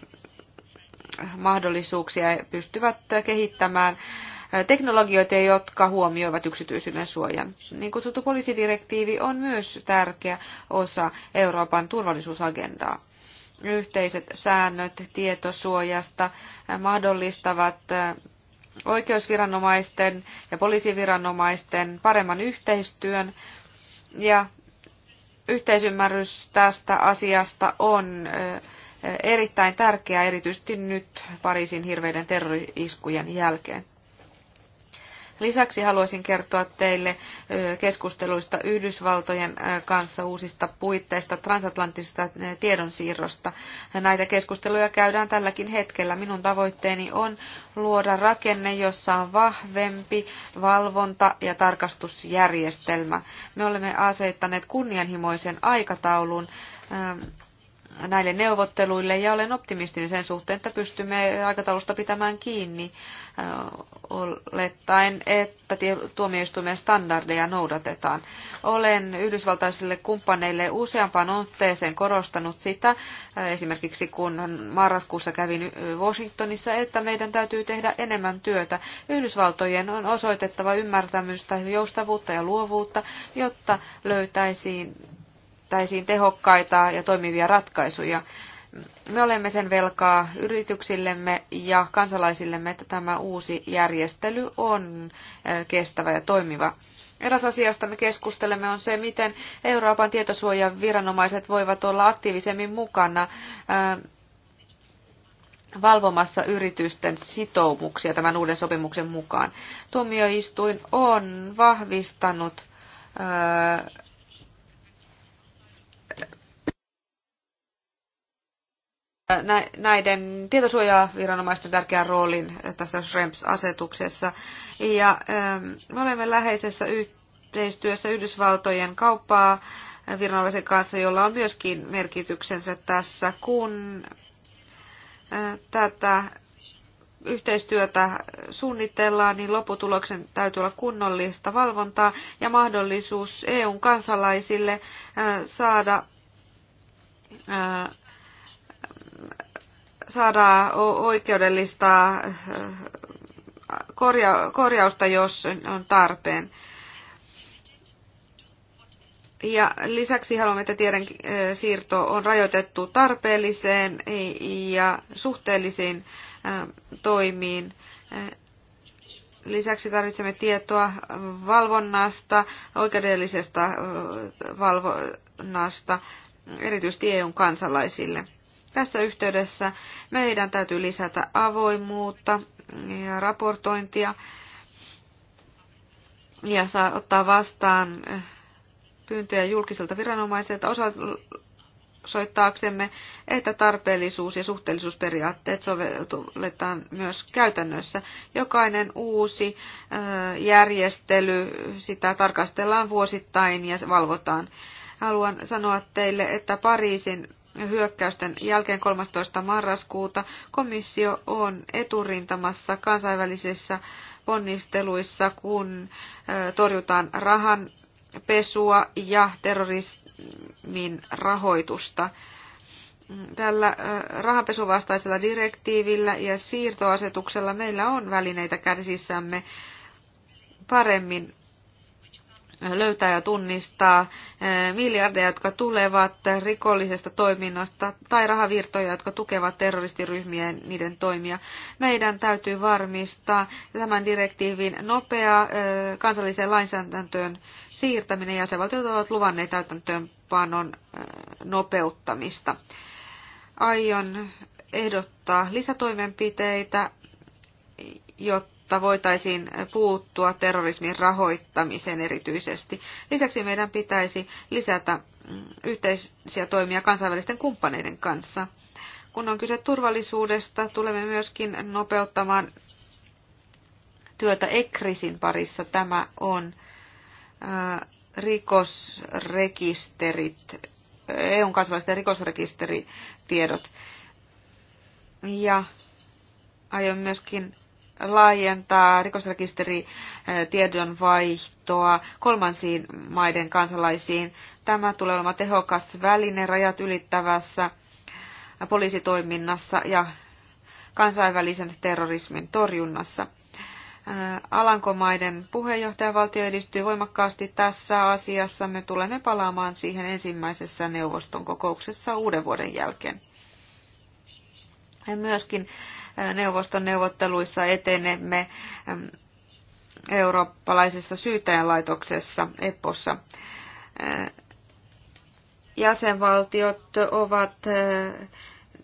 Speaker 1: mahdollisuuksia ja pystyvät kehittämään teknologioita, jotka huomioivat yksityisyyden suojan. Niin kutsuttu poliisidirektiivi on myös tärkeä osa Euroopan turvallisuusagendaa. Yhteiset säännöt tietosuojasta mahdollistavat oikeusviranomaisten ja poliisiviranomaisten paremman yhteistyön. Ja yhteisymmärrys tästä asiasta on eh, erittäin tärkeää, erityisesti nyt Pariisin hirveiden terrori-iskujen jälkeen. Lisäksi haluaisin kertoa teille keskusteluista Yhdysvaltojen kanssa uusista puitteista transatlanttisesta tiedonsiirrosta. Näitä keskusteluja käydään tälläkin hetkellä. Minun tavoitteeni on luoda rakenne, jossa on vahvempi valvonta- ja tarkastusjärjestelmä. Me olemme asettaneet kunnianhimoisen aikataulun näille neuvotteluille ja olen optimistinen sen suhteen, että pystymme aikataulusta pitämään kiinni äh, olettaen, että tuomioistuimen standardeja noudatetaan. Olen yhdysvaltaisille kumppaneille useampaan otteeseen korostanut sitä, äh, esimerkiksi kun marraskuussa kävin Washingtonissa, että meidän täytyy tehdä enemmän työtä. Yhdysvaltojen on osoitettava ymmärtämystä, joustavuutta ja luovuutta, jotta löytäisiin löydettäisiin tehokkaita ja toimivia ratkaisuja. Me olemme sen velkaa yrityksillemme ja kansalaisillemme, että tämä uusi järjestely on kestävä ja toimiva. Eräs asia, josta me keskustelemme, on se, miten Euroopan tietosuojan viranomaiset voivat olla aktiivisemmin mukana valvomassa yritysten sitoumuksia tämän uuden sopimuksen mukaan. Tuomioistuin on vahvistanut näiden tietosuojaviranomaisten tärkeän roolin tässä srems asetuksessa Ja me olemme läheisessä yhteistyössä Yhdysvaltojen kauppaa viranomaisen kanssa, jolla on myöskin merkityksensä tässä, kun tätä yhteistyötä suunnitellaan, niin lopputuloksen täytyy olla kunnollista valvontaa ja mahdollisuus EUn kansalaisille saada saada oikeudellista eh, korja- korjausta, jos on tarpeen. Ja lisäksi haluamme, että tiedon eh, siirto on rajoitettu tarpeelliseen ja suhteellisiin eh, toimiin. Lisäksi tarvitsemme tietoa valvonnasta, oikeudellisesta valvonnasta, erityisesti eu kansalaisille. Tässä yhteydessä meidän täytyy lisätä avoimuutta ja raportointia ja saa ottaa vastaan eh, pyyntöjä julkiselta viranomaiselta osoittaaksemme, että tarpeellisuus- ja suhteellisuusperiaatteet sovelletaan myös käytännössä. Jokainen uusi eh, järjestely, sitä tarkastellaan vuosittain ja valvotaan. Haluan sanoa teille, että Pariisin hyökkäysten jälkeen 13. marraskuuta komissio on eturintamassa kansainvälisissä ponnisteluissa, kun torjutaan rahan pesua ja terrorismin rahoitusta. Tällä rahanpesuvastaisella direktiivillä ja siirtoasetuksella meillä on välineitä käsissämme paremmin löytää ja tunnistaa eh, miljardeja, jotka tulevat rikollisesta toiminnasta tai rahavirtoja, jotka tukevat terroristiryhmiä ja niiden toimia. Meidän täytyy varmistaa tämän direktiivin nopea eh, kansalliseen lainsäädäntöön siirtäminen. Jäsenvaltiot ovat luvanneet täytäntöönpanon eh, nopeuttamista. Aion ehdottaa lisätoimenpiteitä, jotta jotta voitaisiin puuttua terrorismin rahoittamiseen erityisesti. Lisäksi meidän pitäisi lisätä mm, yhteisiä toimia kansainvälisten kumppaneiden kanssa. Kun on kyse turvallisuudesta, tulemme myöskin nopeuttamaan työtä ECRISin parissa. Tämä on rikosrekisterit, EUn kansalaisten rikosrekisteritiedot. Ja aion myöskin laajentaa rikosrekisteritiedon vaihtoa kolmansiin maiden kansalaisiin. Tämä tulee olemaan tehokas väline rajat ylittävässä poliisitoiminnassa ja kansainvälisen terrorismin torjunnassa. Alankomaiden puheenjohtajavaltio edistyy voimakkaasti tässä asiassa. Me tulemme palaamaan siihen ensimmäisessä neuvoston kokouksessa uuden vuoden jälkeen. Ja myöskin neuvoston neuvotteluissa etenemme eurooppalaisessa syyttäjänlaitoksessa EPOssa. Jäsenvaltiot ovat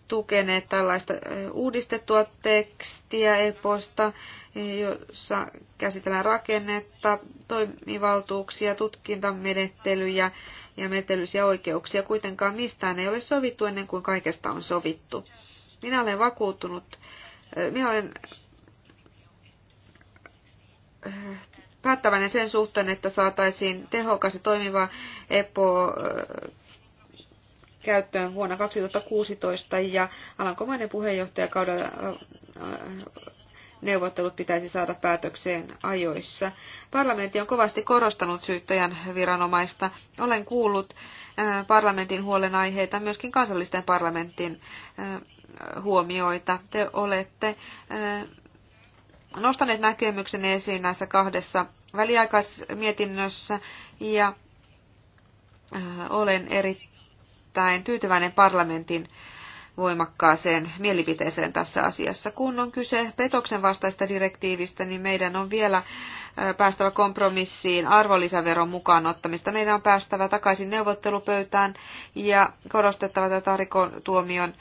Speaker 1: tukeneet tällaista uudistettua tekstiä EPOsta, jossa käsitellään rakennetta, toimivaltuuksia, tutkintamenettelyjä ja menettelyisiä oikeuksia. Kuitenkaan mistään ei ole sovittu ennen kuin kaikesta on sovittu. Minä olen vakuuttunut minä olen päättäväinen sen suhteen, että saataisiin tehokas ja toimiva EPO äh, käyttöön vuonna 2016 ja Alankomainen kaudella neuvottelut pitäisi saada päätökseen ajoissa. Parlamentti on kovasti korostanut syyttäjän viranomaista. Olen kuullut parlamentin huolenaiheita, myöskin kansallisten parlamentin huomioita. Te olette nostaneet näkemyksen esiin näissä kahdessa väliaikaismietinnössä ja olen erittäin tyytyväinen parlamentin voimakkaaseen mielipiteeseen tässä asiassa. Kun on kyse petoksen vastaista direktiivistä, niin meidän on vielä päästävä kompromissiin arvonlisäveron mukaan ottamista. Meidän on päästävä takaisin neuvottelupöytään ja korostettava tätä tarikon tuomion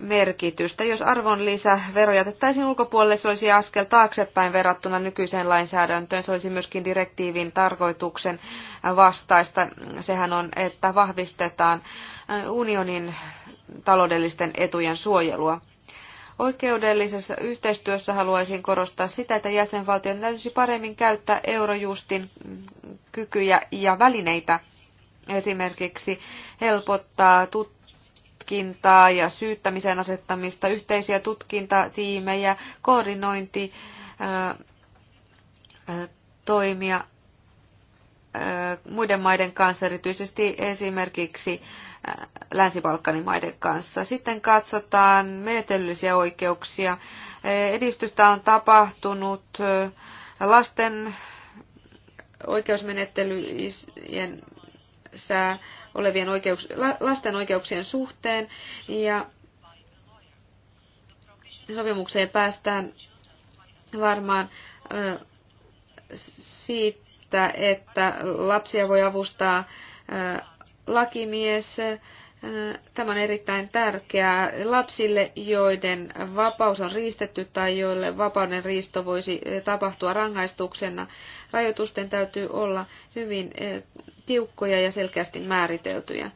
Speaker 1: merkitystä. Jos arvonlisävero jätettäisiin ulkopuolelle, se olisi askel taaksepäin verrattuna nykyiseen lainsäädäntöön. Se olisi myöskin direktiivin tarkoituksen vastaista. Sehän on, että vahvistetaan unionin taloudellisten etujen suojelua. Oikeudellisessa yhteistyössä haluaisin korostaa sitä, että jäsenvaltion täytyisi paremmin käyttää eurojustin kykyjä ja välineitä esimerkiksi helpottaa tut- tutkintaa ja syyttämisen asettamista, yhteisiä tutkintatiimejä, koordinointi, toimia muiden maiden kanssa, erityisesti esimerkiksi Länsi-Balkanin maiden kanssa. Sitten katsotaan menetellyllisiä oikeuksia. E, edistystä on tapahtunut lasten oikeusmenettelyjen sää olevien oikeuks, lasten oikeuksien suhteen. Ja sopimukseen päästään varmaan siitä, että lapsia voi avustaa lakimies, Tämä on erittäin tärkeää lapsille, joiden vapaus on riistetty tai joille vapauden riisto voisi eh, tapahtua rangaistuksena. Rajoitusten täytyy olla hyvin eh, tiukkoja ja selkeästi määriteltyjä.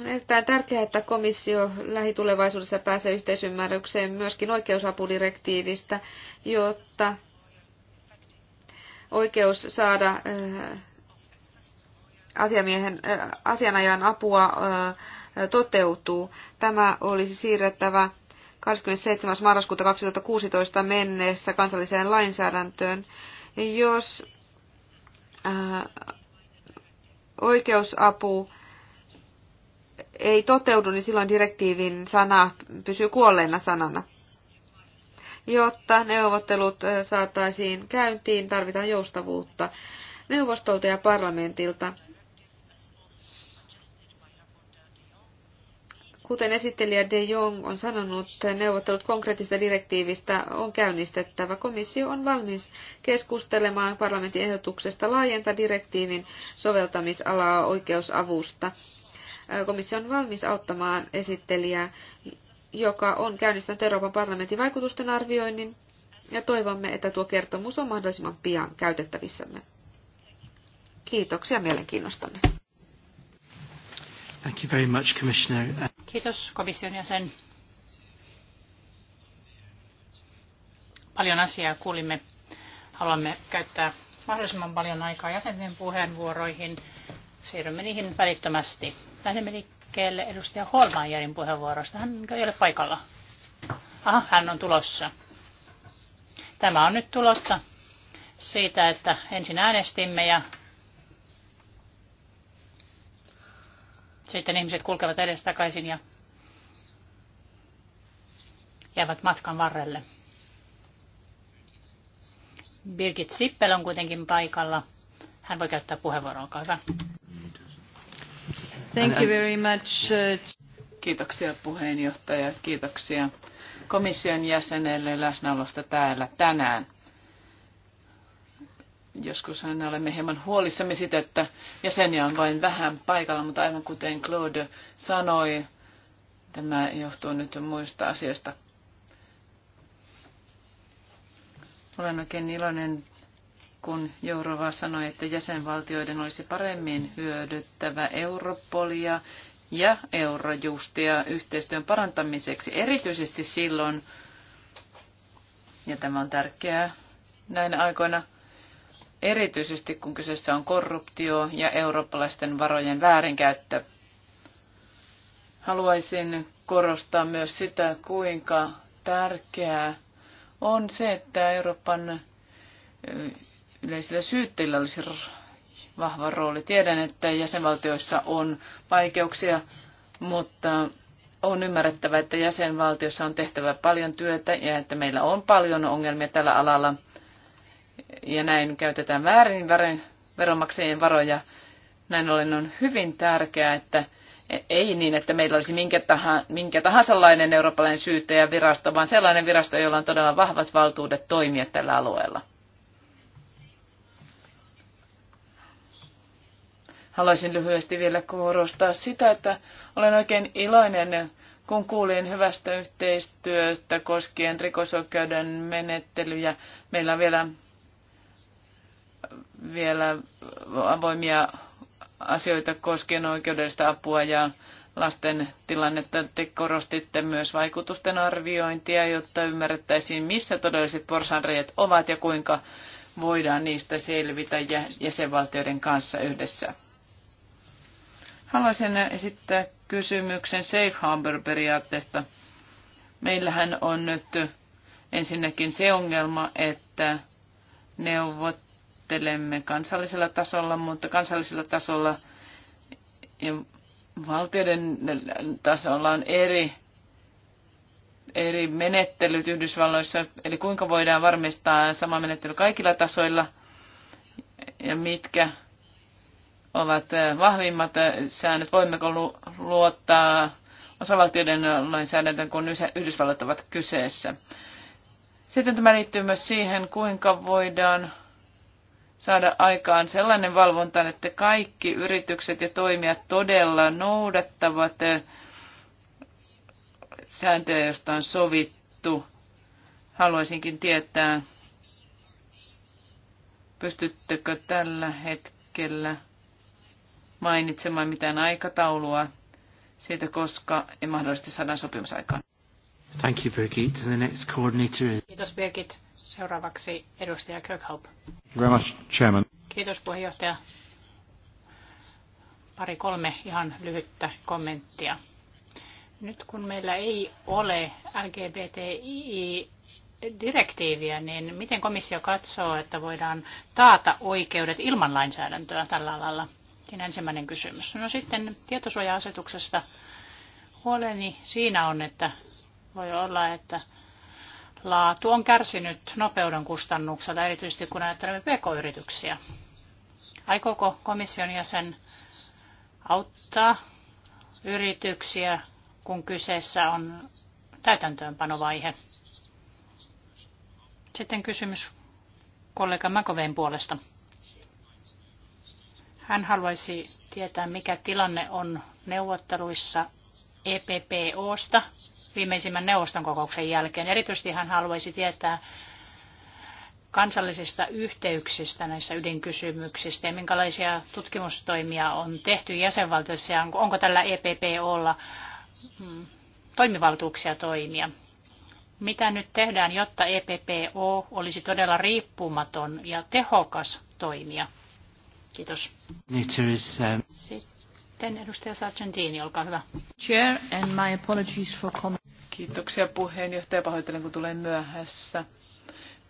Speaker 1: On erittäin tärkeää, että komissio lähitulevaisuudessa pääsee yhteisymmärrykseen myöskin oikeusapudirektiivistä, jotta oikeus saada eh, asiamiehen, asianajan apua toteutuu. Tämä olisi siirrettävä 27. marraskuuta 2016 mennessä kansalliseen lainsäädäntöön. Jos oikeusapu ei toteudu, niin silloin direktiivin sana pysyy kuolleena sanana. Jotta neuvottelut saataisiin käyntiin, tarvitaan joustavuutta neuvostolta ja parlamentilta. Kuten esittelijä De Jong on sanonut, neuvottelut konkreettista direktiivistä on käynnistettävä. Komissio on valmis keskustelemaan parlamentin ehdotuksesta laajentaa direktiivin soveltamisalaa oikeusavusta. Komissio on valmis auttamaan esittelijää, joka on käynnistänyt Euroopan parlamentin vaikutusten arvioinnin, ja toivomme, että tuo kertomus on mahdollisimman pian käytettävissämme. Kiitoksia mielenkiinnostanne.
Speaker 3: Thank you very much, Commissioner.
Speaker 1: Kiitos
Speaker 2: komission jäsen. Paljon asiaa kuulimme. Haluamme käyttää mahdollisimman paljon aikaa jäsenten puheenvuoroihin. Siirrymme niihin välittömästi. Lähdemme liikkeelle edustaja Holmanjärin puheenvuorosta. Hän ei ole paikalla. Aha, hän on tulossa. Tämä on nyt tulosta siitä, että ensin äänestimme ja Sitten ihmiset kulkevat edestakaisin ja jäävät matkan varrelle. Birgit Sippel on kuitenkin paikalla. Hän voi käyttää puheenvuoron, olkaa
Speaker 6: hyvä. Thank you uh, very much. Uh, kiitoksia puheenjohtaja, kiitoksia komission jäsenelle läsnäolosta täällä tänään joskus aina olemme hieman huolissamme siitä, että jäseniä on vain vähän paikalla, mutta aivan kuten Claude sanoi, tämä johtuu nyt muista asioista. Olen oikein iloinen, kun Jourova sanoi, että jäsenvaltioiden olisi paremmin hyödyttävä Europolia ja Eurojustia yhteistyön parantamiseksi, erityisesti silloin, ja tämä on tärkeää näinä aikoina, erityisesti kun kyseessä on korruptio ja eurooppalaisten varojen väärinkäyttö. Haluaisin korostaa myös sitä, kuinka tärkeää on se, että Euroopan yleisillä syyttäjillä olisi vahva rooli. Tiedän, että jäsenvaltioissa on vaikeuksia, mutta on ymmärrettävä, että jäsenvaltiossa on tehtävä paljon työtä ja että meillä on paljon ongelmia tällä alalla – ja näin käytetään väärin veronmaksajien varoja. Näin ollen on hyvin tärkeää, että e, ei niin, että meillä olisi minkä, tahansa, minkä tahansa lainen eurooppalainen syyttäjävirasto, vaan sellainen virasto, jolla on todella vahvat valtuudet toimia tällä alueella. Haluaisin lyhyesti vielä korostaa sitä, että olen oikein iloinen, kun kuulin hyvästä yhteistyöstä koskien rikosoikeuden menettelyjä. Meillä on vielä vielä avoimia asioita koskien oikeudellista apua ja lasten tilannetta. Te korostitte myös vaikutusten arviointia, jotta ymmärrettäisiin, missä todelliset porsanreijat ovat ja kuinka voidaan niistä selvitä jäsenvaltioiden kanssa yhdessä. Haluaisin esittää kysymyksen safe harbor-periaatteesta. Meillähän on nyt ensinnäkin se ongelma, että neuvot neuvottelemme kansallisella tasolla, mutta kansallisella tasolla ja valtioiden tasolla on eri, eri menettelyt Yhdysvalloissa, eli kuinka voidaan varmistaa sama menettely kaikilla tasoilla ja mitkä ovat vahvimmat säännöt, voimmeko luottaa osavaltioiden lainsäädäntöön, kun Yhdysvallat ovat kyseessä. Sitten tämä liittyy myös siihen, kuinka voidaan saada aikaan sellainen valvonta, että kaikki yritykset ja toimijat todella noudattavat eh, sääntöjä, joista on sovittu. Haluaisinkin tietää, pystyttekö tällä hetkellä mainitsemaan mitään aikataulua siitä, koska ei mahdollisesti saada sopimusaikaan.
Speaker 3: Thank you, Birgit. The next coordinator is...
Speaker 6: Kiitos, Birgit.
Speaker 2: Seuraavaksi edustaja Kirkhope. Very much, Chairman. Kiitos puheenjohtaja. Pari kolme ihan lyhyttä kommenttia. Nyt kun meillä ei ole LGBTI direktiiviä, niin miten komissio katsoo, että voidaan taata oikeudet ilman lainsäädäntöä tällä alalla? Siinä ensimmäinen kysymys. No sitten tietosuoja-asetuksesta huoleni siinä on, että voi olla, että laatu on kärsinyt nopeuden kustannuksella, erityisesti kun ajattelemme pk-yrityksiä. Aikooko komission jäsen auttaa yrityksiä, kun kyseessä on täytäntöönpanovaihe? Sitten kysymys kollega Makovein puolesta. Hän haluaisi tietää, mikä tilanne on neuvotteluissa EPPOsta viimeisimmän neuvoston kokouksen jälkeen. Erityisesti hän haluaisi tietää kansallisista yhteyksistä näissä ydinkysymyksistä ja minkälaisia tutkimustoimia on tehty jäsenvaltioissa ja onko, onko tällä EPPOlla mm, toimivaltuuksia toimia. Mitä nyt tehdään, jotta EPPO olisi todella riippumaton ja tehokas toimija? Kiitos.
Speaker 3: Uh,
Speaker 6: Sitten edustaja Sargentini, olkaa hyvä. Chair and my apologies for comment. Kiitoksia puheenjohtaja. Pahoittelen, kun tulen myöhässä.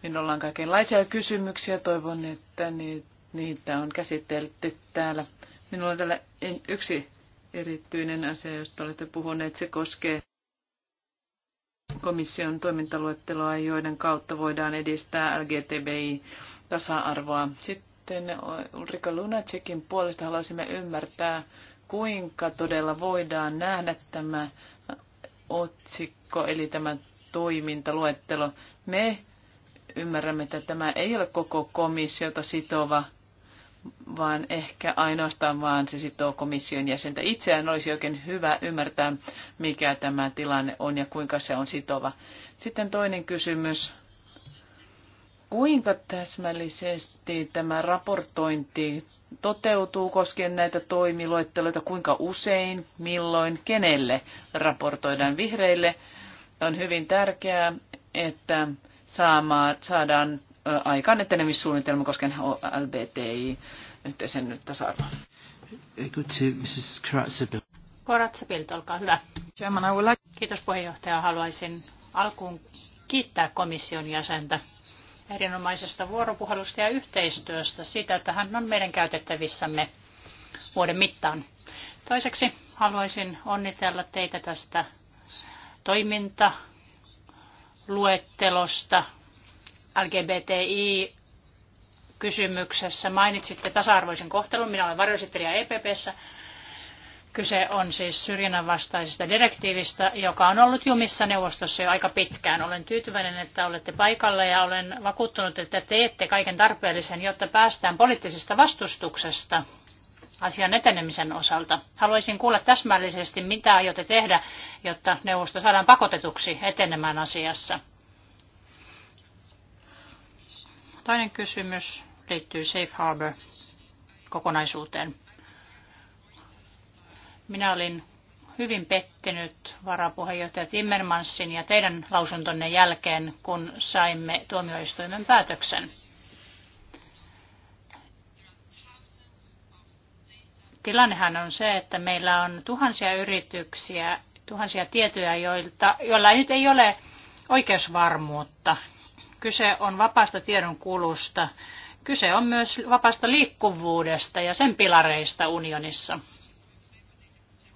Speaker 6: Minulla on kaikenlaisia kysymyksiä. Toivon, että niitä on käsitelty täällä. Minulla on täällä yksi erityinen asia, josta olette puhuneet. Se koskee komission toimintaluetteloa, joiden kautta voidaan edistää LGTBI-tasa-arvoa. Sitten Ulrika Lunacekin puolesta haluaisimme ymmärtää, kuinka todella voidaan nähdä tämä otsikko, eli tämä toimintaluettelo. Me ymmärrämme, että tämä ei ole koko komissiota sitova, vaan ehkä ainoastaan vaan se sitoo komission jäsentä. Itseään olisi oikein hyvä ymmärtää, mikä tämä tilanne on ja kuinka se on sitova. Sitten toinen kysymys. Kuinka täsmällisesti tämä raportointi toteutuu koskien näitä toimiluetteloita, kuinka usein, milloin, kenelle raportoidaan vihreille. On hyvin tärkeää, että saadaan aikaan etenemissuunnitelma koskien LBTI yhteisen tasa-arvoa.
Speaker 2: Koratsapilt, olkaa hyvä. Kiitos puheenjohtaja. Haluaisin alkuun kiittää komission jäsentä erinomaisesta vuoropuhelusta ja yhteistyöstä, siitä, että hän on meidän käytettävissämme vuoden mittaan. Toiseksi haluaisin onnitella teitä tästä toimintaluettelosta LGBTI kysymyksessä. Mainitsitte tasa-arvoisen kohtelun. Minä olen varjosittelijä EPPssä Kyse on siis syrjinnän vastaisesta direktiivistä, joka on ollut jumissa neuvostossa jo aika pitkään. Olen tyytyväinen, että olette paikalla ja olen vakuuttunut, että teette kaiken tarpeellisen, jotta päästään poliittisesta vastustuksesta asian etenemisen osalta. Haluaisin kuulla täsmällisesti, mitä aiotte tehdä, jotta neuvosto saadaan pakotetuksi etenemään asiassa. Toinen kysymys liittyy Safe Harbor kokonaisuuteen. Minä olin hyvin pettynyt varapuheenjohtaja Timmermansin ja teidän lausuntonne jälkeen, kun saimme tuomioistuimen päätöksen. Tilannehan on se, että meillä on tuhansia yrityksiä, tuhansia tietoja, joilta, joilla nyt ei ole oikeusvarmuutta. Kyse on vapaasta tiedonkulusta, Kyse on myös vapaasta liikkuvuudesta ja sen pilareista unionissa.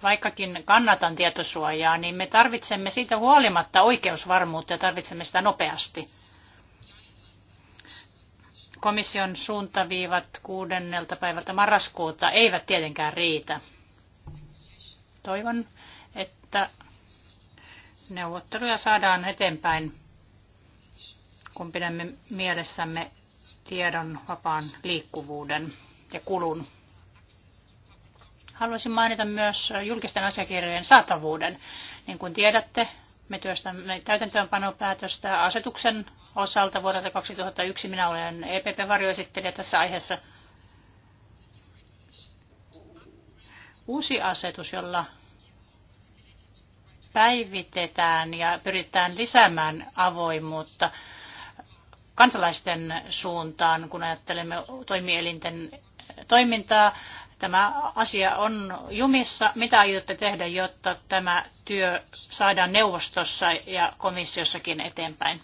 Speaker 2: Vaikkakin kannatan tietosuojaa, niin me tarvitsemme siitä huolimatta oikeusvarmuutta ja tarvitsemme sitä nopeasti. Komission suuntaviivat kuudennelta päivältä marraskuuta eivät tietenkään riitä. Toivon, että neuvotteluja saadaan eteenpäin, kun pidämme mielessämme tiedon vapaan liikkuvuuden ja kulun. Haluaisin mainita myös julkisten asiakirjojen saatavuuden. Niin kuin tiedätte, me työstämme täytäntöönpanopäätöstä asetuksen osalta vuodelta 2001. Minä olen EPP-varjoesittelijä tässä aiheessa. Uusi asetus, jolla päivitetään ja pyritään lisäämään avoimuutta kansalaisten suuntaan, kun ajattelemme toimielinten toimintaa Tämä asia on jumissa. Mitä aiotte tehdä, jotta tämä työ saadaan neuvostossa ja komissiossakin eteenpäin?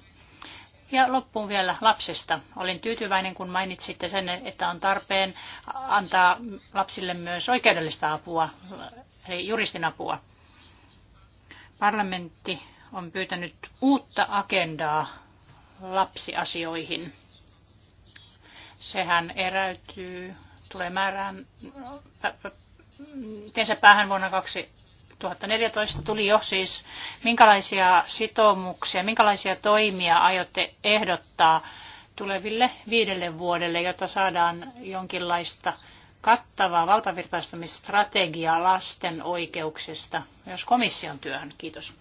Speaker 2: Ja loppuun vielä lapsista. Olin tyytyväinen, kun mainitsitte sen, että on tarpeen antaa lapsille myös oikeudellista apua, eli juristin apua. Parlamentti on pyytänyt uutta agendaa lapsiasioihin. Sehän eräytyy tulee määrään teensä päähän vuonna 2014 tuli jo siis, minkälaisia sitoumuksia, minkälaisia toimia aiotte ehdottaa tuleville viidelle vuodelle, jotta saadaan jonkinlaista kattavaa valtavirtaistamistrategiaa lasten oikeuksista myös komission työhön. Kiitos.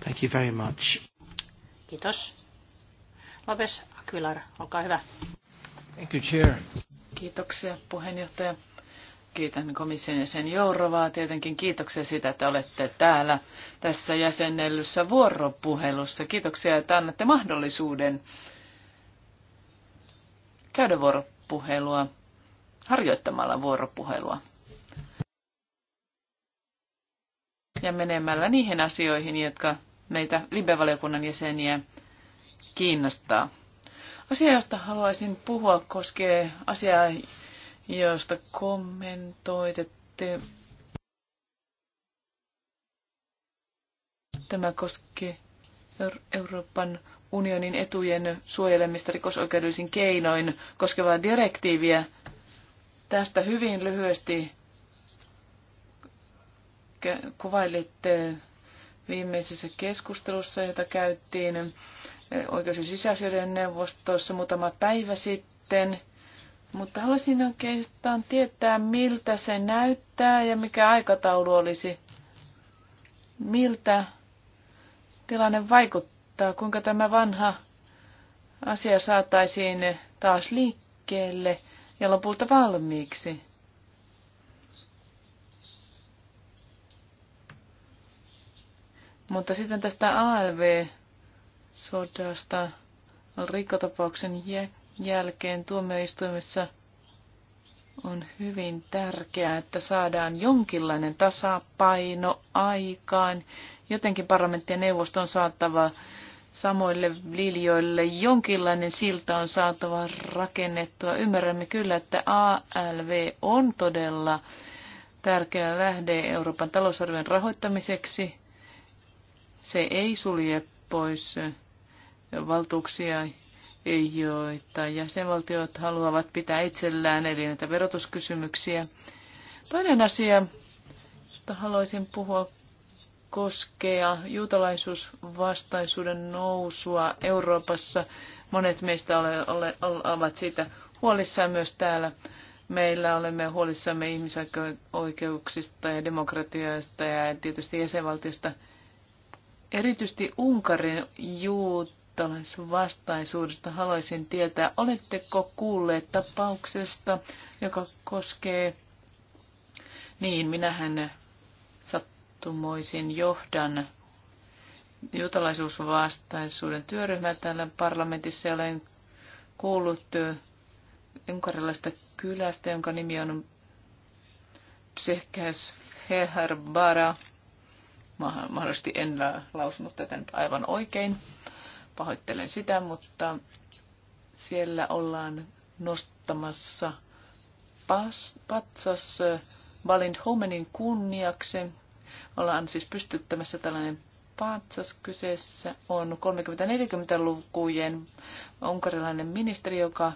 Speaker 3: Thank you very much.
Speaker 2: Kiitos.
Speaker 6: Lopes Aquilar, olkaa hyvä.
Speaker 2: Thank
Speaker 3: you, Chair.
Speaker 6: Kiitoksia puheenjohtaja. Kiitän komission jäsen Jourovaa tietenkin. Kiitoksia siitä, että olette täällä tässä jäsennellyssä vuoropuhelussa. Kiitoksia, että annatte mahdollisuuden käydä vuoropuhelua harjoittamalla vuoropuhelua. Ja menemällä niihin asioihin, jotka meitä Libe-valiokunnan jäseniä kiinnostaa. Asia, josta haluaisin puhua, koskee asiaa, josta kommentoitette. Tämä koskee Euroopan unionin etujen suojelemista rikosoikeudellisin keinoin koskevaa direktiiviä. Tästä hyvin lyhyesti kuvailitte viimeisessä keskustelussa, jota käyttiin oikeus- ja sisäasioiden neuvostossa muutama päivä sitten. Mutta haluaisin oikeastaan tietää, miltä se näyttää ja mikä aikataulu olisi. Miltä tilanne vaikuttaa, kuinka tämä vanha asia saataisiin taas liikkeelle ja lopulta valmiiksi. Mutta sitten tästä ALV sodasta rikkotapauksen jälkeen tuomioistuimessa on hyvin tärkeää, että saadaan jonkinlainen tasapaino aikaan. Jotenkin parlamentti ja neuvosto on saattava samoille liljoille Jonkinlainen silta on saatava rakennettua. Ymmärrämme kyllä, että ALV on todella tärkeä lähde Euroopan talousarvion rahoittamiseksi. Se ei sulje pois valtuuksia, joita jäsenvaltiot haluavat pitää itsellään, eli näitä verotuskysymyksiä. Toinen asia, josta haluaisin puhua, koskee juutalaisuusvastaisuuden nousua Euroopassa. Monet meistä ole, ole, ovat siitä huolissaan myös täällä. Meillä olemme huolissamme ihmisoikeuksista ja demokratiasta ja tietysti jäsenvaltiosta. Erityisesti Unkarin juut siirtolaisvastaisuudesta haluaisin tietää, oletteko kuulleet tapauksesta, joka koskee, niin minähän sattumoisin johdan juutalaisuusvastaisuuden työryhmää täällä parlamentissa ja olen kuullut unkarilaista kylästä, jonka nimi on Psehkäs Heherbara. Mahdollisesti en lausunut tätä nyt aivan oikein pahoittelen sitä, mutta siellä ollaan nostamassa pas, patsas äh, Valind Homenin kunniaksi. Ollaan siis pystyttämässä tällainen patsas kyseessä. On 30-40-lukujen unkarilainen ministeri, joka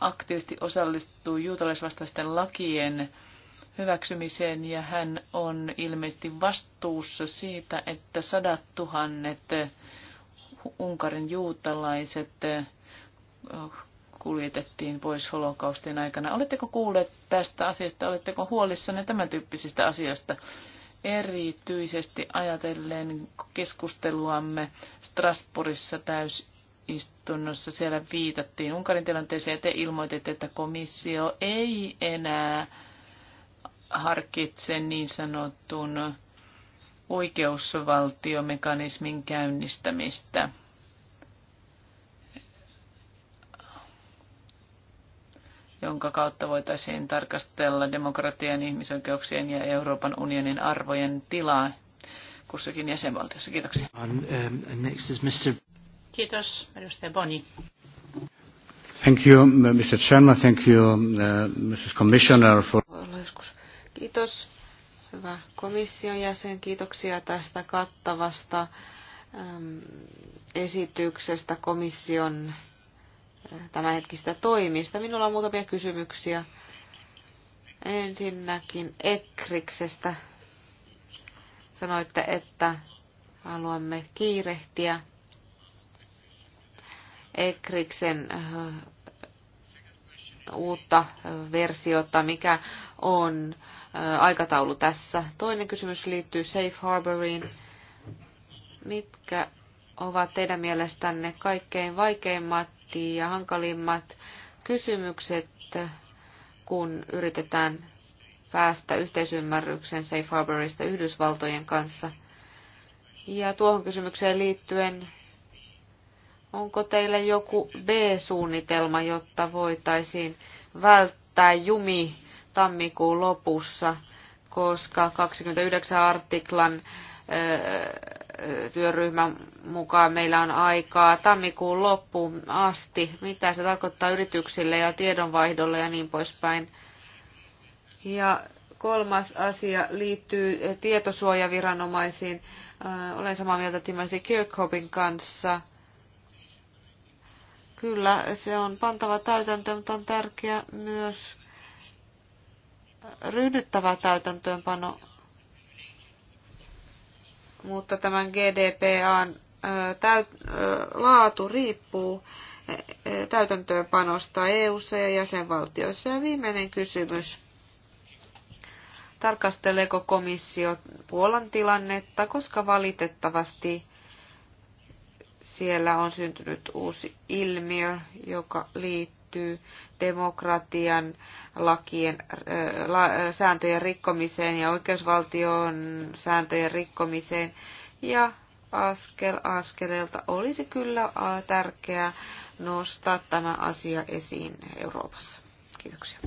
Speaker 6: aktiivisesti osallistuu juutalaisvastaisten lakien hyväksymiseen ja hän on ilmeisesti vastuussa siitä, että sadat tuhannet Unkarin juutalaiset eh, kuljetettiin pois holokaustin aikana. Oletteko kuulleet tästä asiasta? Oletteko huolissanne tämän tyyppisistä asioista? Erityisesti ajatellen keskusteluamme Strasbourgissa täysistunnossa siellä viitattiin Unkarin tilanteeseen ja te ilmoititte, että komissio ei enää harkitse niin sanotun oikeusvaltiomekanismin käynnistämistä. jonka kautta voitaisiin tarkastella demokratian, ihmisoikeuksien ja Euroopan unionin arvojen tilaa kussakin jäsenvaltiossa. Kiitoksia. Um, Kiitos, edustaja Boni.
Speaker 5: Thank you, Mr. Chairman. Thank you, uh, Mrs. Commissioner.
Speaker 1: For... Kiitos Hyvä komission jäsen, kiitoksia tästä kattavasta esityksestä komission tämänhetkistä toimista. Minulla on muutamia kysymyksiä. Ensinnäkin Ekriksestä. Sanoitte, että haluamme kiirehtiä Ekriksen uutta versiota, mikä on aikataulu tässä? Toinen kysymys liittyy Safe Harboriin. Mitkä ovat teidän mielestänne kaikkein vaikeimmat ja hankalimmat kysymykset, kun yritetään päästä yhteisymmärrykseen Safe Harborista Yhdysvaltojen kanssa? Ja tuohon kysymykseen liittyen, onko teillä joku B-suunnitelma, jotta voitaisiin välttää jumi tammikuun lopussa, koska 29 artiklan työryhmän mukaan meillä on aikaa tammikuun loppuun asti, mitä se tarkoittaa yrityksille ja tiedonvaihdolle ja niin poispäin. Ja kolmas asia liittyy tietosuojaviranomaisiin. Olen samaa mieltä Timothy Kirkhopin kanssa. Kyllä, se on pantava täytäntö, mutta on tärkeää myös ryhdyttävä täytäntöönpano, mutta tämän GDPAn täyt, laatu riippuu täytäntöönpanosta EU-ssa ja jäsenvaltioissa. Ja viimeinen kysymys. Tarkasteleeko komissio Puolan tilannetta, koska valitettavasti siellä on syntynyt uusi ilmiö, joka liittyy liittyy demokratian lakien, sääntöjen rikkomiseen ja oikeusvaltion sääntöjen rikkomiseen. Ja askel askeleelta olisi kyllä tärkeää nostaa tämä asia esiin Euroopassa. Kiitoksia.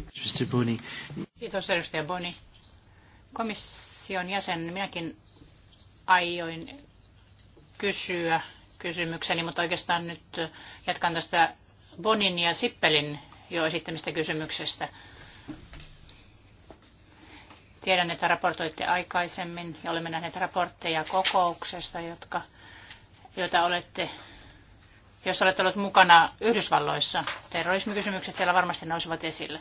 Speaker 2: Kiitos edustaja Boni. Komission jäsen, minäkin aioin kysyä kysymykseni, mutta oikeastaan nyt jatkan tästä Bonin ja Sippelin jo esittämistä kysymyksestä. Tiedän, että raportoitte aikaisemmin ja olemme nähneet raportteja kokouksesta, jotka, joita olette, jos olette olleet mukana Yhdysvalloissa. Terrorismikysymykset siellä varmasti nousevat esille.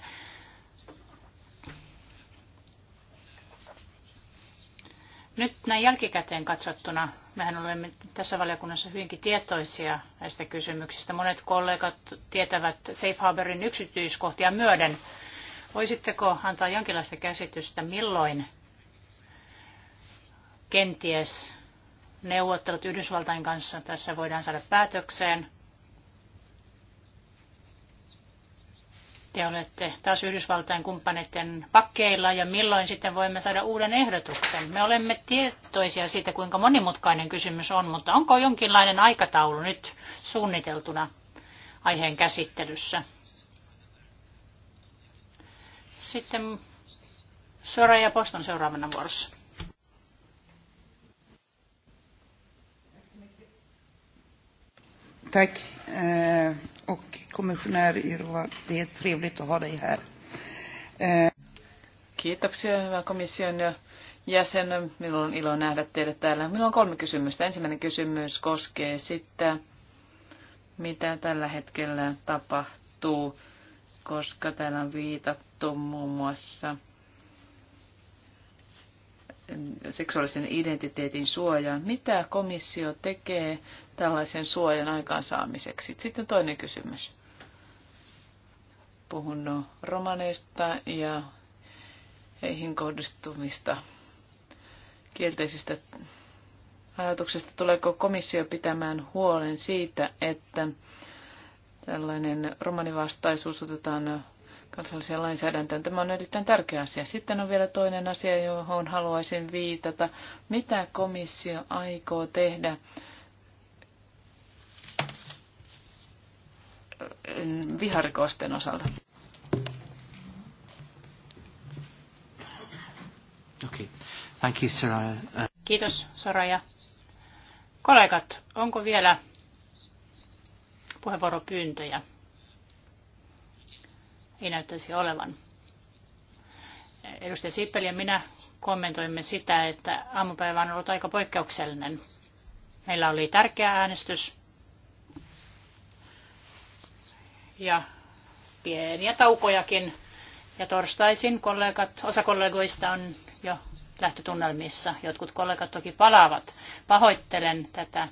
Speaker 2: Nyt näin jälkikäteen katsottuna, mehän olemme tässä valiokunnassa hyvinkin tietoisia näistä kysymyksistä. Monet kollegat tietävät Safe Harborin yksityiskohtia myöden. Voisitteko antaa jonkinlaista käsitystä, milloin kenties neuvottelut Yhdysvaltain kanssa tässä voidaan saada päätökseen? te olette taas Yhdysvaltain kumppaneiden pakkeilla ja milloin sitten voimme saada uuden ehdotuksen? Me olemme tietoisia siitä, kuinka monimutkainen kysymys on, mutta onko jonkinlainen aikataulu nyt suunniteltuna aiheen käsittelyssä? Sitten Sora ja Poston seuraavana vuorossa. Tack, eh,
Speaker 6: och kommissionär Yrva, det är trevligt att ha dig här. Eh, Kiitoksia, hyvä komission jäsen. Minulla on ilo nähdä teidät täällä. Minulla on kolme kysymystä. Ensimmäinen kysymys koskee sitä, mitä tällä hetkellä tapahtuu, koska täällä on viitattu muun muassa seksuaalisen identiteetin suojaan. Mitä komissio tekee tällaisen suojan aikaansaamiseksi? Sitten toinen kysymys. Puhun romaneista ja heihin kohdistumista kielteisistä ajatuksista. Tuleeko komissio pitämään huolen siitä, että tällainen romanivastaisuus otetaan kansalliseen lainsäädäntöön. Tämä on erittäin tärkeä asia. Sitten on vielä toinen asia, johon haluaisin viitata. Mitä komissio aikoo tehdä viharikosten osalta?
Speaker 3: Okay. Thank you, Soraya.
Speaker 6: Kiitos,
Speaker 2: Soraya. Kollegat, onko vielä puheenvuoropyyntöjä? ei näyttäisi olevan. Edustaja Sippeli ja minä kommentoimme sitä, että aamupäivä on ollut aika poikkeuksellinen. Meillä oli tärkeä äänestys ja pieniä taukojakin. Ja torstaisin kollegat, osa kollegoista on jo lähtötunnelmissa. Jotkut kollegat toki palaavat. Pahoittelen tätä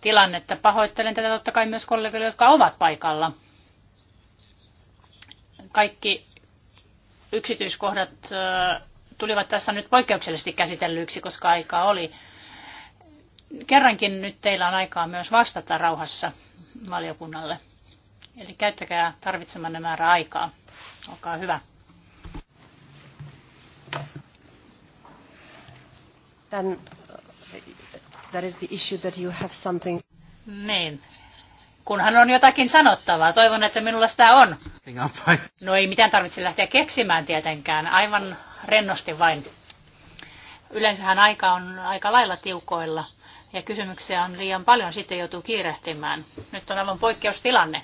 Speaker 2: tilannetta. Pahoittelen tätä totta kai myös kollegoille, jotka ovat paikalla kaikki yksityiskohdat tulivat tässä nyt poikkeuksellisesti käsitellyiksi, koska aikaa oli. Kerrankin nyt teillä on aikaa myös vastata rauhassa valiokunnalle. Eli käyttäkää tarvitsemanne määrä aikaa. Olkaa hyvä. Then uh, that is the issue that you have something. Niin, kunhan on jotakin sanottavaa. Toivon, että minulla sitä on. No ei mitään tarvitse lähteä keksimään tietenkään, aivan rennosti vain. Yleensähän aika on aika lailla tiukoilla ja kysymyksiä on liian paljon, sitten joutuu kiirehtimään. Nyt on aivan poikkeustilanne.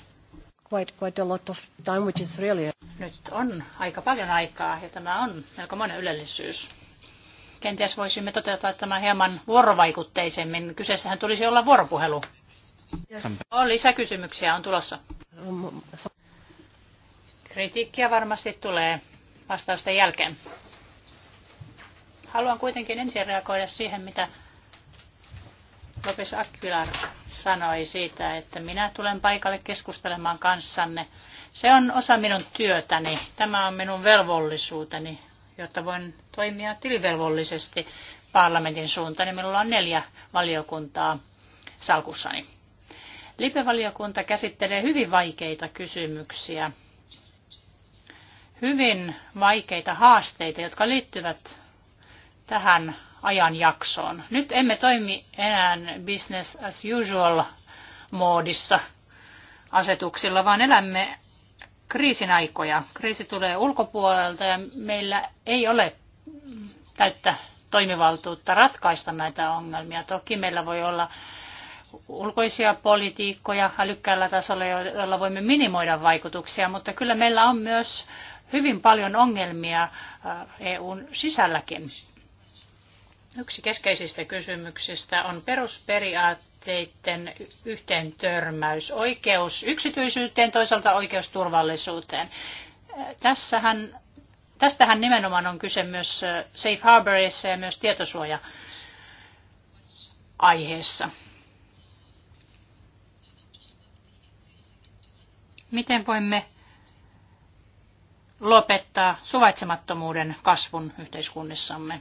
Speaker 2: Quite, quite a lot of time, which is really... Nyt on aika paljon aikaa ja tämä on melko monen ylellisyys. Kenties voisimme toteuttaa tämä hieman vuorovaikutteisemmin. Kyseessähän tulisi olla vuoropuhelu. On lisäkysymyksiä, on tulossa. Kritiikkiä varmasti tulee vastausten jälkeen. Haluan kuitenkin ensin reagoida siihen, mitä Lopes Akvilar sanoi siitä, että minä tulen paikalle keskustelemaan kanssanne. Se on osa minun työtäni. Tämä on minun velvollisuuteni, jotta voin toimia tilivelvollisesti parlamentin suuntaan. Minulla on neljä valiokuntaa salkussani. Lipevaliokunta käsittelee hyvin vaikeita kysymyksiä, hyvin vaikeita haasteita, jotka liittyvät tähän ajanjaksoon. Nyt emme toimi enää business as usual moodissa asetuksilla, vaan elämme kriisin aikoja. Kriisi tulee ulkopuolelta ja meillä ei ole täyttä toimivaltuutta ratkaista näitä ongelmia. Toki meillä voi olla ulkoisia politiikkoja älykkäällä tasolla, joilla voimme minimoida vaikutuksia, mutta kyllä meillä on myös hyvin paljon ongelmia äh, EUn sisälläkin. Yksi keskeisistä kysymyksistä on perusperiaatteiden yhteen törmäys. Oikeus yksityisyyteen, toisaalta oikeus turvallisuuteen. Äh, tässähän, tästähän nimenomaan on kyse myös äh, Safe Harborissa ja myös tietosuoja-aiheessa. Miten voimme lopettaa suvaitsemattomuuden kasvun yhteiskunnissamme?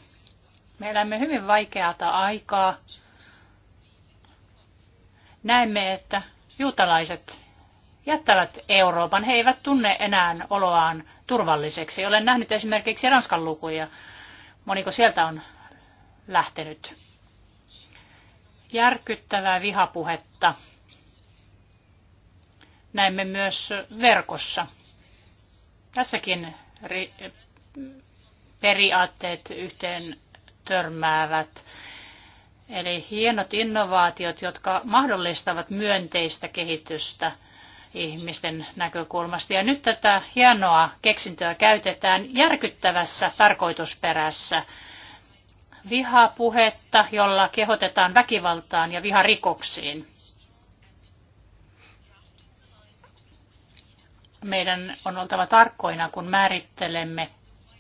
Speaker 2: Me elämme hyvin vaikeata aikaa. Näemme, että juutalaiset jättävät Euroopan. He eivät tunne enää oloaan turvalliseksi. Olen nähnyt esimerkiksi Ranskan lukuja. Moniko sieltä on lähtenyt? Järkyttävää vihapuhetta näemme myös verkossa. Tässäkin periaatteet yhteen törmäävät. Eli hienot innovaatiot, jotka mahdollistavat myönteistä kehitystä ihmisten näkökulmasta. Ja nyt tätä hienoa keksintöä käytetään järkyttävässä tarkoitusperässä. Vihapuhetta, jolla kehotetaan väkivaltaan ja viharikoksiin. meidän on oltava tarkkoina, kun määrittelemme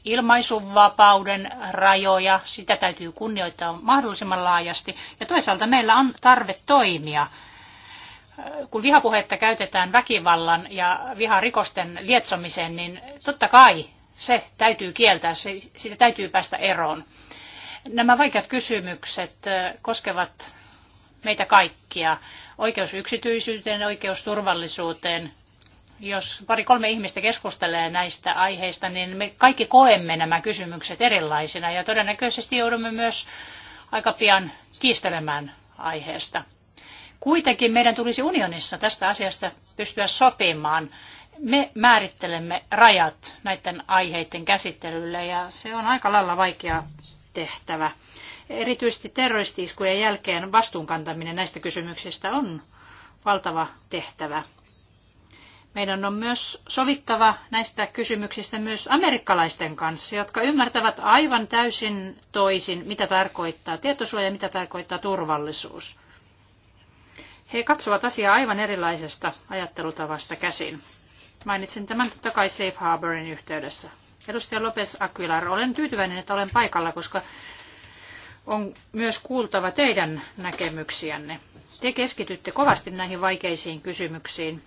Speaker 2: ilmaisuvapauden rajoja. Sitä täytyy kunnioittaa mahdollisimman laajasti. Ja toisaalta meillä on tarve toimia. Kun vihapuhetta käytetään väkivallan ja viharikosten lietsomiseen, niin totta kai se täytyy kieltää, se, siitä täytyy päästä eroon. Nämä vaikeat kysymykset koskevat meitä kaikkia. Oikeus yksityisyyteen, oikeus turvallisuuteen, jos pari-kolme ihmistä keskustelee näistä aiheista, niin me kaikki koemme nämä kysymykset erilaisina ja todennäköisesti joudumme myös aika pian kiistelemään aiheesta. Kuitenkin meidän tulisi unionissa tästä asiasta pystyä sopimaan. Me määrittelemme rajat näiden aiheiden käsittelylle ja se on aika lailla vaikea tehtävä. Erityisesti terroristiiskujen jälkeen vastuunkantaminen näistä kysymyksistä on valtava tehtävä. Meidän on myös sovittava näistä kysymyksistä myös amerikkalaisten kanssa, jotka ymmärtävät aivan täysin toisin, mitä tarkoittaa tietosuoja ja mitä tarkoittaa turvallisuus. He katsovat asiaa aivan erilaisesta ajattelutavasta käsin. Mainitsin tämän totta kai Safe Harborin yhteydessä. Edustaja Lopes Aquilar, olen tyytyväinen, että olen paikalla, koska on myös kuultava teidän näkemyksiänne. Te keskitytte kovasti näihin vaikeisiin kysymyksiin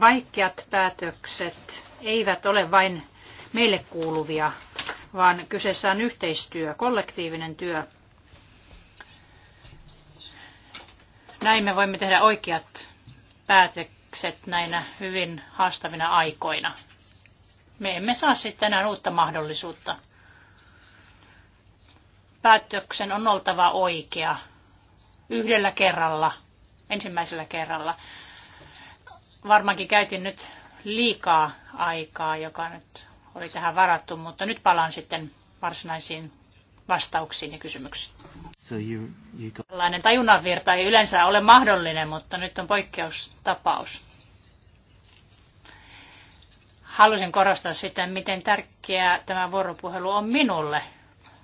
Speaker 2: Vaikeat päätökset eivät ole vain meille kuuluvia, vaan kyseessä on yhteistyö, kollektiivinen työ. Näin me voimme tehdä oikeat päätökset näinä hyvin haastavina aikoina. Me emme saa sitten enää uutta mahdollisuutta. Päätöksen on oltava oikea yhdellä kerralla, ensimmäisellä kerralla. Varmaankin käytin nyt liikaa aikaa, joka nyt oli tähän varattu, mutta nyt palaan sitten varsinaisiin vastauksiin ja kysymyksiin.
Speaker 3: So you, you got...
Speaker 2: Tällainen tajunnanvirta ei yleensä ole mahdollinen, mutta nyt on poikkeustapaus. Halusin korostaa sitä, miten tärkeää tämä vuoropuhelu on minulle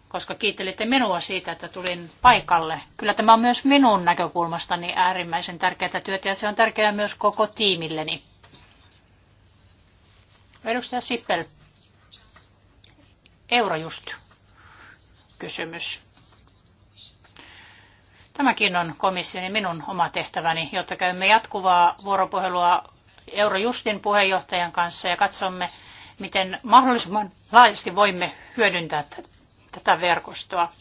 Speaker 2: koska kiittelitte minua siitä, että tulin paikalle. Kyllä tämä on myös minun näkökulmastani äärimmäisen tärkeää työtä ja se on tärkeää myös koko tiimilleni. Edustaja Sippel, Eurojust kysymys. Tämäkin on komissioni minun oma tehtäväni, jotta käymme jatkuvaa vuoropuhelua Eurojustin puheenjohtajan kanssa ja katsomme, miten mahdollisimman laajasti voimme hyödyntää tätä verkostoa.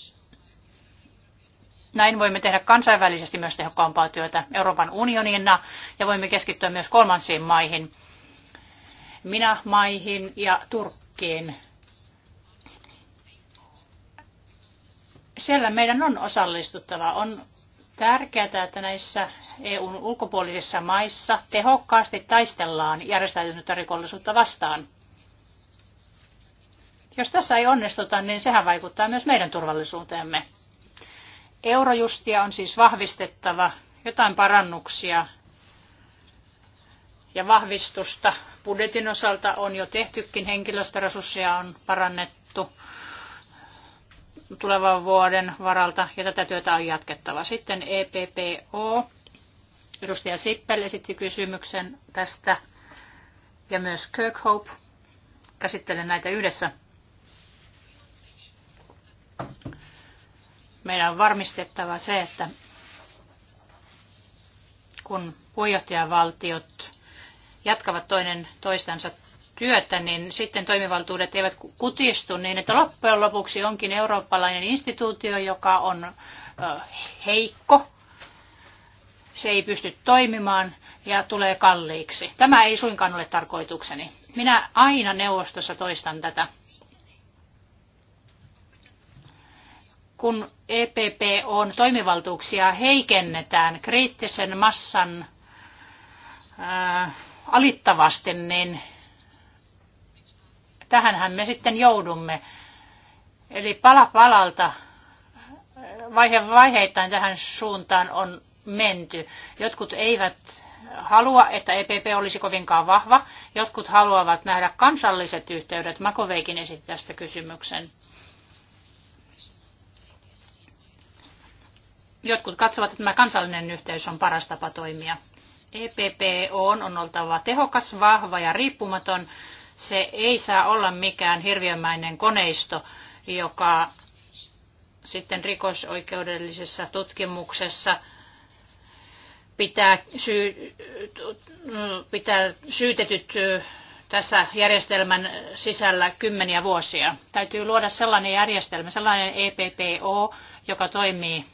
Speaker 2: Näin voimme tehdä kansainvälisesti myös tehokkaampaa työtä Euroopan unionina ja voimme keskittyä myös kolmansiin maihin. Minä maihin ja Turkkiin. Siellä meidän on osallistuttava. On tärkeää, että näissä EUn ulkopuolisissa maissa tehokkaasti taistellaan järjestäytynyttä rikollisuutta vastaan. Jos tässä ei onnistuta, niin sehän vaikuttaa myös meidän turvallisuuteemme. Eurojustia on siis vahvistettava, jotain parannuksia ja vahvistusta. Budjetin osalta on jo tehtykin, henkilöstöresursseja on parannettu tulevan vuoden varalta ja tätä työtä on jatkettava. Sitten EPPO. Edustaja Sippel esitti kysymyksen tästä ja myös Kirkhope. Käsittelen näitä yhdessä. Meidän on varmistettava se, että kun puheenjohtajavaltiot jatkavat toinen toistansa työtä, niin sitten toimivaltuudet eivät kutistu niin, että loppujen lopuksi onkin eurooppalainen instituutio, joka on heikko, se ei pysty toimimaan ja tulee kalliiksi. Tämä ei suinkaan ole tarkoitukseni. Minä aina neuvostossa toistan tätä. kun EPP on toimivaltuuksia heikennetään kriittisen massan ää, alittavasti, niin tähänhän me sitten joudumme. Eli pala palalta vaihe vaiheittain tähän suuntaan on menty. Jotkut eivät halua, että EPP olisi kovinkaan vahva. Jotkut haluavat nähdä kansalliset yhteydet. Makoveikin esitti tästä kysymyksen. Jotkut katsovat, että tämä kansallinen yhteys on paras tapa toimia. EPPO on oltava tehokas, vahva ja riippumaton. Se ei saa olla mikään hirviömäinen koneisto, joka sitten rikosoikeudellisessa tutkimuksessa pitää, syy, pitää syytetyt tässä järjestelmän sisällä kymmeniä vuosia. Täytyy luoda sellainen järjestelmä, sellainen EPPO, joka toimii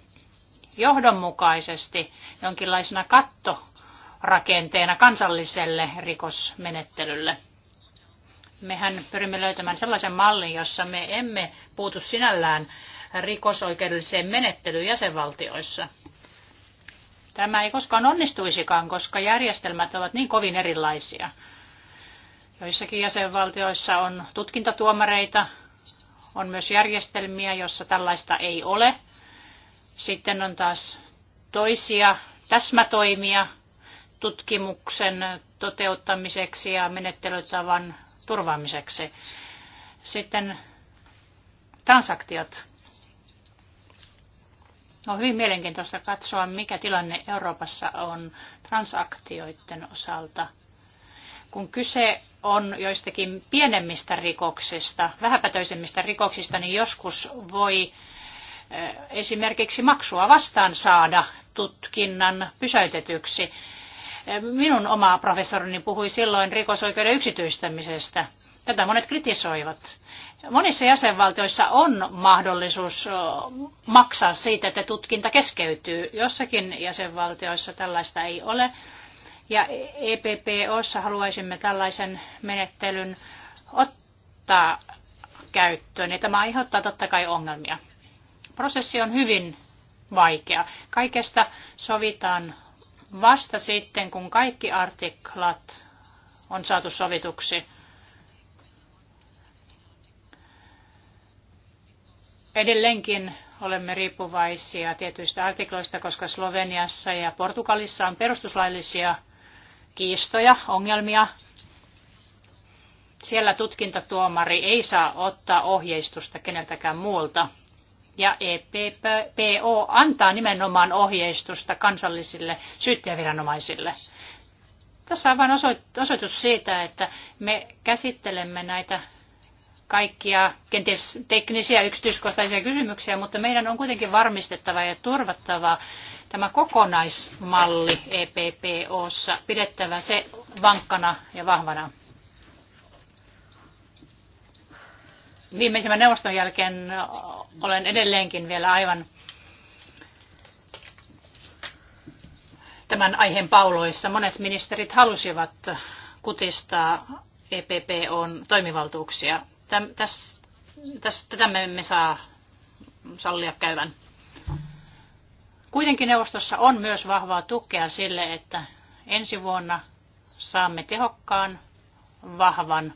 Speaker 2: johdonmukaisesti jonkinlaisena kattorakenteena kansalliselle rikosmenettelylle. Mehän pyrimme löytämään sellaisen mallin, jossa me emme puutu sinällään rikosoikeudelliseen menettelyyn jäsenvaltioissa. Tämä ei koskaan onnistuisikaan, koska järjestelmät ovat niin kovin erilaisia. Joissakin jäsenvaltioissa on tutkintatuomareita, on myös järjestelmiä, jossa tällaista ei ole. Sitten on taas toisia täsmätoimia tutkimuksen toteuttamiseksi ja menettelytavan turvaamiseksi. Sitten transaktiot. On hyvin mielenkiintoista katsoa, mikä tilanne Euroopassa on transaktioiden osalta. Kun kyse on joistakin pienemmistä rikoksista, vähäpätöisemmistä rikoksista, niin joskus voi esimerkiksi maksua vastaan saada tutkinnan pysäytetyksi. Minun oma professorini puhui silloin rikosoikeuden yksityistämisestä. Tätä monet kritisoivat. Monissa jäsenvaltioissa on mahdollisuus maksaa siitä, että tutkinta keskeytyy. Jossakin jäsenvaltioissa tällaista ei ole. Ja EPPOssa haluaisimme tällaisen menettelyn ottaa käyttöön. Ja tämä aiheuttaa totta kai ongelmia prosessi on hyvin vaikea. Kaikesta sovitaan vasta sitten, kun kaikki artiklat on saatu sovituksi. Edelleenkin olemme riippuvaisia tietyistä artikloista, koska Sloveniassa ja Portugalissa on perustuslaillisia kiistoja, ongelmia. Siellä tutkintatuomari ei saa ottaa ohjeistusta keneltäkään muulta ja EPPO antaa nimenomaan ohjeistusta kansallisille syyttäjäviranomaisille. Tässä on vain osoitus siitä, että me käsittelemme näitä kaikkia kenties teknisiä yksityiskohtaisia kysymyksiä, mutta meidän on kuitenkin varmistettava ja turvattava tämä kokonaismalli EPPOssa, pidettävä se vankkana ja vahvana. viimeisimmän neuvoston jälkeen olen edelleenkin vielä aivan tämän aiheen pauloissa. Monet ministerit halusivat kutistaa EPPOn toimivaltuuksia. tätä me emme saa sallia käyvän. Kuitenkin neuvostossa on myös vahvaa tukea sille, että ensi vuonna saamme tehokkaan, vahvan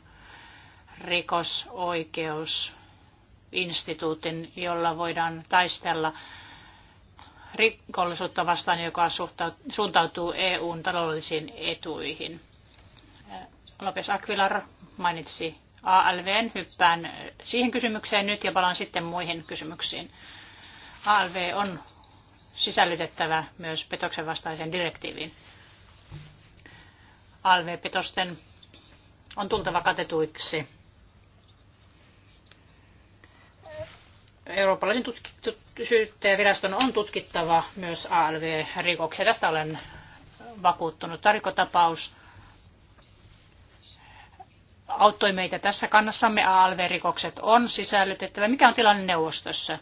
Speaker 2: rikosoikeusinstituutin, jolla voidaan taistella rikollisuutta vastaan, joka suuntautuu EUn taloudellisiin etuihin. Lopes Aquilar mainitsi ALVn. Hyppään siihen kysymykseen nyt ja palaan sitten muihin kysymyksiin. ALV on sisällytettävä myös petoksen vastaiseen direktiiviin. ALV-petosten on tultava katetuiksi Eurooppalaisen tutki- syyttäjäviraston on tutkittava myös ALV-rikoksia. Tästä olen vakuuttunut. Tarikotapaus auttoi meitä tässä kannassamme. ALV-rikokset on sisällytettävä. Mikä on tilanne neuvostossa?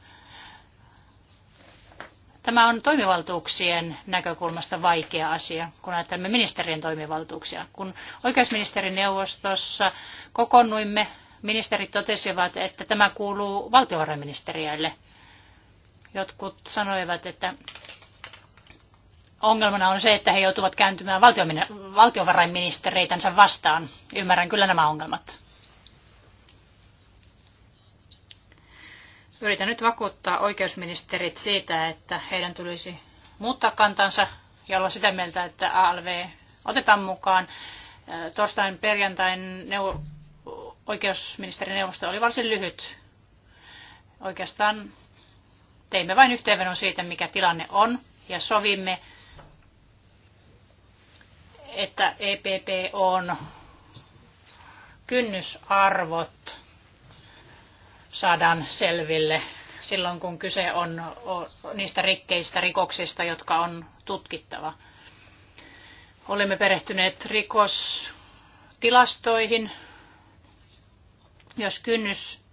Speaker 2: Tämä on toimivaltuuksien näkökulmasta vaikea asia, kun ajattelemme ministerien toimivaltuuksia. Kun oikeusministerineuvostossa kokonnuimme ministerit totesivat, että tämä kuuluu valtiovarainministeriölle. Jotkut sanoivat, että ongelmana on se, että he joutuvat kääntymään valtiovarainministereitänsä vastaan. Ymmärrän kyllä nämä ongelmat. Yritän nyt vakuuttaa oikeusministerit siitä, että heidän tulisi muuttaa kantansa ja olla sitä mieltä, että ALV otetaan mukaan. Torstain perjantain oikeusministerineuvosto oli varsin lyhyt. Oikeastaan teimme vain yhteenvedon siitä, mikä tilanne on, ja sovimme, että EPP on kynnysarvot saadaan selville silloin, kun kyse on niistä rikkeistä rikoksista, jotka on tutkittava. Olemme perehtyneet rikostilastoihin, jos kynnys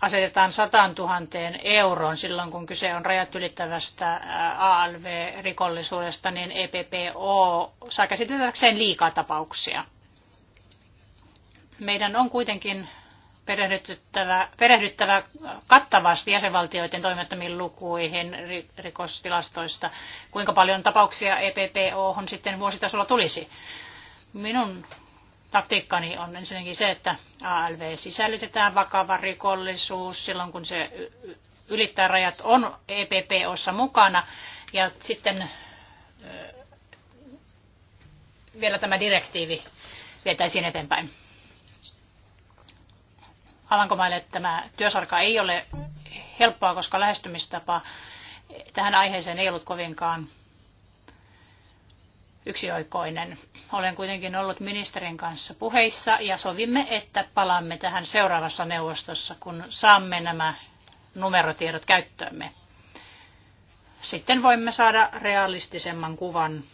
Speaker 2: asetetaan 100 000 euroon silloin, kun kyse on rajat ylittävästä ALV-rikollisuudesta, niin EPPO saa käsitelläkseen liikaa tapauksia. Meidän on kuitenkin perehdyttävä, perehdyttävä kattavasti jäsenvaltioiden toimittamiin lukuihin rikostilastoista, kuinka paljon tapauksia EPPO on sitten vuositasolla tulisi. Minun Taktiikkani on ensinnäkin se, että ALV sisällytetään vakava rikollisuus silloin, kun se ylittää rajat on EPP-ossa mukana. Ja sitten vielä tämä direktiivi vietäisiin eteenpäin. Alankomaille tämä työsarka ei ole helppoa, koska lähestymistapa tähän aiheeseen ei ollut kovinkaan yksioikoinen. Olen kuitenkin ollut ministerin kanssa puheissa ja sovimme, että palaamme tähän seuraavassa neuvostossa, kun saamme nämä numerotiedot käyttöömme. Sitten voimme saada realistisemman kuvan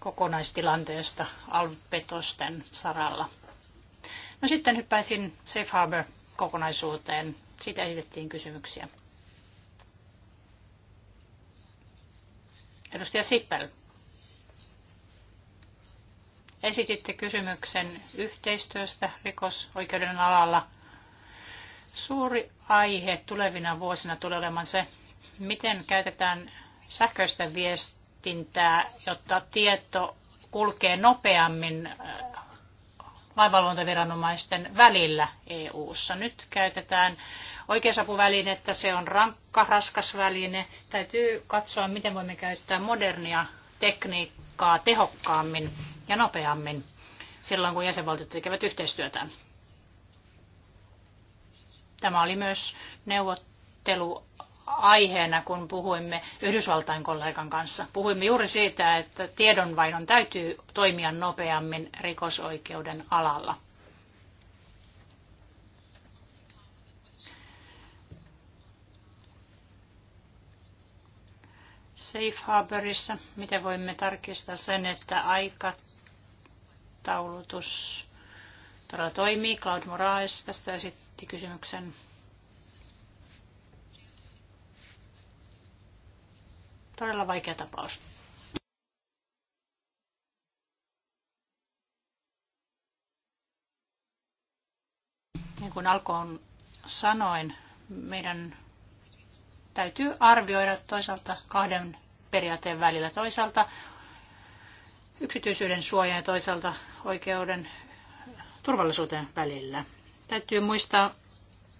Speaker 2: kokonaistilanteesta alpetosten saralla. No sitten hyppäisin Safe Harbor-kokonaisuuteen. Siitä esitettiin kysymyksiä. Edustaja Sippel. Esititte kysymyksen yhteistyöstä rikosoikeuden alalla. Suuri aihe tulevina vuosina tulee olemaan se, miten käytetään sähköistä viestintää, jotta tieto kulkee nopeammin äh, lainvalvontaviranomaisten välillä EU-ssa. Nyt käytetään oikeusapuvälinettä, se on rankka, raskas väline. Täytyy katsoa, miten voimme käyttää modernia tekniikkaa tehokkaammin ja nopeammin silloin, kun jäsenvaltiot tekevät yhteistyötään. Tämä oli myös neuvottelu aiheena, kun puhuimme Yhdysvaltain kollegan kanssa. Puhuimme juuri siitä, että tiedonvaihdon täytyy toimia nopeammin rikosoikeuden alalla. Safe Harborissa, miten voimme tarkistaa sen, että aikat taulutus todella toimii. Cloud Moraes tästä esitti kysymyksen. Todella vaikea tapaus. Niin kuin alkoon sanoin, meidän täytyy arvioida toisaalta kahden periaatteen välillä. Toisaalta yksityisyyden suoja ja toisaalta oikeuden turvallisuuteen välillä. Täytyy muistaa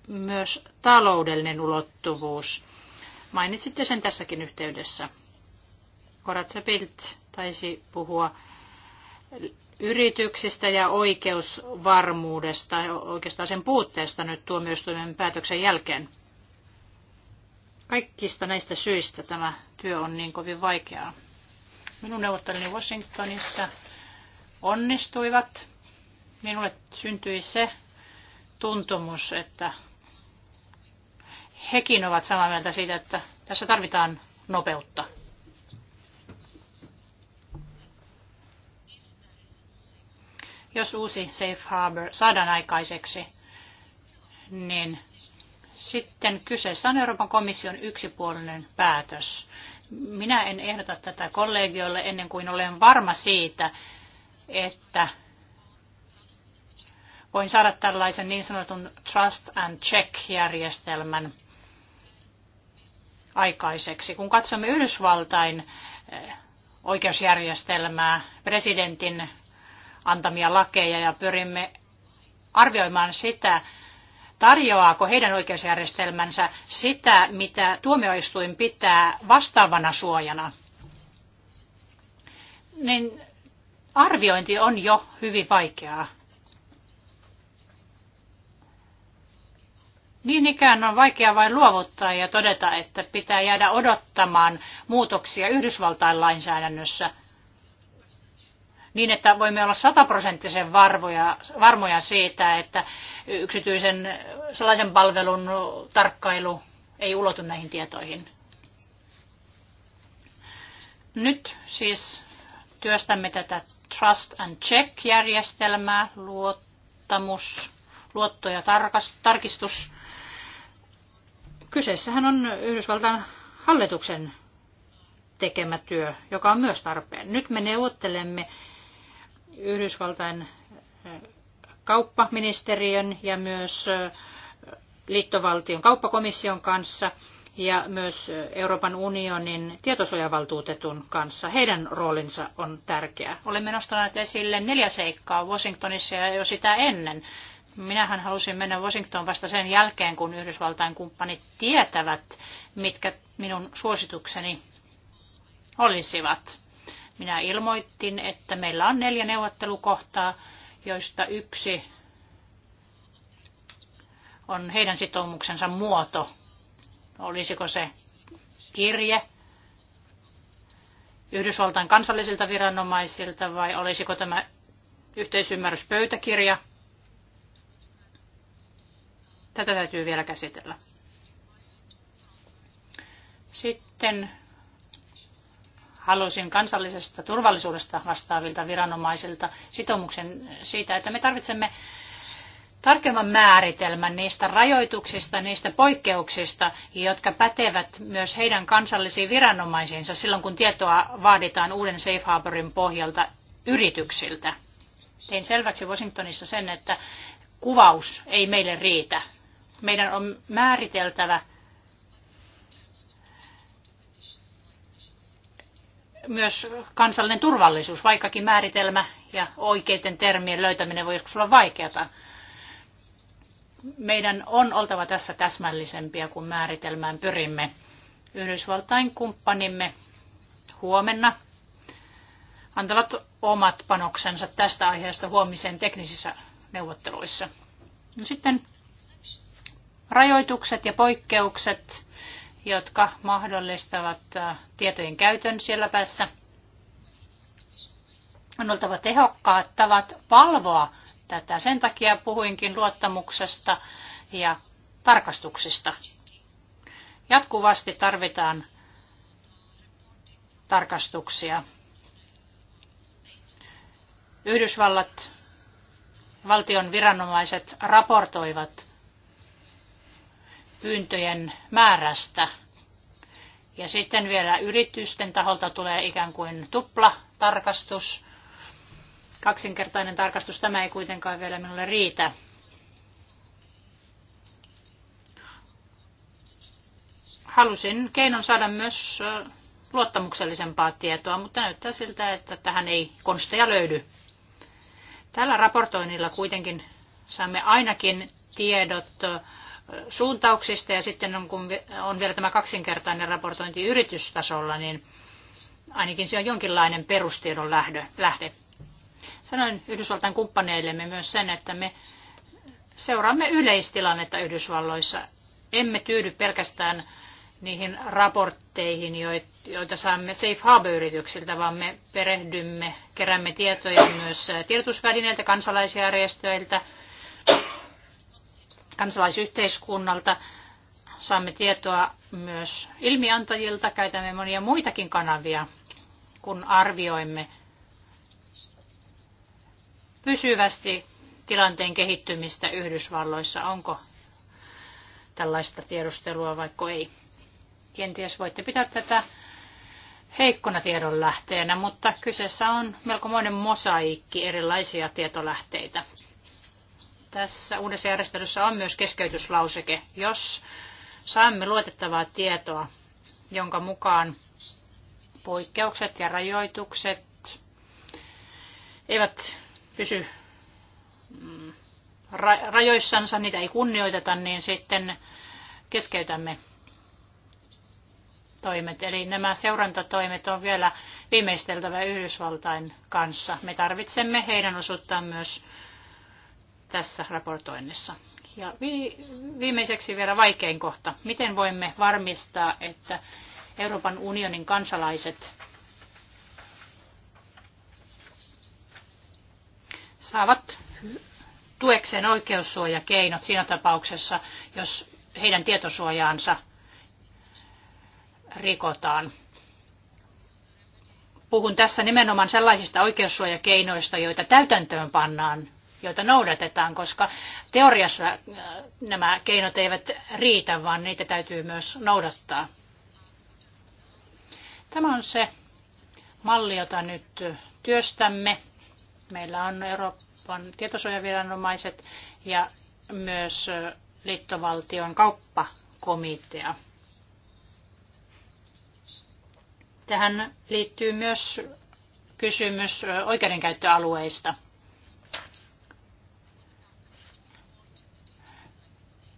Speaker 2: myös taloudellinen ulottuvuus. Mainitsitte sen tässäkin yhteydessä. Koratsa Pilt taisi puhua yrityksistä ja oikeusvarmuudesta ja oikeastaan sen puutteesta nyt tuomioistuimen päätöksen jälkeen. Kaikista näistä syistä tämä työ on niin kovin vaikeaa. Minun neuvottelini Washingtonissa onnistuivat. Minulle syntyi se tuntumus, että hekin ovat samaa mieltä siitä, että tässä tarvitaan nopeutta. Jos uusi safe harbor saadaan aikaiseksi, niin sitten kyseessä on Euroopan komission yksipuolinen päätös. Minä en ehdota tätä kollegiolle ennen kuin olen varma siitä, että voin saada tällaisen niin sanotun trust and check-järjestelmän aikaiseksi. Kun katsomme Yhdysvaltain eh, oikeusjärjestelmää, presidentin antamia lakeja ja pyrimme arvioimaan sitä, tarjoaako heidän oikeusjärjestelmänsä sitä, mitä tuomioistuin pitää vastaavana suojana, niin arviointi on jo hyvin vaikeaa. Niin ikään on vaikea vain luovuttaa ja todeta, että pitää jäädä odottamaan muutoksia Yhdysvaltain lainsäädännössä niin, että voimme olla sataprosenttisen varmoja, varmoja siitä, että yksityisen salaisen palvelun tarkkailu ei ulotu näihin tietoihin. Nyt siis työstämme tätä Trust and Check-järjestelmää, luottamus, luotto ja tarkas, tarkistus. Kyseessähän on Yhdysvaltain hallituksen tekemä työ, joka on myös tarpeen. Nyt me neuvottelemme Yhdysvaltain kauppaministeriön ja myös liittovaltion kauppakomission kanssa – ja myös Euroopan unionin tietosuojavaltuutetun kanssa. Heidän roolinsa on tärkeä. Olemme nostaneet esille neljä seikkaa Washingtonissa ja jo sitä ennen. Minähän halusin mennä Washington vasta sen jälkeen, kun Yhdysvaltain kumppanit tietävät, mitkä minun suositukseni olisivat. Minä ilmoitin, että meillä on neljä neuvottelukohtaa, joista yksi on heidän sitoumuksensa muoto Olisiko se kirje Yhdysvaltain kansallisilta viranomaisilta vai olisiko tämä yhteisymmärryspöytäkirja? Tätä täytyy vielä käsitellä. Sitten halusin kansallisesta turvallisuudesta vastaavilta viranomaisilta sitoumuksen siitä, että me tarvitsemme tarkemman määritelmän niistä rajoituksista, niistä poikkeuksista, jotka pätevät myös heidän kansallisiin viranomaisiinsa silloin, kun tietoa vaaditaan uuden safe harborin pohjalta yrityksiltä. Tein selväksi Washingtonissa sen, että kuvaus ei meille riitä. Meidän on määriteltävä myös kansallinen turvallisuus, vaikkakin määritelmä ja oikeiden termien löytäminen voi joskus olla vaikeata meidän on oltava tässä täsmällisempiä, kun määritelmään pyrimme. Yhdysvaltain kumppanimme huomenna antavat omat panoksensa tästä aiheesta huomiseen teknisissä neuvotteluissa. No sitten rajoitukset ja poikkeukset, jotka mahdollistavat äh, tietojen käytön siellä päässä. On oltava tehokkaat tavat valvoa tätä. Sen takia puhuinkin luottamuksesta ja tarkastuksista. Jatkuvasti tarvitaan tarkastuksia. Yhdysvallat, valtion viranomaiset raportoivat pyyntöjen määrästä. Ja sitten vielä yritysten taholta tulee ikään kuin tupla tarkastus kaksinkertainen tarkastus, tämä ei kuitenkaan vielä minulle riitä. Halusin keinon saada myös luottamuksellisempaa tietoa, mutta näyttää siltä, että tähän ei konsteja löydy. Tällä raportoinnilla kuitenkin saamme ainakin tiedot suuntauksista ja sitten on, kun on vielä tämä kaksinkertainen raportointi yritystasolla, niin ainakin se on jonkinlainen perustiedon lähde. Sanoin Yhdysvaltain kumppaneillemme myös sen, että me seuraamme yleistilannetta Yhdysvalloissa. Emme tyydy pelkästään niihin raportteihin, joita saamme Safe Harbor-yrityksiltä, vaan me perehdymme, keräämme tietoja myös äh, tiedotusvälineiltä, kansalaisjärjestöiltä, kansalaisyhteiskunnalta. Saamme tietoa myös ilmiantajilta, käytämme monia muitakin kanavia, kun arvioimme pysyvästi tilanteen kehittymistä Yhdysvalloissa? Onko tällaista tiedustelua vaikka ei? Kenties voitte pitää tätä heikkona tiedonlähteenä, mutta kyseessä on melkomoinen mosaikki erilaisia tietolähteitä. Tässä uudessa järjestelyssä on myös keskeytyslauseke. Jos saamme luotettavaa tietoa, jonka mukaan poikkeukset ja rajoitukset eivät pysy mm, rajoissansa, niitä ei kunnioiteta, niin sitten keskeytämme toimet. Eli nämä seurantatoimet on vielä viimeisteltävä Yhdysvaltain kanssa. Me tarvitsemme heidän osuuttaan myös tässä raportoinnissa.
Speaker 5: Ja vi- viimeiseksi
Speaker 2: vielä vaikein kohta. Miten voimme varmistaa, että Euroopan unionin kansalaiset saavat tuekseen oikeussuojakeinot siinä tapauksessa, jos heidän tietosuojaansa rikotaan. Puhun tässä nimenomaan sellaisista oikeussuojakeinoista, joita täytäntöön pannaan, joita noudatetaan, koska teoriassa äh, nämä keinot eivät riitä, vaan niitä täytyy myös noudattaa. Tämä on se malli, jota nyt työstämme Meillä on Euroopan tietosuojaviranomaiset ja myös liittovaltion kauppakomitea. Tähän liittyy myös kysymys oikeudenkäyttöalueista.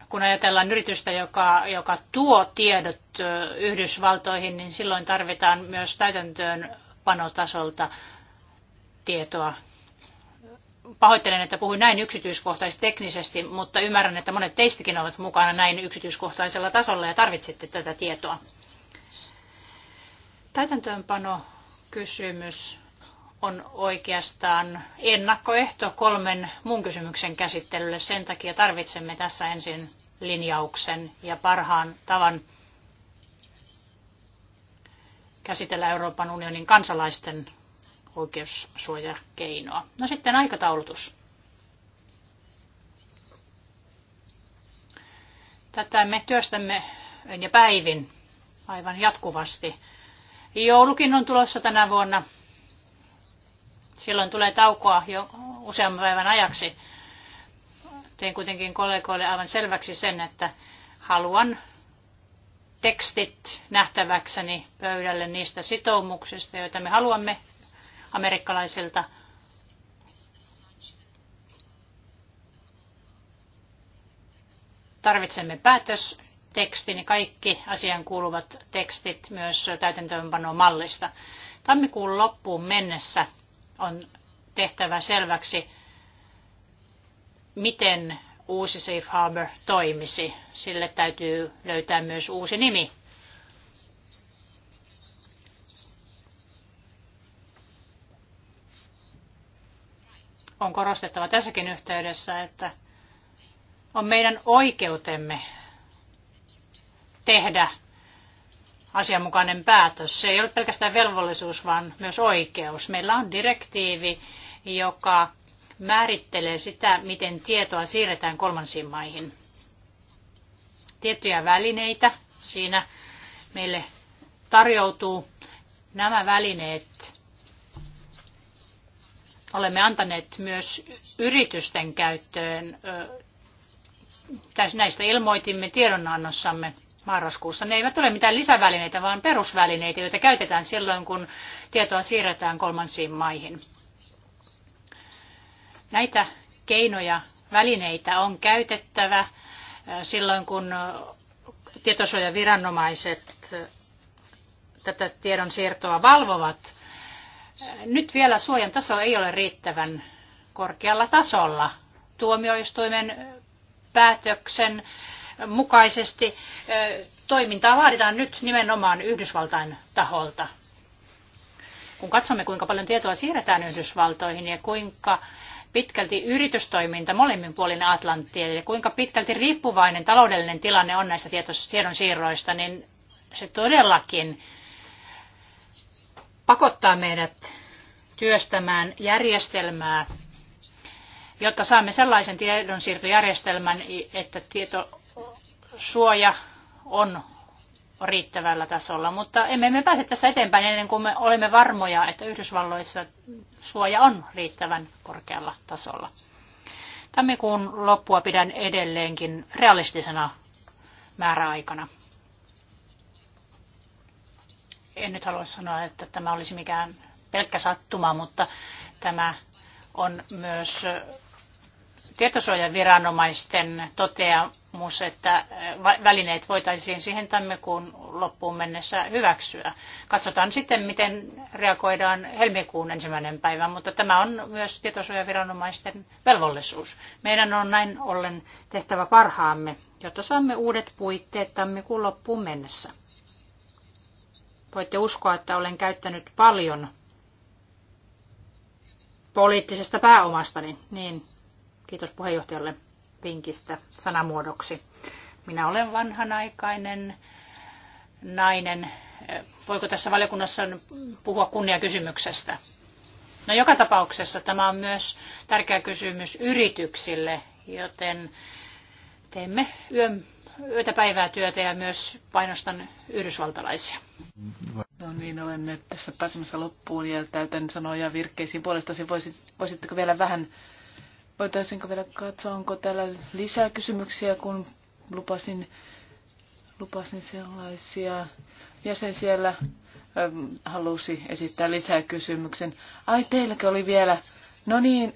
Speaker 2: Kun ajatellaan yritystä, joka, joka tuo tiedot Yhdysvaltoihin, niin silloin tarvitaan myös täytäntöön panotasolta tietoa Pahoittelen, että puhuin näin yksityiskohtaisesti teknisesti, mutta ymmärrän, että monet teistäkin ovat mukana näin yksityiskohtaisella tasolla ja tarvitsette tätä tietoa. Täytäntöönpano kysymys on oikeastaan ennakkoehto kolmen muun kysymyksen käsittelylle. Sen takia tarvitsemme tässä ensin linjauksen ja parhaan tavan käsitellä Euroopan unionin kansalaisten oikeussuojakeinoa. No sitten aikataulutus. Tätä me työstämme ja päivin aivan jatkuvasti. Joulukin on tulossa tänä vuonna. Silloin tulee taukoa jo useamman päivän ajaksi. Tein kuitenkin kollegoille aivan selväksi sen, että haluan tekstit nähtäväkseni pöydälle niistä sitoumuksista, joita me haluamme amerikkalaisilta. Tarvitsemme päätöstekstin ja kaikki asian kuuluvat tekstit myös täytäntöönpanomallista. Tammikuun loppuun mennessä on tehtävä selväksi, miten uusi Safe Harbor toimisi. Sille täytyy löytää myös uusi nimi. on korostettava tässäkin yhteydessä, että on meidän oikeutemme tehdä asianmukainen päätös. Se ei ole pelkästään velvollisuus, vaan myös oikeus. Meillä on direktiivi, joka määrittelee sitä, miten tietoa siirretään kolmansiin maihin. Tiettyjä välineitä siinä meille tarjoutuu. Nämä välineet Olemme antaneet myös yritysten käyttöön, näistä ilmoitimme tiedonannossamme marraskuussa. Ne eivät ole mitään lisävälineitä, vaan perusvälineitä, joita käytetään silloin, kun tietoa siirretään kolmansiin maihin. Näitä keinoja, välineitä on käytettävä silloin, kun tietosuojaviranomaiset tätä tiedon siirtoa valvovat. Nyt vielä suojan taso ei ole riittävän korkealla tasolla. Tuomioistuimen päätöksen mukaisesti toimintaa vaaditaan nyt nimenomaan Yhdysvaltain taholta. Kun katsomme, kuinka paljon tietoa siirretään Yhdysvaltoihin ja kuinka pitkälti yritystoiminta molemmin puolin Atlanttia ja kuinka pitkälti riippuvainen taloudellinen tilanne on näistä tiedonsiirroista, niin se todellakin pakottaa meidät työstämään järjestelmää, jotta saamme sellaisen tiedonsiirtojärjestelmän, että tietosuoja on riittävällä tasolla. Mutta emme me pääse tässä eteenpäin ennen kuin me olemme varmoja, että Yhdysvalloissa suoja on riittävän korkealla tasolla. Tammikuun loppua pidän edelleenkin realistisena määräaikana en nyt halua sanoa, että tämä olisi mikään pelkkä sattuma, mutta tämä on myös tietosuojaviranomaisten toteamus, että välineet voitaisiin siihen tammikuun loppuun mennessä hyväksyä. Katsotaan sitten, miten reagoidaan helmikuun ensimmäinen päivä, mutta tämä on myös tietosuojaviranomaisten velvollisuus. Meidän on näin ollen tehtävä parhaamme, jotta saamme uudet puitteet tammikuun loppuun mennessä. Voitte uskoa, että olen käyttänyt paljon poliittisesta pääomastani. Niin, kiitos puheenjohtajalle vinkistä sanamuodoksi. Minä olen vanhanaikainen nainen. Voiko tässä valiokunnassa puhua kunniakysymyksestä? No joka tapauksessa tämä on myös tärkeä kysymys yrityksille, joten teemme yön yötä päivää työtä ja myös
Speaker 6: painostan yhdysvaltalaisia. No niin, olen tässä pääsemässä loppuun ja täytän sanoja virkkeisiin puolestasi. Voisit, voisitteko vielä vähän, voitaisinko vielä katsoa, onko täällä lisää kysymyksiä, kun lupasin, lupasin sellaisia. Jäsen siellä äm, halusi esittää lisää kysymyksen. Ai, teilläkö oli vielä? No niin,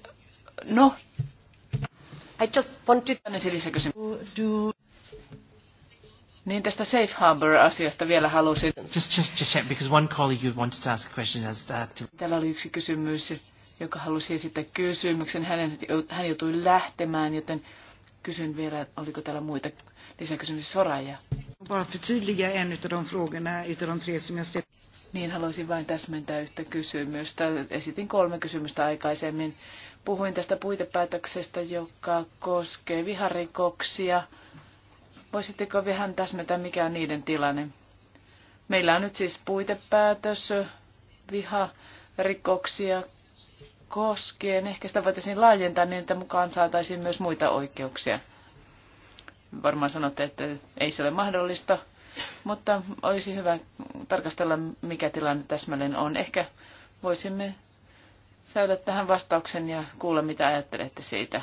Speaker 6: no. I just wanted to... Do, do... Niin tästä Safe Harbor-asiasta vielä halusin.
Speaker 3: Just, just, just check, because one colleague you wanted to ask a question as uh, that.
Speaker 6: Täällä oli yksi kysymys, joka halusi esittää kysymyksen. Hänen, hän joutui lähtemään, joten kysyn vielä, oliko täällä muita lisäkysymyksiä Soraja. Bara förtydliga en utav de frågorna, utav de tre som jag Niin, haluaisin vain täsmentää yhtä kysymystä. Esitin kolme kysymystä aikaisemmin. Puhuin tästä puitepäätöksestä, joka koskee viharikoksia Voisitteko vähän täsmätä, mikä on niiden tilanne? Meillä on nyt siis puitepäätös rikoksia koskien. Ehkä sitä voitaisiin laajentaa niin, että mukaan saataisiin myös muita oikeuksia. Varmaan sanotte, että ei se ole mahdollista, mutta olisi hyvä tarkastella, mikä tilanne täsmälleen on. Ehkä voisimme saada tähän vastauksen ja kuulla, mitä ajattelette siitä.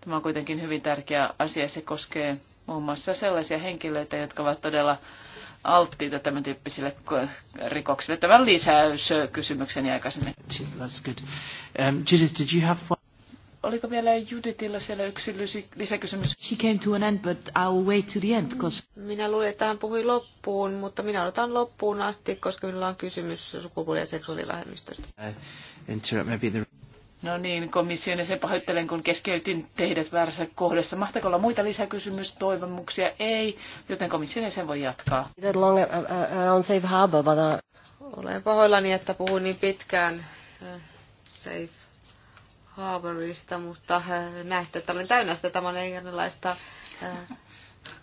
Speaker 6: Tämä on kuitenkin hyvin tärkeä asia. Se koskee muun muassa sellaisia henkilöitä, jotka ovat todella alttiita tämän tyyppisille rikoksille. Tämä on lisäys kysymykseni aikaisemmin.
Speaker 3: That's good. Um, Judith, did you have one?
Speaker 6: Oliko vielä Judithilla siellä yksi lisäkysymys? She came to an end, but I'll wait to the end, cause...
Speaker 1: Minä luulen, että hän puhui loppuun, mutta minä odotan loppuun asti, koska minulla on kysymys sukupuoli- ja seksuaalivähemmistöstä.
Speaker 3: Uh, interrupt maybe the...
Speaker 1: No niin, komission ja se pahoittelen, kun keskeytin teidät
Speaker 6: väärässä kohdassa. Mahtako olla muita toivomuksia? Ei, joten komission ja sen voi
Speaker 1: jatkaa. Olen pahoillani, että puhun niin pitkään Safe Harborista, mutta näette, että olen täynnä sitä. Tämä on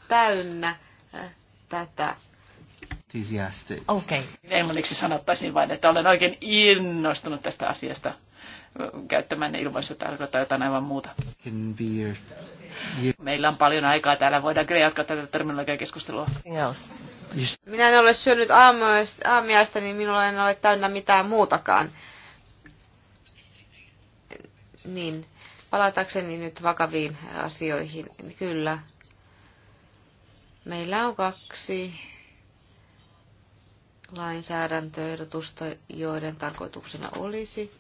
Speaker 1: täynnä tätä
Speaker 6: enthusiastic. Okei, okay. englanniksi sanottaisiin vain, että olen oikein innostunut tästä asiasta. Käyttämään ilmaisu tarkoittaa jotain aivan muuta.
Speaker 3: Can be your...
Speaker 6: Meillä on paljon aikaa täällä. Voidaan kyllä jatkaa tätä keskustelua.
Speaker 1: Minä en ole syönyt aamiaista, niin minulla en ole täynnä mitään muutakaan. Niin, palatakseni nyt vakaviin asioihin. Kyllä. Meillä on kaksi lainsäädäntöehdotusta, joiden tarkoituksena olisi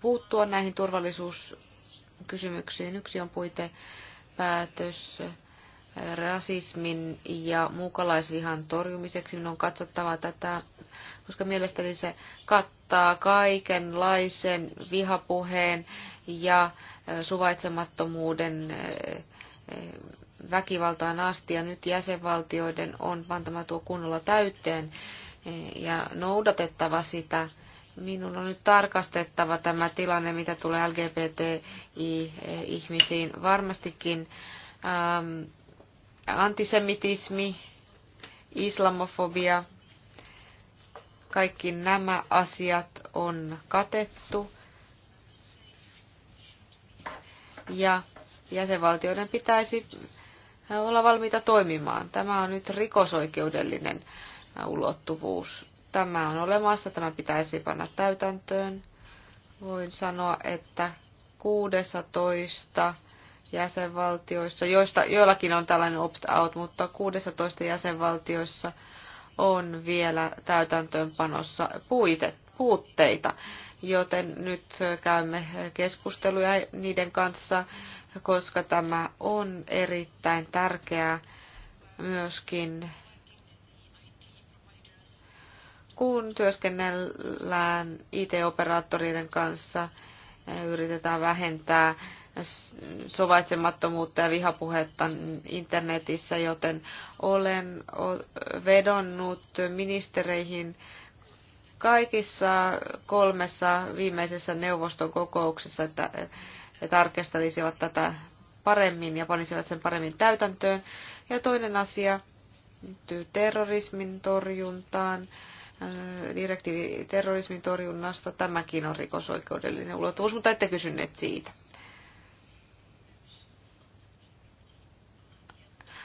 Speaker 1: puuttua näihin turvallisuuskysymyksiin. Yksi on puitepäätös rasismin ja muukalaisvihan torjumiseksi. Minun on katsottava tätä, koska mielestäni se kattaa kaikenlaisen vihapuheen ja suvaitsemattomuuden väkivaltaan asti ja nyt jäsenvaltioiden on pantama tuo kunnolla täyteen ja noudatettava sitä. Minun on nyt tarkastettava tämä tilanne, mitä tulee LGBTI-ihmisiin. Varmastikin ähm, antisemitismi, islamofobia, kaikki nämä asiat on katettu. Ja jäsenvaltioiden pitäisi olla valmiita toimimaan. Tämä on nyt rikosoikeudellinen äh, ulottuvuus. Tämä on olemassa, tämä pitäisi panna täytäntöön. Voin sanoa, että 16 jäsenvaltioissa, joista joillakin on tällainen opt-out, mutta 16 jäsenvaltioissa on vielä täytäntöönpanossa puite, puutteita, joten nyt käymme keskusteluja niiden kanssa koska tämä on erittäin tärkeää myöskin kun työskennellään it operaattoriiden kanssa, yritetään vähentää sovaitsemattomuutta ja vihapuhetta internetissä, joten olen vedonnut ministereihin kaikissa kolmessa viimeisessä neuvoston kokouksessa, että he tarkastelisivat tätä paremmin ja panisivat sen paremmin täytäntöön. Ja toinen asia liittyy terrorismin torjuntaan. Äh, direktiivi terrorismin torjunnasta, tämäkin on rikosoikeudellinen ulottuvuus, mutta ette kysyneet siitä.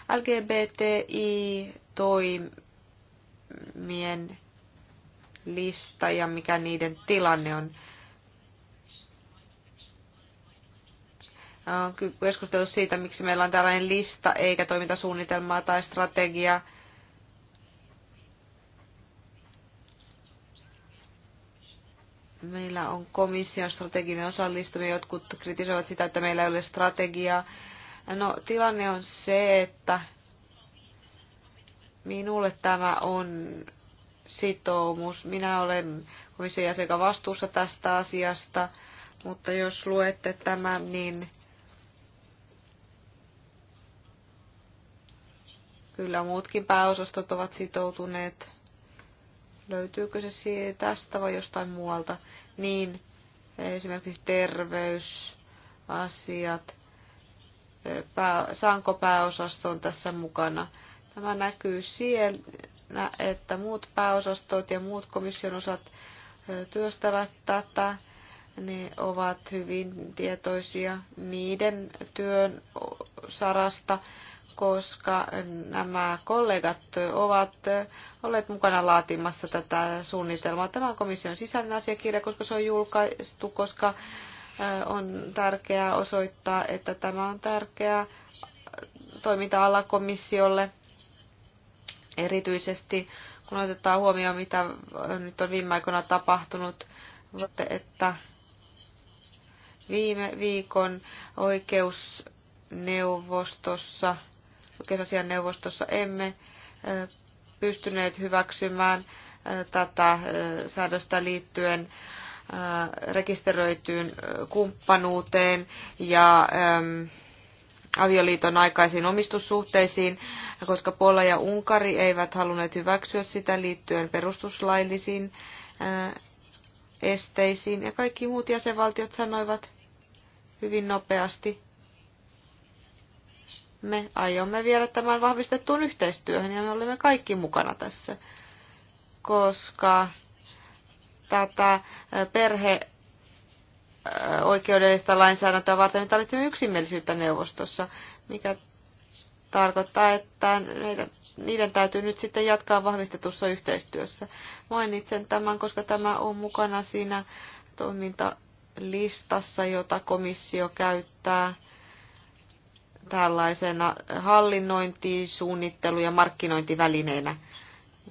Speaker 1: LGBTI-toimien lista ja mikä niiden tilanne on. On keskusteltu siitä, miksi meillä on tällainen lista eikä toimintasuunnitelmaa tai strategiaa. meillä on komission strateginen osallistuminen. Jotkut kritisoivat sitä, että meillä ei ole strategiaa. No, tilanne on se, että minulle tämä on sitoumus. Minä olen komission jäsen vastuussa tästä asiasta, mutta jos luette tämän, niin Kyllä muutkin pääosastot ovat sitoutuneet. Löytyykö se tästä vai jostain muualta? Niin, esimerkiksi terveysasiat. Pää, saanko pääosasto on tässä mukana? Tämä näkyy siellä, että muut pääosastot ja muut komission osat työstävät tätä. Ne ovat hyvin tietoisia niiden työn sarasta koska nämä kollegat ovat olleet mukana laatimassa tätä suunnitelmaa. Tämä on komission sisäinen asiakirja, koska se on julkaistu, koska on tärkeää osoittaa, että tämä on tärkeää toiminta-ala komissiolle, erityisesti kun otetaan huomioon, mitä nyt on viime aikoina tapahtunut, että viime viikon oikeusneuvostossa – oikeusasian neuvostossa emme pystyneet hyväksymään tätä säädöstä liittyen rekisteröityyn kumppanuuteen ja avioliiton aikaisiin omistussuhteisiin, koska Puola ja Unkari eivät halunneet hyväksyä sitä liittyen perustuslaillisiin esteisiin. Ja kaikki muut jäsenvaltiot sanoivat hyvin nopeasti, me aiomme viedä tämän vahvistettuun yhteistyöhön ja me olemme kaikki mukana tässä, koska tätä perhe oikeudellista lainsäädäntöä varten me tarvitsemme yksimielisyyttä neuvostossa, mikä tarkoittaa, että heidän, niiden täytyy nyt sitten jatkaa vahvistetussa yhteistyössä. Mainitsen tämän, koska tämä on mukana siinä toimintalistassa, jota komissio käyttää tällaisena hallinnointi-, suunnittelu- ja markkinointivälineenä.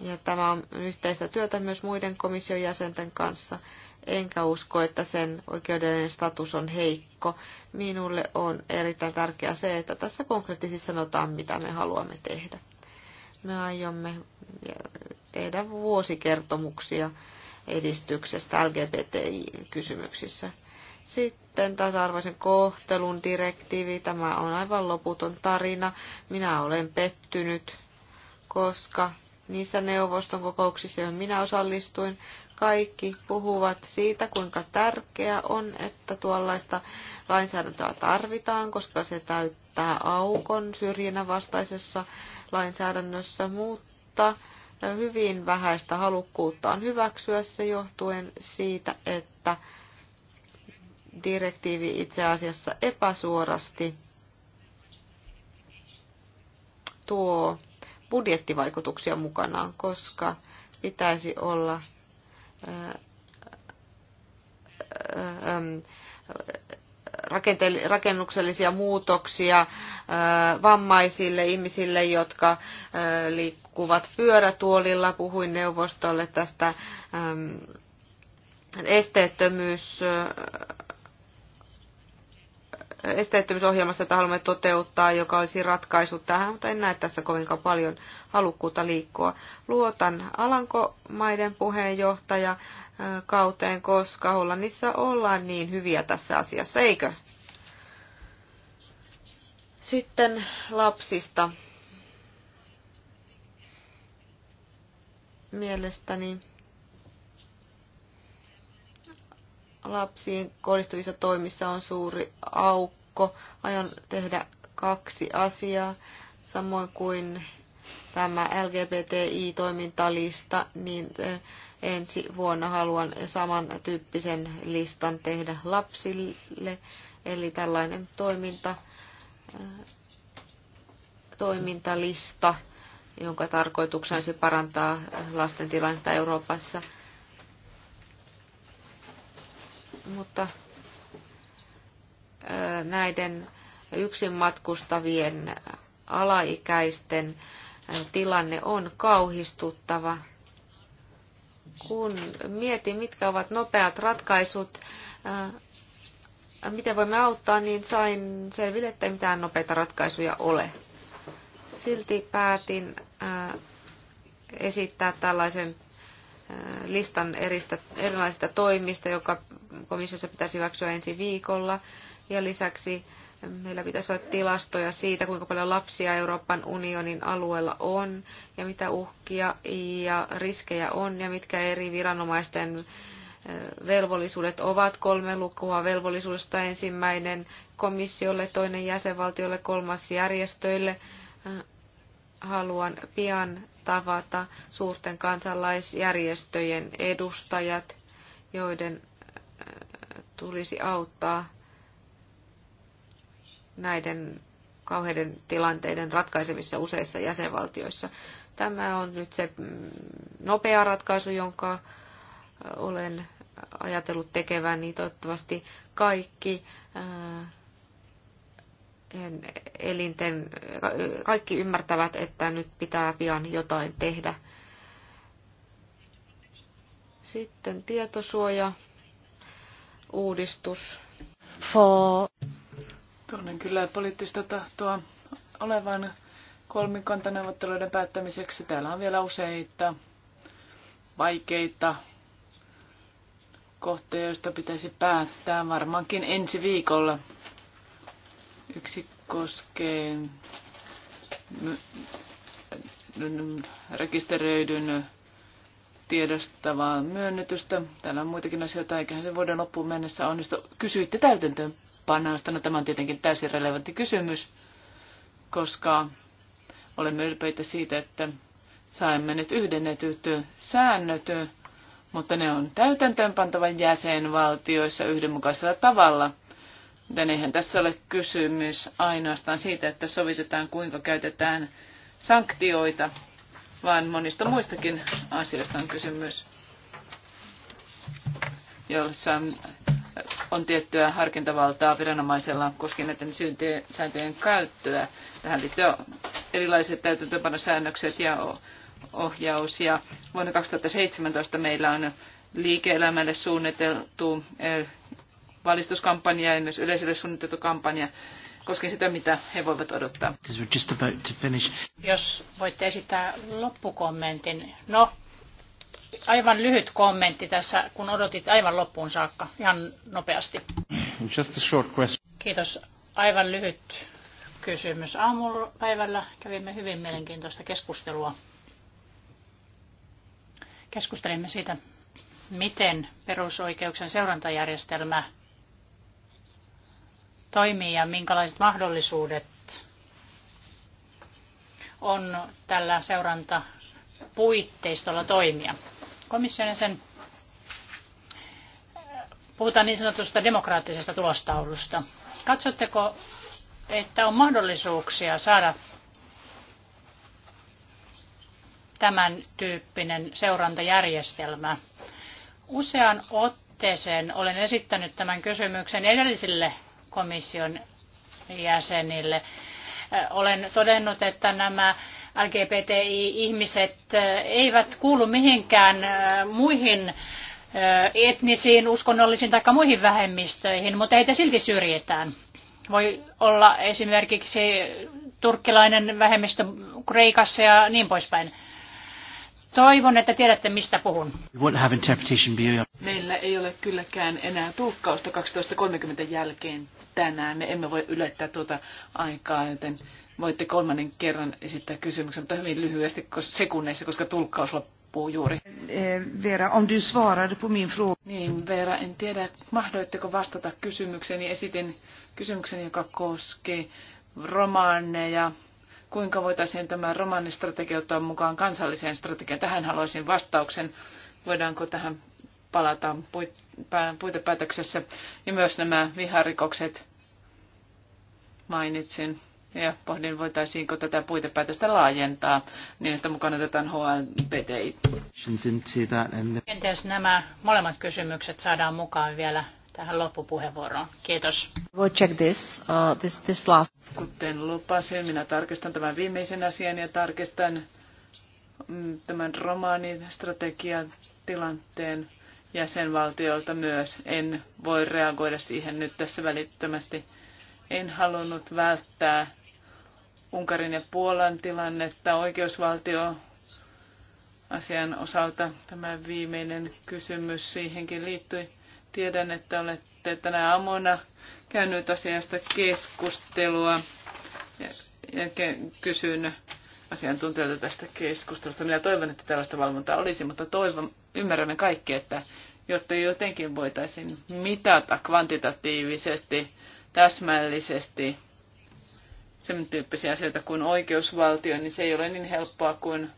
Speaker 1: Ja tämä on yhteistä työtä myös muiden komission jäsenten kanssa. Enkä usko, että sen oikeudellinen status on heikko. Minulle on erittäin tärkeää se, että tässä konkreettisesti sanotaan, mitä me haluamme tehdä. Me aiomme tehdä vuosikertomuksia edistyksestä LGBTI-kysymyksissä. Sitten tasa-arvoisen kohtelun direktiivi. Tämä on aivan loputon tarina. Minä olen pettynyt, koska niissä neuvoston kokouksissa, joihin minä osallistuin, kaikki puhuvat siitä, kuinka tärkeää on, että tuollaista lainsäädäntöä tarvitaan, koska se täyttää aukon syrjinnän vastaisessa lainsäädännössä, mutta hyvin vähäistä halukkuutta on hyväksyä se johtuen siitä, että direktiivi itse asiassa epäsuorasti tuo budjettivaikutuksia mukanaan, koska pitäisi olla rakennuksellisia muutoksia vammaisille ihmisille, jotka liikkuvat pyörätuolilla. Puhuin neuvostolle tästä esteettömyys esteettömyysohjelmasta, jota haluamme toteuttaa, joka olisi ratkaisu tähän, mutta en näe tässä kovinkaan paljon halukkuutta liikkua. Luotan Alankomaiden puheenjohtaja äh, kauteen, koska Hollannissa ollaan niin hyviä tässä asiassa, eikö? Sitten lapsista. Mielestäni lapsiin kohdistuvissa toimissa on suuri aukko. Aion tehdä kaksi asiaa, samoin kuin tämä LGBTI-toimintalista, niin eh, ensi vuonna haluan samantyyppisen listan tehdä lapsille, eli tällainen toiminta, eh, toimintalista, jonka tarkoituksena olisi parantaa eh, lasten tilannetta Euroopassa – mutta näiden yksin matkustavien alaikäisten tilanne on kauhistuttava. Kun mietin, mitkä ovat nopeat ratkaisut, miten voimme auttaa, niin sain selville, että ei mitään nopeita ratkaisuja ole. Silti päätin esittää tällaisen listan eristä, erilaisista toimista, joka komissiossa pitäisi hyväksyä ensi viikolla. Ja lisäksi meillä pitäisi olla tilastoja siitä, kuinka paljon lapsia Euroopan unionin alueella on ja mitä uhkia ja riskejä on ja mitkä eri viranomaisten velvollisuudet ovat kolme lukua velvollisuudesta ensimmäinen komissiolle, toinen jäsenvaltiolle, kolmas järjestöille. Haluan pian tavata suurten kansalaisjärjestöjen edustajat, joiden äh, tulisi auttaa näiden kauheiden tilanteiden ratkaisemissa useissa jäsenvaltioissa. Tämä on nyt se mm, nopea ratkaisu, jonka äh, olen ajatellut tekevän, niin toivottavasti kaikki äh, elinten, kaikki ymmärtävät, että nyt pitää pian jotain tehdä. Sitten tietosuoja, uudistus. For... Tunnen kyllä poliittista tahtoa
Speaker 6: olevan kolmikantaneuvotteluiden päättämiseksi. Täällä on vielä useita vaikeita kohteita, joista pitäisi päättää varmaankin ensi viikolla. Yksi koskee rekisteröidyn tiedostavaa myönnytystä. Täällä on muitakin asioita, eikä se vuoden loppuun mennessä onnistu. Kysyitte täytäntöön pannasta. No, tämä on tietenkin täysin relevantti kysymys, koska olemme ylpeitä siitä, että saimme nyt yhdennetyt säännöt, mutta ne on täytäntöönpantavan jäsenvaltioissa yhdenmukaisella tavalla – Joten eihän tässä ole kysymys ainoastaan siitä, että sovitetaan kuinka käytetään sanktioita, vaan monista muistakin asioista on kysymys, joissa on tiettyä harkintavaltaa viranomaisella koskien näiden sääntöjen käyttöä. Tähän liittyy erilaiset täytäntöpanosäännökset ja ohjaus. Ja vuonna 2017 meillä on liike-elämälle suunniteltu valistuskampanja ja myös yleisölle suunniteltu kampanja koskien sitä, mitä he voivat odottaa.
Speaker 2: Jos voitte esittää loppukommentin. No, aivan lyhyt kommentti tässä, kun odotit aivan loppuun saakka, ihan nopeasti.
Speaker 3: Just a short question.
Speaker 2: Kiitos. Aivan lyhyt kysymys. Aamupäivällä kävimme hyvin mielenkiintoista keskustelua. Keskustelimme siitä, miten perusoikeuksien seurantajärjestelmä toimii ja minkälaiset mahdollisuudet on tällä seurantapuitteistolla toimia. Komission sen puhutaan niin sanotusta demokraattisesta tulostaulusta. Katsotteko, että on mahdollisuuksia saada tämän tyyppinen seurantajärjestelmä? Usean otteeseen olen esittänyt tämän kysymyksen edellisille komission jäsenille. Olen todennut, että nämä LGBTI-ihmiset eivät kuulu mihinkään muihin etnisiin, uskonnollisiin tai muihin vähemmistöihin, mutta heitä silti syrjitään. Voi olla esimerkiksi turkkilainen vähemmistö Kreikassa ja niin poispäin. Toivon, että
Speaker 6: tiedätte, mistä puhun. Meillä ei ole kylläkään enää tulkkausta 12.30 jälkeen tänään. Me emme voi ylettää tuota aikaa, joten voitte kolmannen kerran esittää kysymyksen, mutta hyvin lyhyesti sekunneissa, koska tulkkaus loppuu juuri. Eh, Vera, om du svarade på min fråga. Niin, Vera, en tiedä, mahdoitteko vastata kysymykseni. Esitin kysymyksen, joka koskee romaaneja kuinka voitaisiin tämä romaanistrategia ottaa mukaan kansalliseen strategiaan? Tähän haluaisin vastauksen. Voidaanko tähän palata puitepäätöksessä? Ja myös nämä viharikokset mainitsin. Ja pohdin, voitaisiinko tätä puitepäätöstä laajentaa niin, että mukana otetaan HLBTI.
Speaker 2: Kenties nämä molemmat kysymykset saadaan mukaan vielä tähän
Speaker 6: loppupuheenvuoroon. Kiitos.
Speaker 1: We'll check this, uh, this, this last.
Speaker 6: Kuten lupasin, minä tarkistan tämän viimeisen asian ja tarkistan mm, tämän romaanistrategian tilanteen jäsenvaltiolta myös. En voi reagoida siihen nyt tässä välittömästi. En halunnut välttää Unkarin ja Puolan tilannetta oikeusvaltio asian osalta. Tämä viimeinen kysymys siihenkin liittyi. Tiedän, että olet sitten tänä aamuna käynyt asiasta keskustelua ja, ja kysyn asiantuntijoilta tästä keskustelusta. Minä toivon, että tällaista valvontaa olisi, mutta toivon, ymmärrämme kaikki, että jotta jotenkin voitaisiin mitata kvantitatiivisesti, täsmällisesti sen tyyppisiä asioita kuin oikeusvaltio, niin se ei ole niin helppoa kuin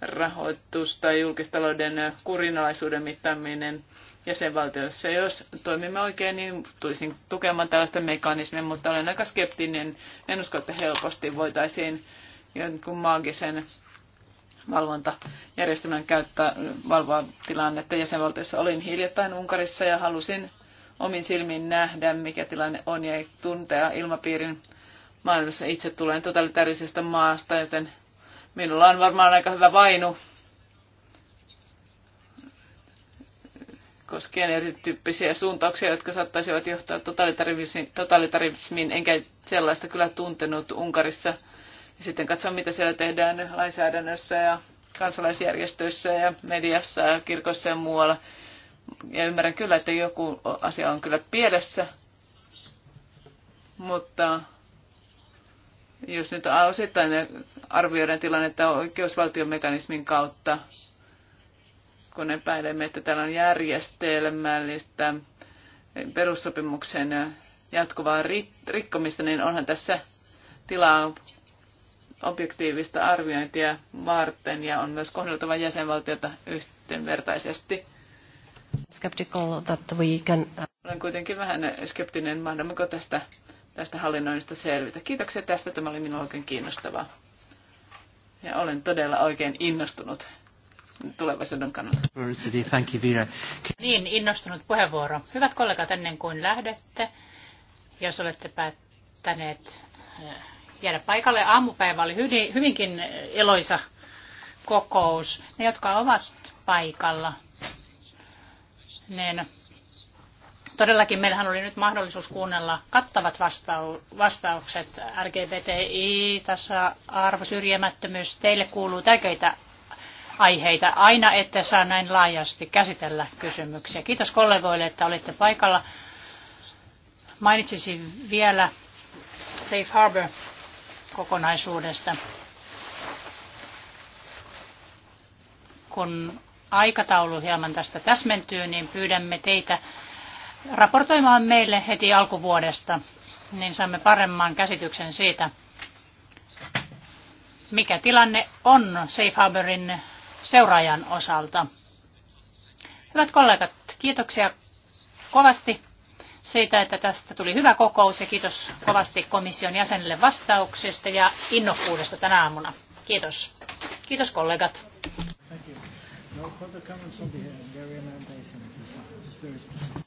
Speaker 6: rahoitus tai julkistalouden kurinalaisuuden mittaaminen jäsenvaltioissa. Jos toimimme oikein, niin tulisin tukemaan tällaista mekanismia, mutta olen aika skeptinen. En usko, että helposti voitaisiin jonkun maagisen valvontajärjestelmän käyttää valvoa tilannetta jäsenvaltiossa. Olin hiljattain Unkarissa ja halusin omin silmin nähdä, mikä tilanne on ja tuntea ilmapiirin maailmassa. Itse tulen totalitaarisesta maasta, joten minulla on varmaan aika hyvä vainu koskien erityyppisiä suuntauksia, jotka saattaisivat johtaa totalitarismiin, totalitarismiin enkä sellaista kyllä tuntenut Unkarissa. Ja sitten katsoa, mitä siellä tehdään lainsäädännössä ja kansalaisjärjestöissä ja mediassa ja kirkossa ja muualla. Ja ymmärrän kyllä, että joku asia on kyllä pielessä, mutta jos nyt osittain arvioidaan tilannetta oikeusvaltion mekanismin kautta, kun epäilemme, että täällä on järjestelmällistä perussopimuksen jatkuvaa rikkomista, niin onhan tässä tilaa objektiivista arviointia varten ja on myös kohdeltava jäsenvaltiota yhdenvertaisesti.
Speaker 5: Skeptical that we can... Uh,
Speaker 6: olen kuitenkin vähän skeptinen, mahdammeko tästä, tästä hallinnoinnista selvitä. Kiitoksia tästä, tämä oli minulle oikein kiinnostavaa. Ja olen todella oikein innostunut tulevaisuuden kannalta.
Speaker 3: Thank you, Vera.
Speaker 2: Niin, innostunut puheenvuoro. Hyvät kollegat, ennen kuin lähdette, jos olette päättäneet eh, jäädä paikalle, aamupäivä oli hyvinkin eloisa kokous. Ne, jotka ovat paikalla, niin todellakin meillähän oli nyt mahdollisuus kuunnella kattavat vastau- vastaukset. LGBTI, tasa-arvo, syrjimättömyys, teille kuuluu tärkeitä aiheita aina, että saa näin laajasti käsitellä kysymyksiä. Kiitos kollegoille, että olitte paikalla. Mainitsisin vielä Safe Harbor kokonaisuudesta. Kun aikataulu hieman tästä täsmentyy, niin pyydämme teitä raportoimaan meille heti alkuvuodesta, niin saamme paremman käsityksen siitä, mikä tilanne on Safe Harborin seuraajan osalta. Hyvät kollegat, kiitoksia kovasti siitä, että tästä tuli hyvä kokous ja kiitos kovasti komission jäsenille vastauksista ja innokkuudesta tänä aamuna. Kiitos. Kiitos kollegat.
Speaker 5: No further comments on the Hungarian no very specific.